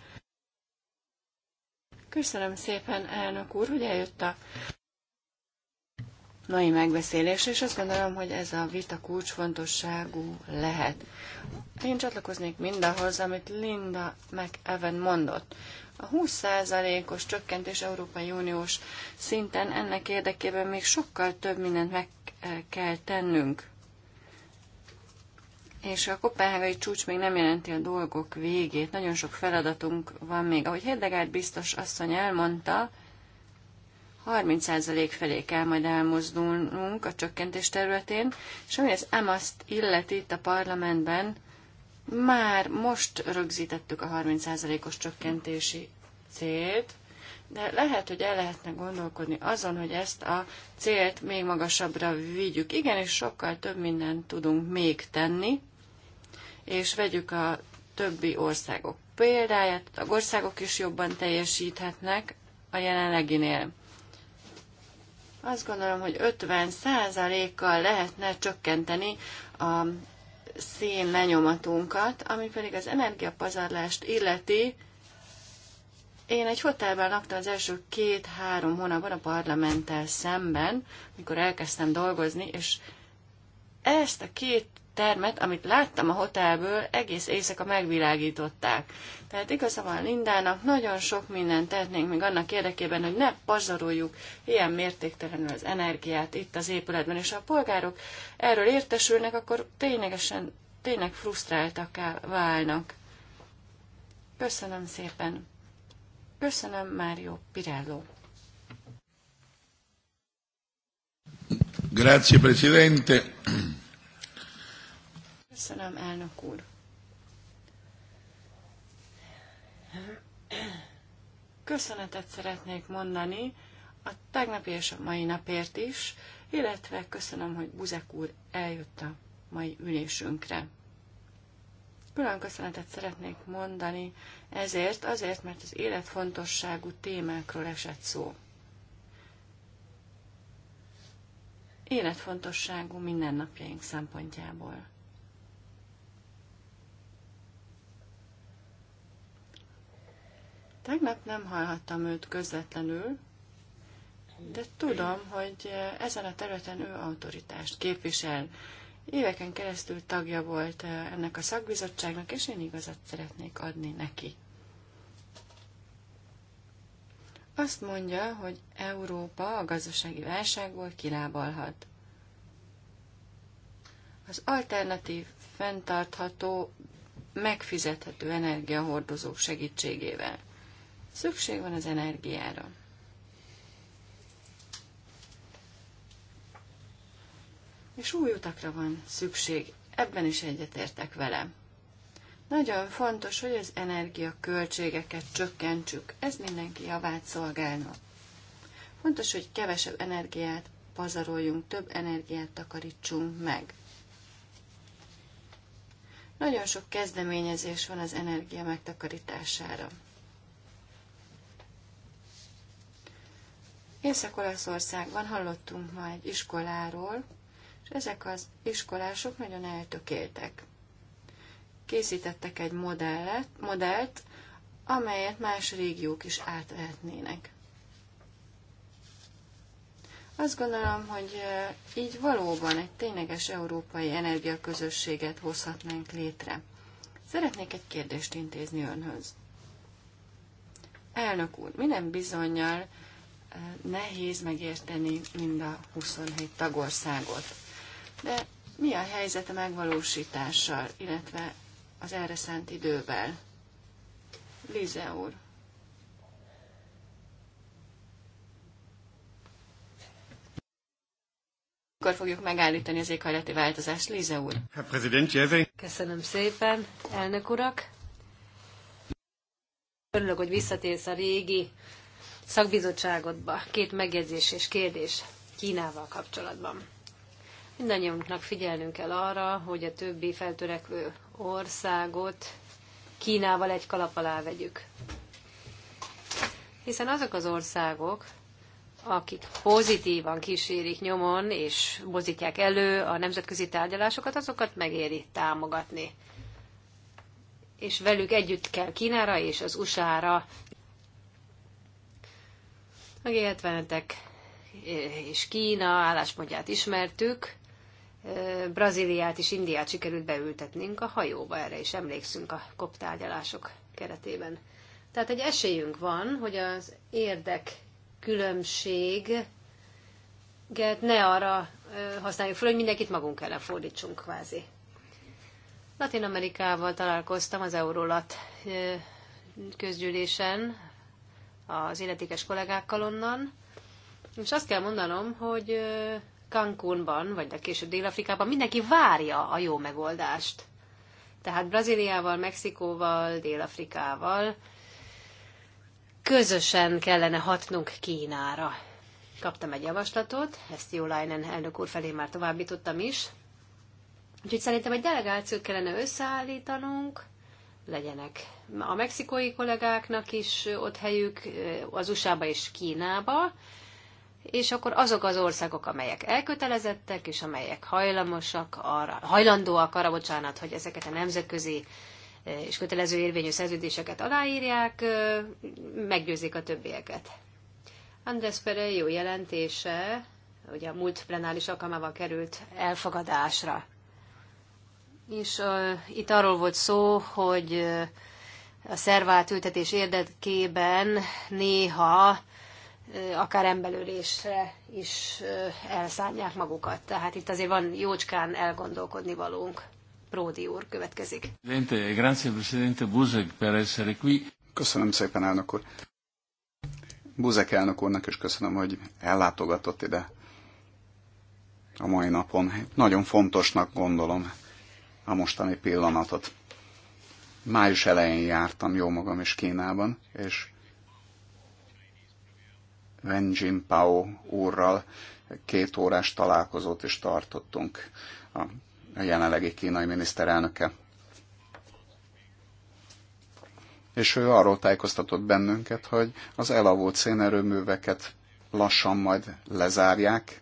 Köszönöm szépen, elnök úr, hogy eljött a mai megbeszélés, és azt gondolom, hogy ez a vita kulcsfontosságú lehet. Én csatlakoznék mindahhoz, amit Linda McEwen mondott. A 20%-os csökkentés Európai Uniós szinten ennek érdekében még sokkal több mindent meg eh, kell tennünk és a kopenhágai csúcs még nem jelenti a dolgok végét. Nagyon sok feladatunk van még. Ahogy Hildegard biztos asszony elmondta, 30% felé kell majd elmozdulnunk a csökkentés területén, és ami az EMASZ-t illeti itt a parlamentben, már most rögzítettük a 30%-os csökkentési célt, de lehet, hogy el lehetne gondolkodni azon, hogy ezt a célt még magasabbra vigyük. Igen, és sokkal több mindent tudunk még tenni, és vegyük a többi országok példáját, a országok is jobban teljesíthetnek a jelenleginél. Azt gondolom, hogy 50%-kal lehetne csökkenteni a szén lenyomatunkat, ami pedig az energiapazarlást illeti, én egy hotelben laktam az első két-három hónapban a parlamenttel szemben, mikor elkezdtem dolgozni, és ezt a két termet, amit láttam a hotelből, egész éjszaka megvilágították. Tehát igazából Lindának nagyon sok mindent tehetnénk még annak érdekében, hogy ne pazaroljuk ilyen mértéktelenül az energiát itt az épületben, és ha a polgárok erről értesülnek, akkor ténylegesen, tényleg frusztráltak válnak. Köszönöm szépen! Köszönöm, Mário Pirello. Grazie, Presidente. Köszönöm, elnök úr. Köszönetet szeretnék mondani a tegnapi és a mai napért is, illetve köszönöm, hogy Buzek úr eljött a mai ülésünkre. Külön köszönetet szeretnék mondani ezért, azért, mert az életfontosságú témákról esett szó. Életfontosságú mindennapjaink szempontjából. Tegnap nem hallhattam őt közvetlenül, de tudom, hogy eh, ezen a területen ő autoritást képvisel. Éveken keresztül tagja volt eh, ennek a szakbizottságnak, és én igazat szeretnék adni neki. Azt mondja, hogy Európa a gazdasági válságból kilábalhat. Az alternatív, fenntartható, megfizethető energiahordozók segítségével. Szükség van az energiára. és új utakra van szükség. Ebben is egyetértek vele. Nagyon fontos, hogy az energiaköltségeket csökkentsük. Ez mindenki javát szolgálna. Fontos, hogy kevesebb energiát pazaroljunk, több energiát takarítsunk meg. Nagyon sok kezdeményezés van az energia megtakarítására. Észak-Olaszországban hallottunk ma egy iskoláról, és ezek az iskolások nagyon eltökéltek. Készítettek egy modellet, modellt, amelyet más régiók is átvehetnének. Azt gondolom, hogy így valóban egy tényleges európai energiaközösséget hozhatnánk létre. Szeretnék egy kérdést intézni önhöz. Elnök úr, minden bizonyal nehéz megérteni mind a 27 tagországot de mi a helyzet a megvalósítással, illetve az erre szánt idővel? Lize úr. Mikor fogjuk megállítani az éghajlati változást, Lize úr? Köszönöm szépen, elnök urak. Örülök, hogy visszatérsz a régi szakbizottságodba. Két megjegyzés és kérdés Kínával kapcsolatban. Mindannyiunknak figyelnünk kell arra, hogy a többi feltörekvő országot Kínával egy kalap alá vegyük. Hiszen azok az országok, akik pozitívan kísérik nyomon és bozítják elő a nemzetközi tárgyalásokat, azokat megéri támogatni. És velük együtt kell Kínára és az USA-ra. A G70-ek és Kína álláspontját ismertük, Brazíliát és Indiát sikerült beültetnünk a hajóba, erre is emlékszünk a koptárgyalások keretében. Tehát egy esélyünk van, hogy az érdek különbséget ne arra használjuk fel, hogy mindenkit magunk ellen fordítsunk kvázi. Latin Amerikával találkoztam az Eurólat közgyűlésen, az illetékes kollégákkal onnan, és azt kell mondanom, hogy Cancúnban, vagy de később Dél-Afrikában mindenki várja a jó megoldást. Tehát Brazíliával, Mexikóval, Dél-Afrikával közösen kellene hatnunk Kínára. Kaptam egy javaslatot, ezt Jó Leinen elnök úr felé már továbbítottam is. Úgyhogy szerintem egy delegációt kellene összeállítanunk, legyenek a mexikói kollégáknak is ott helyük, az USA-ba és Kínába, és akkor azok az országok, amelyek elkötelezettek, és amelyek hajlamosak arra, hajlandóak arra, bocsánat, hogy ezeket a nemzetközi e, és kötelező érvényű szerződéseket aláírják, meggyőzik a többieket. Andrés Pere jó jelentése, ugye a múlt plenáris alkalmával került elfogadásra. És uh, itt arról volt szó, hogy uh, a szervált ültetés érdekében néha akár emberülésre is elszánják magukat. Tehát itt azért van jócskán elgondolkodni valónk. Pródi úr következik. Buzek, Köszönöm szépen, elnök úr. Buzek elnök úrnak is köszönöm, hogy ellátogatott ide a mai napon. Nagyon fontosnak gondolom a mostani pillanatot. Május elején jártam jó magam is Kínában, és Wen Jinpao úrral két órás találkozót is tartottunk a jelenlegi kínai miniszterelnöke. És ő arról tájékoztatott bennünket, hogy az elavult szénerőműveket lassan majd lezárják,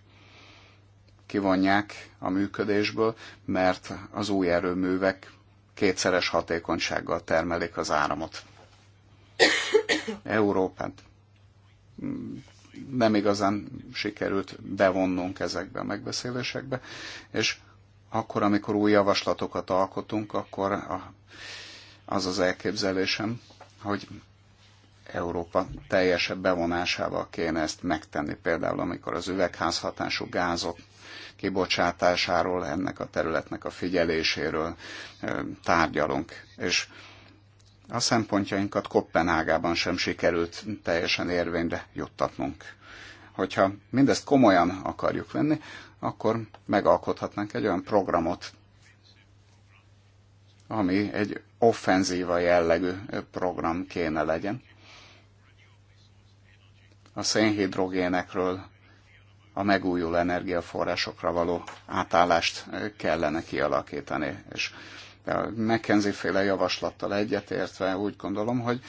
kivonják a működésből, mert az új erőművek kétszeres hatékonysággal termelik az áramot. Európát nem igazán sikerült bevonnunk ezekbe a megbeszélésekbe, és akkor, amikor új javaslatokat alkotunk, akkor a, az az elképzelésem, hogy Európa teljesebb bevonásával kéne ezt megtenni, például amikor az üvegházhatású gázok kibocsátásáról, ennek a területnek a figyeléséről tárgyalunk. És a szempontjainkat Kopenhágában sem sikerült teljesen érvényre juttatnunk. Hogyha mindezt komolyan akarjuk venni, akkor megalkothatnánk egy olyan programot, ami egy offenzíva jellegű program kéne legyen. A szénhidrogénekről a megújuló energiaforrásokra való átállást kellene kialakítani, és McKenzie féle javaslattal egyetértve úgy gondolom, hogy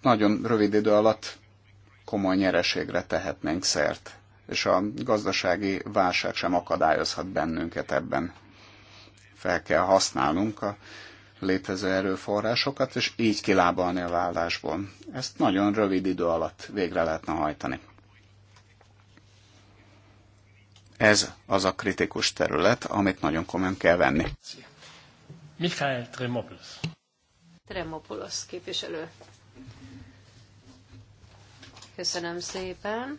nagyon rövid idő alatt komoly nyereségre tehetnénk szert, és a gazdasági válság sem akadályozhat bennünket ebben. Fel kell használnunk a létező erőforrásokat, és így kilábalni a vállásból. Ezt nagyon rövid idő alatt végre lehetne hajtani. Ez az a kritikus terület, amit nagyon komolyan kell venni. Mikhail Tremopoulos. Tremopoulos képviselő. Köszönöm szépen.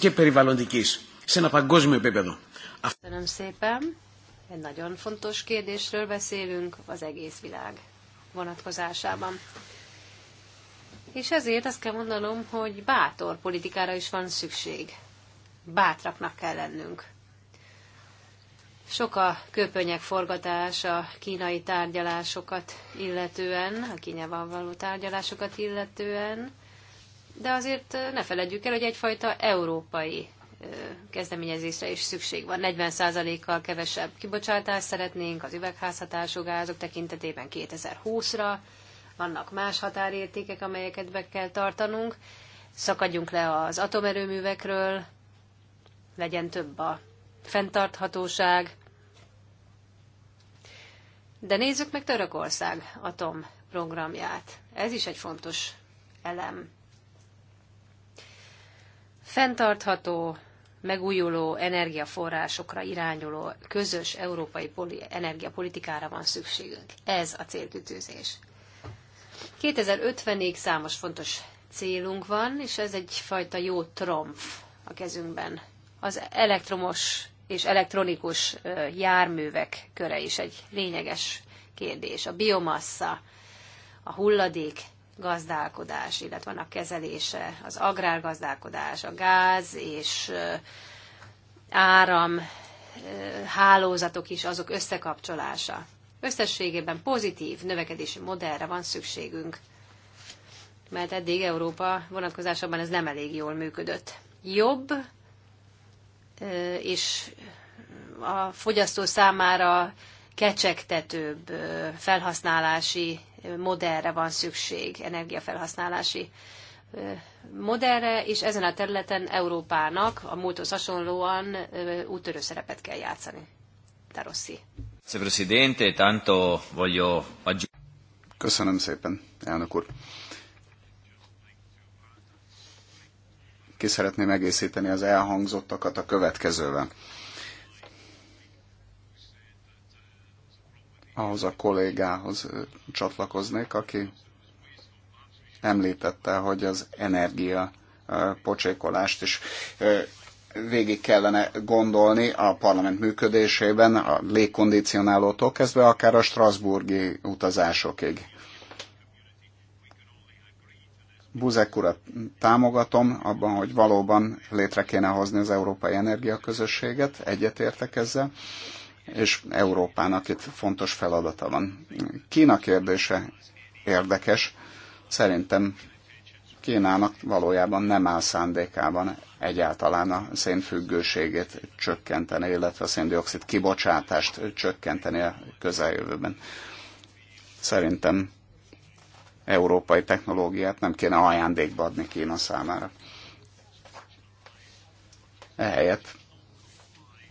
και περιβαλλοντικής σε ένα παγκόσμιο επίπεδο. Köszönöm szépen. Egy nagyon fontos kérdésről beszélünk az egész világ vonatkozásában. És ezért azt kell mondanom, hogy bátor politikára is van szükség. Bátraknak kell lennünk. Sok a köpönyek forgatás a kínai tárgyalásokat illetően, a Kínával való tárgyalásokat illetően, de azért ne feledjük el, hogy egyfajta európai kezdeményezésre is szükség van. 40%-kal kevesebb kibocsátást szeretnénk az üvegházhatású gázok tekintetében 2020-ra. Vannak más határértékek, amelyeket be kell tartanunk. Szakadjunk le az atomerőművekről, legyen több a fenntarthatóság. De nézzük meg Törökország atomprogramját. Ez is egy fontos elem. Fenntartható, megújuló energiaforrásokra irányuló közös európai energiapolitikára van szükségünk. Ez a célkütőzés. 2050-ig számos fontos célunk van, és ez egyfajta jó tromf a kezünkben. Az elektromos és elektronikus járművek köre is egy lényeges kérdés. A biomassa, a hulladék gazdálkodás, illetve a kezelése, az agrárgazdálkodás, a gáz és áram hálózatok is azok összekapcsolása. Összességében pozitív növekedési modellre van szükségünk, mert eddig Európa vonatkozásában ez nem elég jól működött. Jobb és a fogyasztó számára kecsegtetőbb felhasználási modellre van szükség, energiafelhasználási modellre, és ezen a területen Európának a múlthoz hasonlóan úttörő szerepet kell játszani. Tarossi. Köszönöm szépen, elnök úr. ki szeretném egészíteni az elhangzottakat a következővel. Ahhoz a kollégához csatlakoznék, aki említette, hogy az energia pocsékolást is végig kellene gondolni a parlament működésében, a légkondicionálótól kezdve akár a Strasburgi utazásokig Buzek urat támogatom abban, hogy valóban létre kéne hozni az Európai Energiaközösséget, egyetértek ezzel, és Európának itt fontos feladata van. Kína kérdése érdekes. Szerintem Kínának valójában nem áll szándékában egyáltalán a szénfüggőségét csökkenteni, illetve a széndiokszid kibocsátást csökkenteni a közeljövőben. Szerintem európai technológiát nem kéne ajándékba adni Kína számára. Ehelyett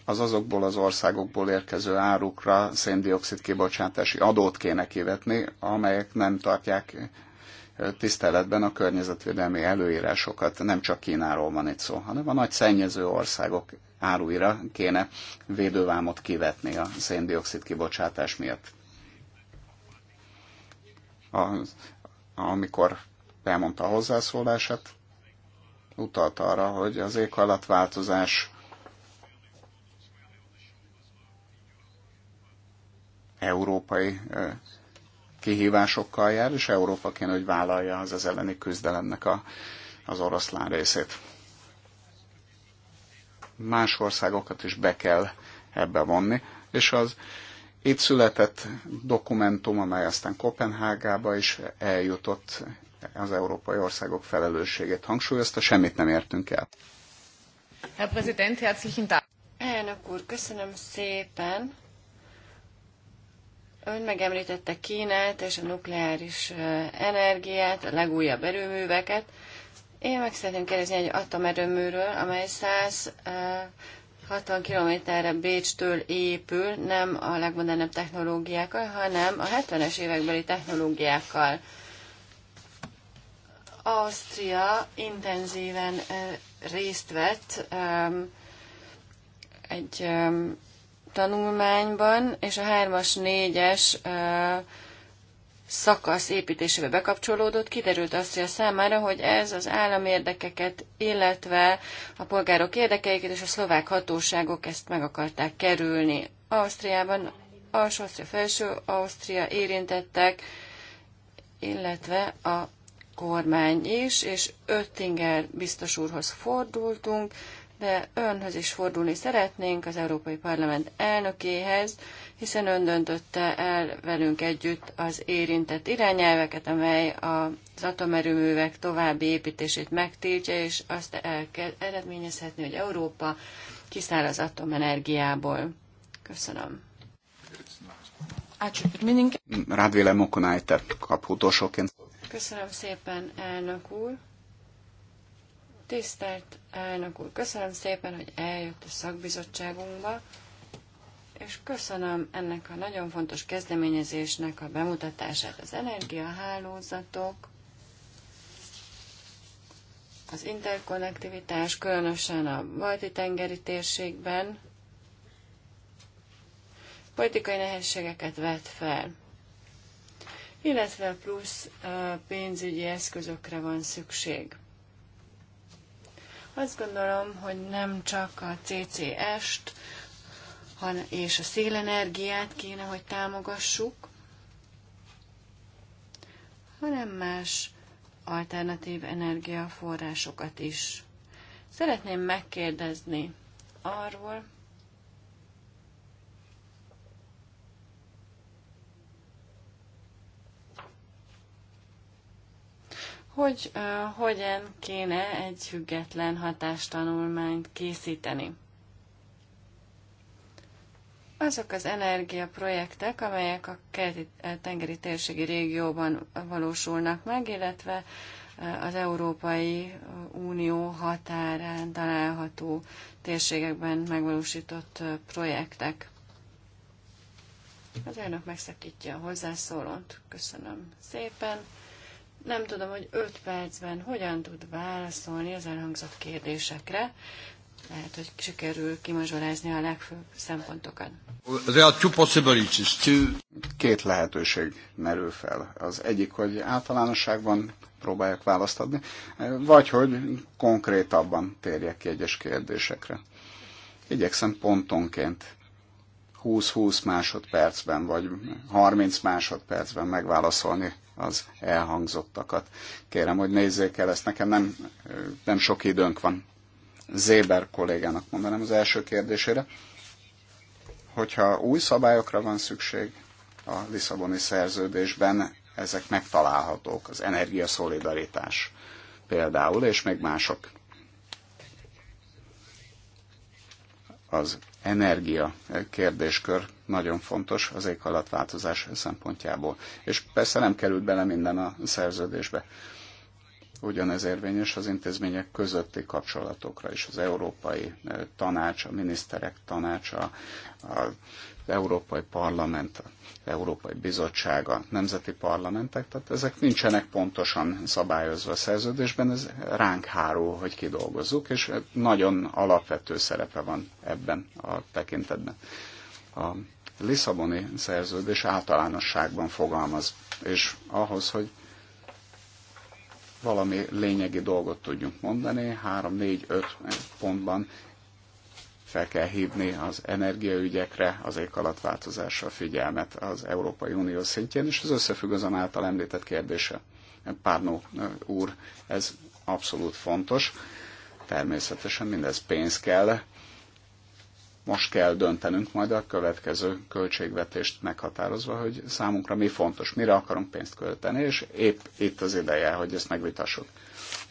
az azokból az országokból érkező árukra széndiokszid kibocsátási adót kéne kivetni, amelyek nem tartják tiszteletben a környezetvédelmi előírásokat. Nem csak Kínáról van itt szó, hanem a nagy szennyező országok áruira kéne védővámot kivetni a széndiokszid kibocsátás miatt. Az amikor elmondta a hozzászólását, utalta arra, hogy az éghajlatváltozás európai kihívásokkal jár, és Európa kéne, hogy vállalja az ez elleni küzdelemnek a, az oroszlán részét. Más országokat is be kell ebbe vonni, és az itt született dokumentum, amely aztán Kopenhágába is eljutott az európai országok felelősségét hangsúlyozta, semmit nem értünk el. Herr Präsident, herzlichen Dank. Elnök úr, köszönöm szépen. Ön megemlítette Kínát és a nukleáris energiát, a legújabb erőműveket. Én meg szeretném kérdezni egy atomerőműről, amely 100 60 kilométerre Bécstől épül, nem a legmodernebb technológiákkal, hanem a 70-es évekbeli technológiákkal. Ausztria intenzíven részt vett egy tanulmányban, és a 3-as, 4-es szakasz építésébe bekapcsolódott, kiderült a számára, hogy ez az állam érdekeket, illetve a polgárok érdekeiket és a szlovák hatóságok ezt meg akarták kerülni. Ausztriában alsó Ausztria, felső Ausztria érintettek, illetve a kormány is, és Öttinger biztos úrhoz fordultunk, de önhöz is fordulni szeretnénk, az Európai Parlament elnökéhez, hiszen ön döntötte el velünk együtt az érintett irányelveket, amely az atomerőművek további építését megtiltja, és azt el kell eredményezhetni, hogy Európa kiszáll az atomenergiából. Köszönöm. Rádvéle Mokonájte kap utolsóként. Köszönöm szépen, elnök úr. Tisztelt elnök úr, köszönöm szépen, hogy eljött a szakbizottságunkba és köszönöm ennek a nagyon fontos kezdeményezésnek a bemutatását. Az energiahálózatok, az interkonnektivitás, különösen a balti tengeri térségben politikai nehézségeket vet fel, illetve plusz pénzügyi eszközökre van szükség. Azt gondolom, hogy nem csak a CCS-t, és a szélenergiát kéne, hogy támogassuk, hanem más alternatív energiaforrásokat is. Szeretném megkérdezni arról, hogy uh, hogyan kéne egy független hatástanulmányt készíteni. Azok az energiaprojektek, amelyek a keleti eh, tengeri térségi régióban valósulnak meg, illetve eh, az Európai Unió határán található térségekben megvalósított eh, projektek. Az elnök megszakítja a hozzászólónt. Köszönöm szépen. Nem tudom, hogy 5 percben hogyan tud válaszolni az elhangzott kérdésekre, lehet, hogy sikerül kimazsolázni a legfőbb szempontokat. Két lehetőség merül fel. Az egyik, hogy általánosságban próbálják választ adni, vagy hogy konkrétabban térjek ki egyes kérdésekre. Igyekszem pontonként 20-20 másodpercben, vagy 30 másodpercben megválaszolni az elhangzottakat. Kérem, hogy nézzék el, ezt nekem nem, nem sok időnk van Zéber kollégának mondanám az első kérdésére, hogyha új szabályokra van szükség a Lisszaboni szerződésben, ezek megtalálhatók, az energiaszolidaritás például, és még mások. Az energia kérdéskör nagyon fontos az éghajlatváltozás szempontjából. És persze nem került bele minden a szerződésbe ugyanez érvényes az intézmények közötti kapcsolatokra is. Az Európai Tanács, a Miniszterek Tanácsa, az Európai Parlament, az Európai bizottsága, a Nemzeti Parlamentek, tehát ezek nincsenek pontosan szabályozva a szerződésben, ez ránk hárul, hogy kidolgozzuk, és nagyon alapvető szerepe van ebben a tekintetben. A Lisszaboni szerződés általánosságban fogalmaz, és ahhoz, hogy valami lényegi dolgot tudjunk mondani, 3-4-5 pontban fel kell hívni az energiaügyekre, az változásra figyelmet az Európai Unió szintjén, és ez összefügg az által említett kérdése. Párnó úr, ez abszolút fontos. Természetesen mindez pénz kell, most kell döntenünk majd a következő költségvetést meghatározva, hogy számunkra mi fontos, mire akarunk pénzt költeni, és épp itt az ideje, hogy ezt megvitassuk.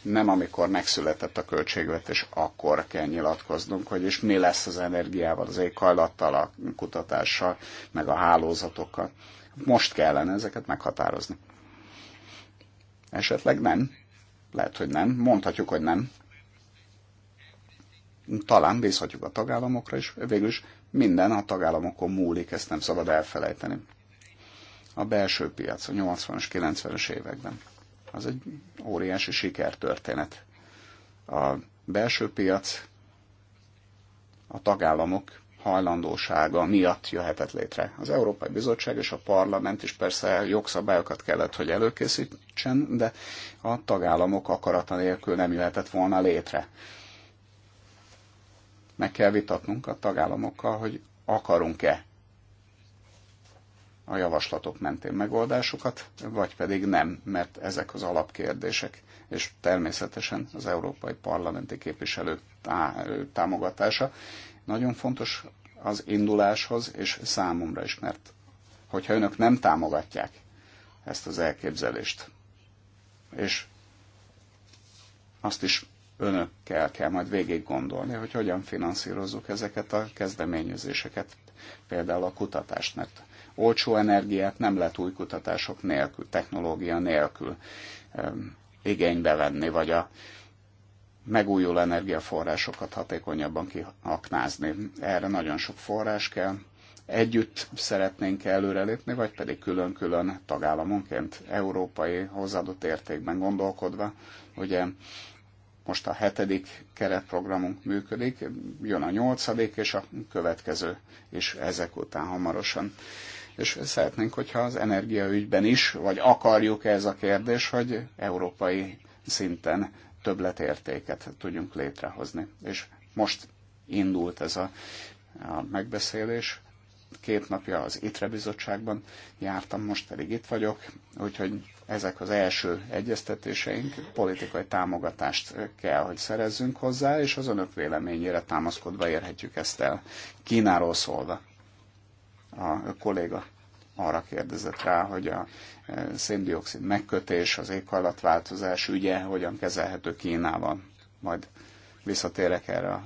Nem amikor megszületett a költségvetés, akkor kell nyilatkoznunk, hogy és mi lesz az energiával, az éghajlattal, a kutatással, meg a hálózatokkal. Most kellene ezeket meghatározni. Esetleg nem. Lehet, hogy nem. Mondhatjuk, hogy nem talán bízhatjuk a tagállamokra, és végül is minden a tagállamokon múlik, ezt nem szabad elfelejteni. A belső piac a 80-as, 90-es években. Az egy óriási sikertörténet. A belső piac a tagállamok hajlandósága miatt jöhetett létre. Az Európai Bizottság és a Parlament is persze jogszabályokat kellett, hogy előkészítsen, de a tagállamok akarata nélkül nem jöhetett volna létre meg kell vitatnunk a tagállamokkal, hogy akarunk-e a javaslatok mentén megoldásokat, vagy pedig nem, mert ezek az alapkérdések, és természetesen az európai parlamenti képviselő támogatása nagyon fontos az induláshoz, és számomra is, mert hogyha önök nem támogatják ezt az elképzelést, és azt is önökkel kell majd végig gondolni, hogy hogyan finanszírozzuk ezeket a kezdeményezéseket, például a kutatást, mert olcsó energiát nem lehet új kutatások nélkül, technológia nélkül ehm, igénybe venni, vagy a megújuló energiaforrásokat hatékonyabban kiaknázni. Erre nagyon sok forrás kell. Együtt szeretnénk előrelépni, vagy pedig külön-külön tagállamonként, európai hozzáadott értékben gondolkodva. Ugye most a hetedik keretprogramunk működik, jön a nyolcadik és a következő, és ezek után hamarosan. És szeretnénk, hogyha az energiaügyben is, vagy akarjuk -e ez a kérdés, hogy európai szinten többletértéket tudjunk létrehozni. És most indult ez a, a megbeszélés, két napja az ITRE bizottságban jártam, most pedig itt vagyok, úgyhogy ezek az első egyeztetéseink politikai támogatást kell, hogy szerezzünk hozzá, és az önök véleményére támaszkodva érhetjük ezt el. Kínáról szólva a kolléga arra kérdezett rá, hogy a e, széndiokszid megkötés, az éghajlatváltozás ügye hogyan kezelhető Kínával. Majd visszatérek erre a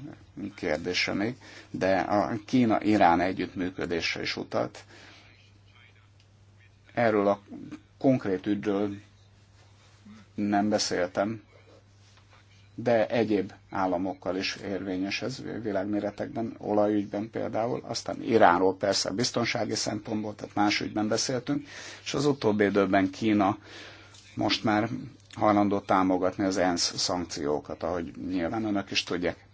kérdésre még, de a Kína-Irán együttműködésre is utalt. Erről a konkrét ügyről nem beszéltem, de egyéb államokkal is érvényes ez világméretekben, olajügyben például, aztán Iránról persze biztonsági szempontból, tehát más ügyben beszéltünk, és az utóbbi időben Kína most már hajlandó támogatni az ENSZ szankciókat, ahogy nyilván önök is tudják.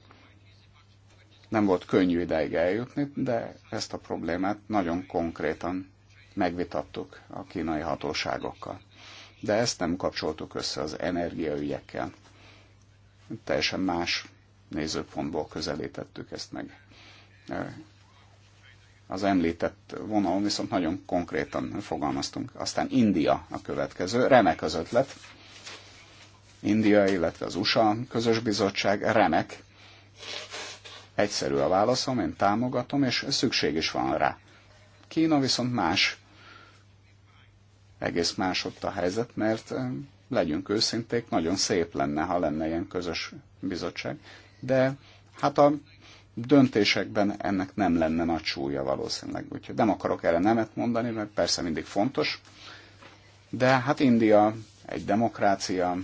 Nem volt könnyű ideig eljutni, de ezt a problémát nagyon konkrétan megvitattuk a kínai hatóságokkal. De ezt nem kapcsoltuk össze az energiaügyekkel. Teljesen más nézőpontból közelítettük ezt meg. Az említett vonalon viszont nagyon konkrétan fogalmaztunk. Aztán India a következő. Remek az ötlet. India, illetve az USA közös bizottság, remek. Egyszerű a válaszom, én támogatom, és szükség is van rá. Kína viszont más egész ott a helyzet, mert legyünk őszinték, nagyon szép lenne, ha lenne ilyen közös bizottság, de hát a döntésekben ennek nem lenne nagy súlya valószínűleg. Úgyhogy nem akarok erre nemet mondani, mert persze mindig fontos, de hát India egy demokrácia,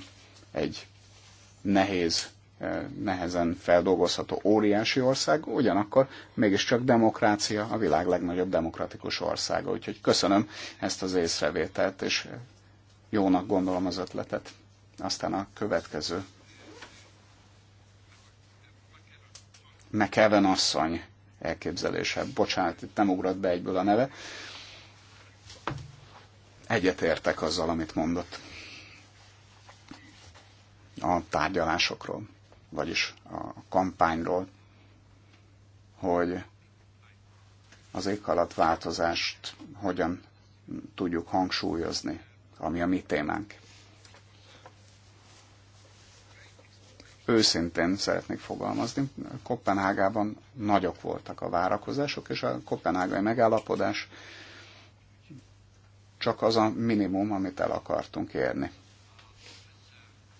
egy nehéz nehezen feldolgozható óriási ország, ugyanakkor mégiscsak demokrácia, a világ legnagyobb demokratikus országa. Úgyhogy köszönöm ezt az észrevételt, és jónak gondolom az ötletet. Aztán a következő. McEwen asszony elképzelése. Bocsánat, itt nem ugrott be egyből a neve. Egyetértek azzal, amit mondott a tárgyalásokról vagyis a kampányról, hogy az alatt változást, hogyan tudjuk hangsúlyozni, ami a mi témánk. Őszintén szeretnék fogalmazni, Kopenhágában nagyok voltak a várakozások, és a kopenhágai megállapodás csak az a minimum, amit el akartunk érni.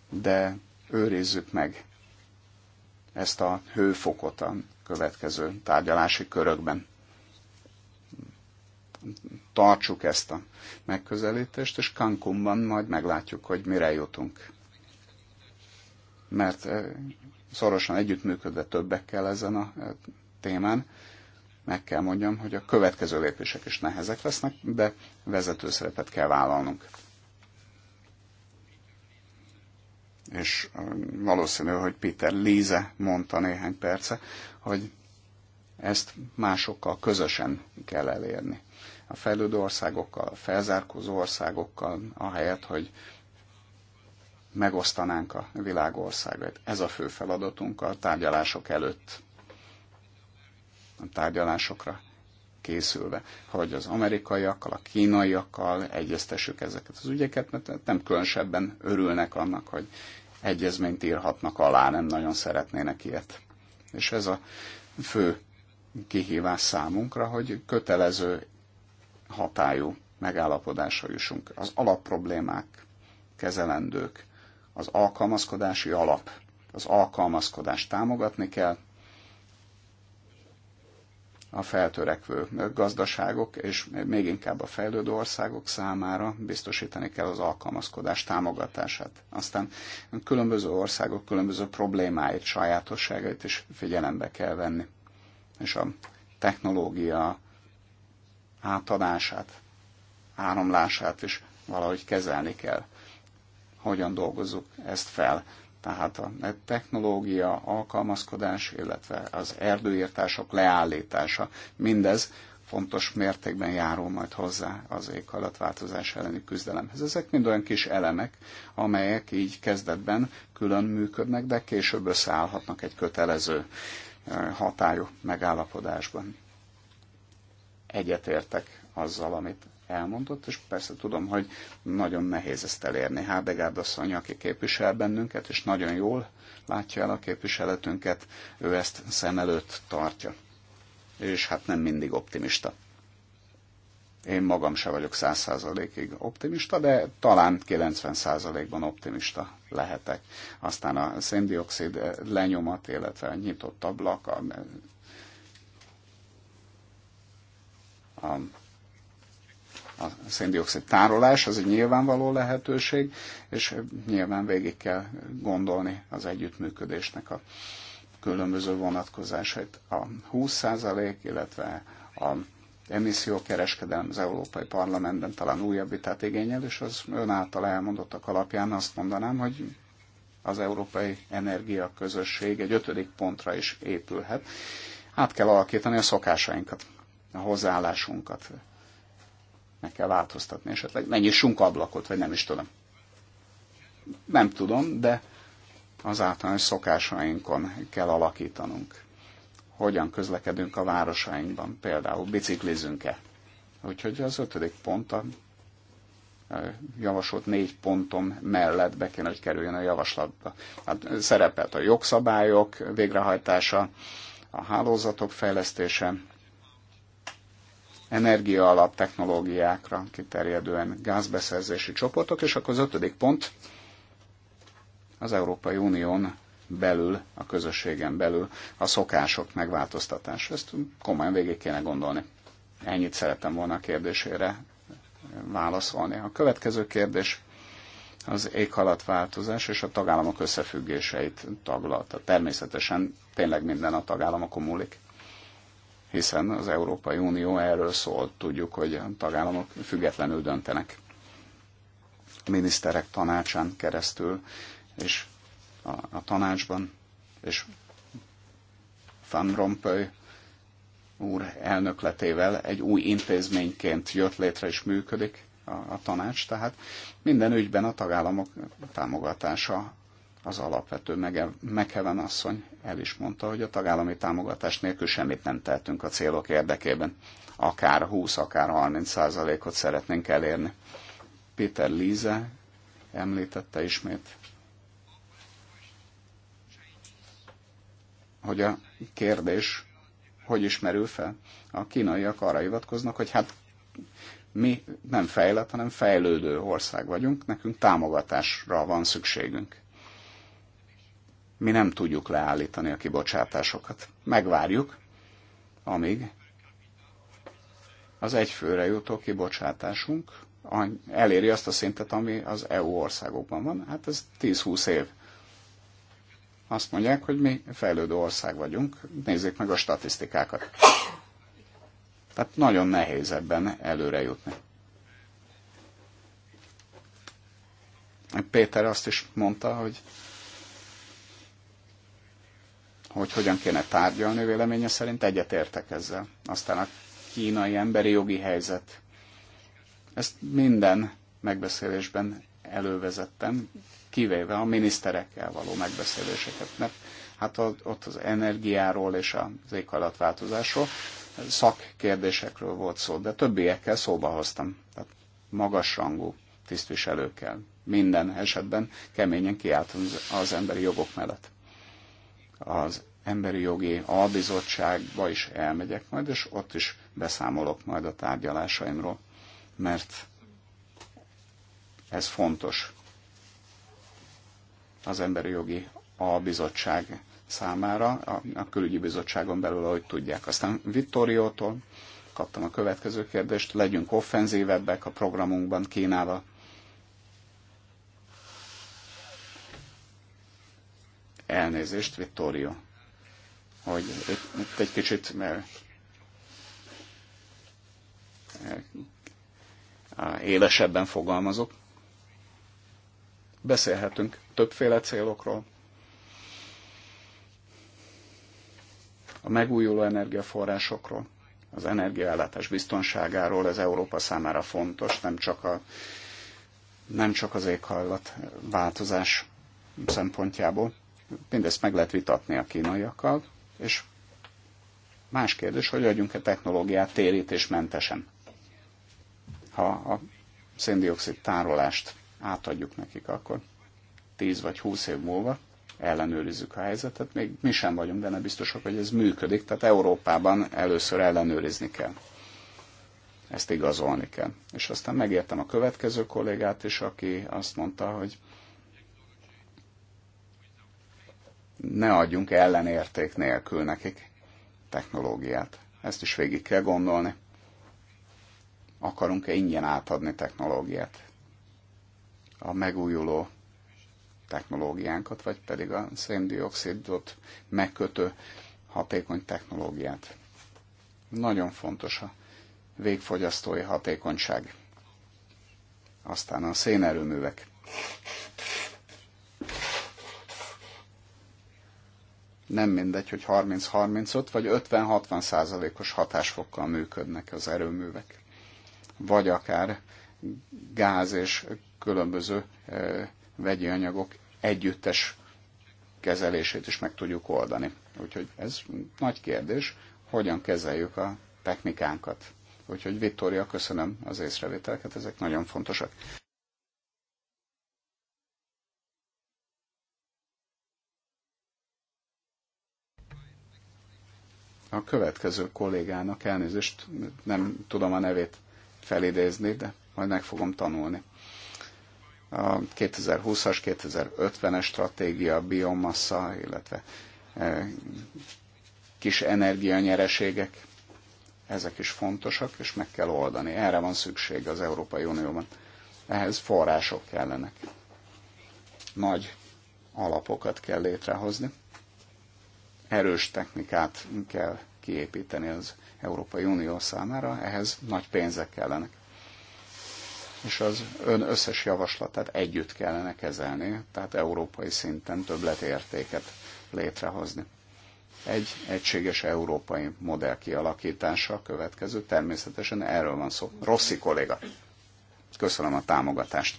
De őrizzük meg ezt a hőfokot a következő tárgyalási körökben. Tartsuk ezt a megközelítést, és Cancunban majd meglátjuk, hogy mire jutunk. Mert eh, szorosan együttműködve többekkel ezen a eh, témán, meg kell mondjam, hogy a következő lépések is nehezek lesznek, de vezető szerepet kell vállalnunk. és valószínű, hogy Peter Líze mondta néhány perce, hogy ezt másokkal közösen kell elérni. A fejlődő országokkal, a felzárkózó országokkal, ahelyett, hogy megosztanánk a világ országait. Ez a fő feladatunk a tárgyalások előtt, a tárgyalásokra készülve, hogy az amerikaiakkal, a kínaiakkal egyeztessük ezeket az ügyeket, mert nem különösebben örülnek annak, hogy egyezményt írhatnak alá, nem nagyon szeretnének ilyet. És ez a fő kihívás számunkra, hogy kötelező hatályú megállapodásra jussunk. Az alapproblémák kezelendők, az alkalmazkodási alap, az alkalmazkodást támogatni kell, a feltörekvő gazdaságok és még inkább a fejlődő országok számára biztosítani kell az alkalmazkodás támogatását. Aztán különböző országok különböző problémáit, sajátosságait is figyelembe kell venni, és a technológia átadását, áramlását is valahogy kezelni kell. Hogyan dolgozzuk ezt fel tehát a technológia, alkalmazkodás, illetve az erdőírtások leállítása, mindez fontos mértékben járul majd hozzá az éghajlatváltozás elleni küzdelemhez. Ezek mind olyan kis elemek, amelyek így kezdetben külön működnek, de később összeállhatnak egy kötelező eh, hatályú megállapodásban. Egyetértek azzal, amit elmondott, és persze tudom, hogy nagyon nehéz ezt elérni. Hádegárd asszony, aki képvisel bennünket, és nagyon jól látja el a képviseletünket, ő ezt szem előtt tartja. És hát nem mindig optimista. Én magam se vagyok 100%-ig optimista, de talán 90%-ban optimista lehetek. Aztán a széndiokszid lenyomat, illetve a nyitott ablak, a, a a széndiokszid tárolás, az egy nyilvánvaló lehetőség, és nyilván végig kell gondolni az együttműködésnek a különböző vonatkozásait. A 20%, illetve a emissziókereskedelem az Európai Parlamentben talán újabb vitát igényel, és az ön által elmondottak alapján azt mondanám, hogy az Európai Energia Közösség egy ötödik pontra is épülhet. Át kell alakítani a szokásainkat, a hozzáállásunkat meg kell változtatni esetleg. Ne nyissunk ablakot, vagy nem is tudom. Nem tudom, de az általános szokásainkon kell alakítanunk. Hogyan közlekedünk a városainkban, például biciklizünk-e. Úgyhogy az ötödik pont a javasolt négy pontom mellett be kéne, hogy kerüljön a javaslatba. Hát szerepelt a jogszabályok végrehajtása, a hálózatok fejlesztése, energia alap technológiákra kiterjedően gázbeszerzési csoportok, és akkor az ötödik pont az Európai Unión belül, a közösségen belül a szokások megváltoztatás. Ezt komolyan végig kéne gondolni. Ennyit szerettem volna a kérdésére válaszolni. A következő kérdés az éghalatváltozás és a tagállamok összefüggéseit taglalta. Természetesen tényleg minden a tagállamokon múlik hiszen az Európai Unió erről szól, tudjuk, hogy a tagállamok függetlenül döntenek miniszterek tanácsán keresztül, és a, a tanácsban, és Van Rompuy úr elnökletével egy új intézményként jött létre és működik a, a tanács, tehát minden ügyben a tagállamok támogatása az alapvető Megheven asszony el is mondta, hogy a tagállami támogatás nélkül semmit nem tehetünk a célok érdekében. Akár 20, akár 30 százalékot szeretnénk elérni. Peter Líze említette ismét, hogy a kérdés hogy ismerül fel. A kínaiak arra hivatkoznak, hogy hát mi nem fejlett, hanem fejlődő ország vagyunk, nekünk támogatásra van szükségünk mi nem tudjuk leállítani a kibocsátásokat. Megvárjuk, amíg az egyfőre jutó kibocsátásunk eléri azt a szintet, ami az EU országokban van. Hát ez 10-20 év. Azt mondják, hogy mi fejlődő ország vagyunk, nézzék meg a statisztikákat. Tehát nagyon nehéz ebben előre jutni. Péter azt is mondta, hogy hogy hogyan kéne tárgyalni, véleménye szerint egyetértek ezzel. Aztán a kínai emberi jogi helyzet. Ezt minden megbeszélésben elővezettem, kivéve a miniszterekkel való megbeszéléseket, mert hát ott az energiáról és az éghajlatváltozásról, szakkérdésekről volt szó, de többiekkel szóba hoztam, tehát magasrangú tisztviselőkkel. Minden esetben keményen kiálltunk az emberi jogok mellett az Emberi Jogi Albizottságba is elmegyek majd, és ott is beszámolok majd a tárgyalásaimról, mert ez fontos az Emberi Jogi Albizottság számára, a, a külügyi bizottságon belül, ahogy tudják. Aztán Vittoriótól kaptam a következő kérdést, legyünk offenzívebbek a programunkban Kínával Elnézést, Vittorio, hogy itt egy kicsit mert eh, élesebben fogalmazok. Beszélhetünk többféle célokról. A megújuló energiaforrásokról, az energiaellátás biztonságáról, ez Európa számára fontos, nem csak, a, nem csak az éghajlat változás szempontjából mindezt meg lehet vitatni a kínaiakkal, és más kérdés, hogy adjunk-e technológiát térítésmentesen. Ha a széndiokszid tárolást átadjuk nekik, akkor 10 vagy 20 év múlva ellenőrizzük a helyzetet. Még mi sem vagyunk benne biztosak, hogy ez működik, tehát Európában először ellenőrizni kell. Ezt igazolni kell. És aztán megértem a következő kollégát is, aki azt mondta, hogy ne adjunk ellenérték nélkül nekik technológiát. Ezt is végig kell gondolni. Akarunk-e ingyen átadni technológiát? A megújuló technológiánkat, vagy pedig a széndiokszidot megkötő hatékony technológiát. Nagyon fontos a végfogyasztói hatékonyság. Aztán a szénerőművek. nem mindegy, hogy 30-35 vagy 50-60 százalékos hatásfokkal működnek az erőművek. Vagy akár gáz és különböző e, vegyi anyagok együttes kezelését is meg tudjuk oldani. Úgyhogy ez nagy kérdés, hogyan kezeljük a technikánkat. Úgyhogy Vittória, köszönöm az észrevételeket, ezek nagyon fontosak. A következő kollégának elnézést, nem tudom a nevét felidézni, de majd meg fogom tanulni. A 2020-as, 2050-es stratégia, biomassa, illetve e, kis energianyereségek, ezek is fontosak, és meg kell oldani. Erre van szükség az Európai Unióban. Ehhez források kellenek. Nagy alapokat kell létrehozni, erős technikát kell kiépíteni az Európai Unió számára, ehhez nagy pénzek kellenek. És az ön összes javaslatát együtt kellene kezelni, tehát európai szinten többletértéket létrehozni. Egy egységes európai modell kialakítása a következő, természetesen erről van szó. Rosszi kolléga, köszönöm a támogatást.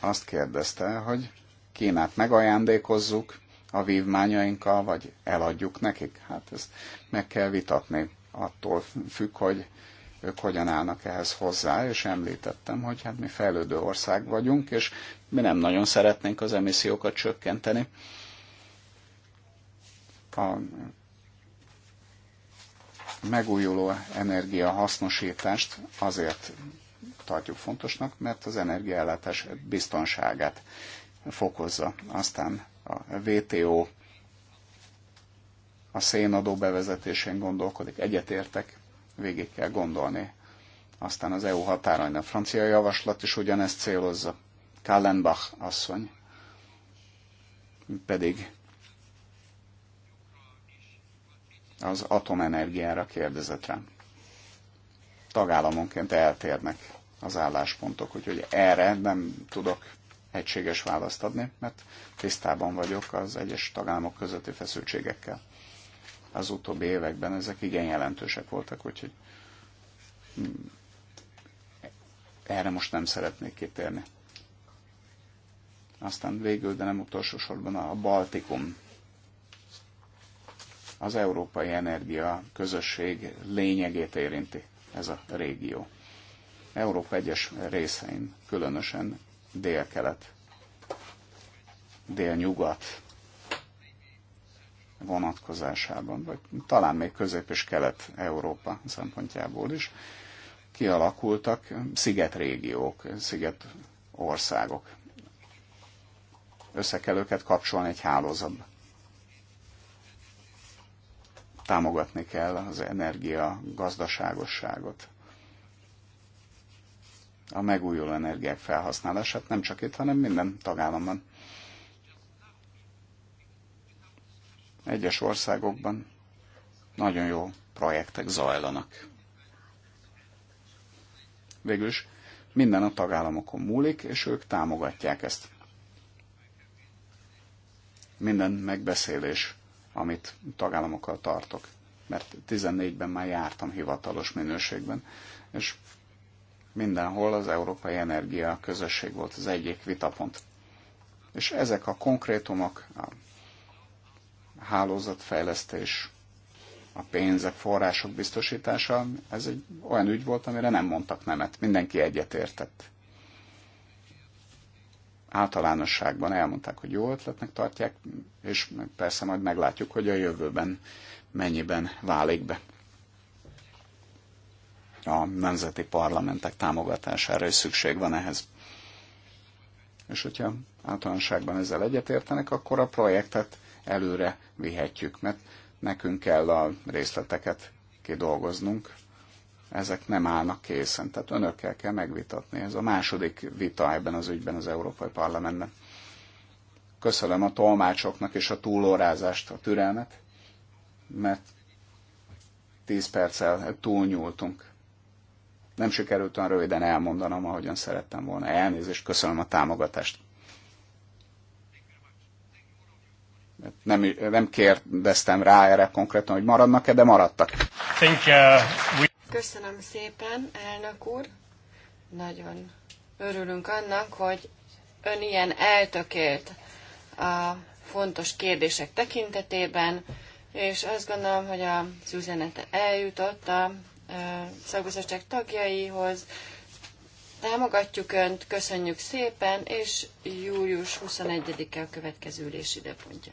azt kérdezte, hogy Kínát megajándékozzuk a vívmányainkkal, vagy eladjuk nekik. Hát ezt meg kell vitatni. Attól függ, hogy ők hogyan állnak ehhez hozzá, és említettem, hogy hát mi fejlődő ország vagyunk, és mi nem nagyon szeretnénk az emissziókat csökkenteni. A megújuló energia hasznosítást azért tartjuk fontosnak, mert az energiállátás biztonságát fokozza. Aztán a WTO a szénadó bevezetésén gondolkodik, egyetértek, végig kell gondolni. Aztán az EU határain a francia javaslat is ugyanezt célozza. Kallenbach asszony pedig az atomenergiára kérdezett rám. Tagállamonként eltérnek az álláspontok, úgyhogy erre nem tudok egységes választ adni, mert tisztában vagyok az egyes tagállamok közötti feszültségekkel. Az utóbbi években ezek igen jelentősek voltak, úgyhogy hm, erre most nem szeretnék kitérni. Aztán végül, de nem utolsó sorban a Baltikum. Az Európai Energia Közösség lényegét érinti ez a régió. Európa egyes részein, különösen dél-kelet, dél-nyugat vonatkozásában, vagy talán még közép- és kelet-európa szempontjából is kialakultak szigetrégiók, szigetországok. Össze kell őket kapcsolni egy hálózatba támogatni kell az energia gazdaságosságot a megújuló energiák felhasználását nem csak itt, hanem minden tagállamban. Egyes országokban nagyon jó projektek zajlanak. Végülis minden a tagállamokon múlik, és ők támogatják ezt. Minden megbeszélés, amit tagállamokkal tartok, mert 14-ben már jártam hivatalos minőségben, és mindenhol az Európai Energia Közösség volt az egyik vitapont. És ezek a konkrétumok, a hálózatfejlesztés, a pénzek, források biztosítása, ez egy olyan ügy volt, amire nem mondtak nemet. Mindenki egyetértett. Általánosságban elmondták, hogy jó ötletnek tartják, és persze majd meglátjuk, hogy a jövőben mennyiben válik be a nemzeti parlamentek támogatására is szükség van ehhez. És hogyha általánosságban ezzel egyetértenek, akkor a projektet előre vihetjük, mert nekünk kell a részleteket kidolgoznunk, ezek nem állnak készen. Tehát önökkel kell megvitatni. Ez a második vita ebben az ügyben az Európai Parlamentben. Köszönöm a tolmácsoknak és a túlórázást, a türelmet, mert 10 perccel túlnyúltunk. Nem sikerült olyan röviden elmondanom, ahogyan szerettem volna. Elnézést, köszönöm a támogatást. Nem, nem kérdeztem rá erre konkrétan, hogy maradnak-e, de maradtak. Köszönöm szépen, elnök úr. Nagyon örülünk annak, hogy ön ilyen eltökélt a fontos kérdések tekintetében, és azt gondolom, hogy a üzenete eljutott a szakbiztosság tagjaihoz. Támogatjuk Önt, köszönjük szépen, és július 21-e a következő ülés időpontja.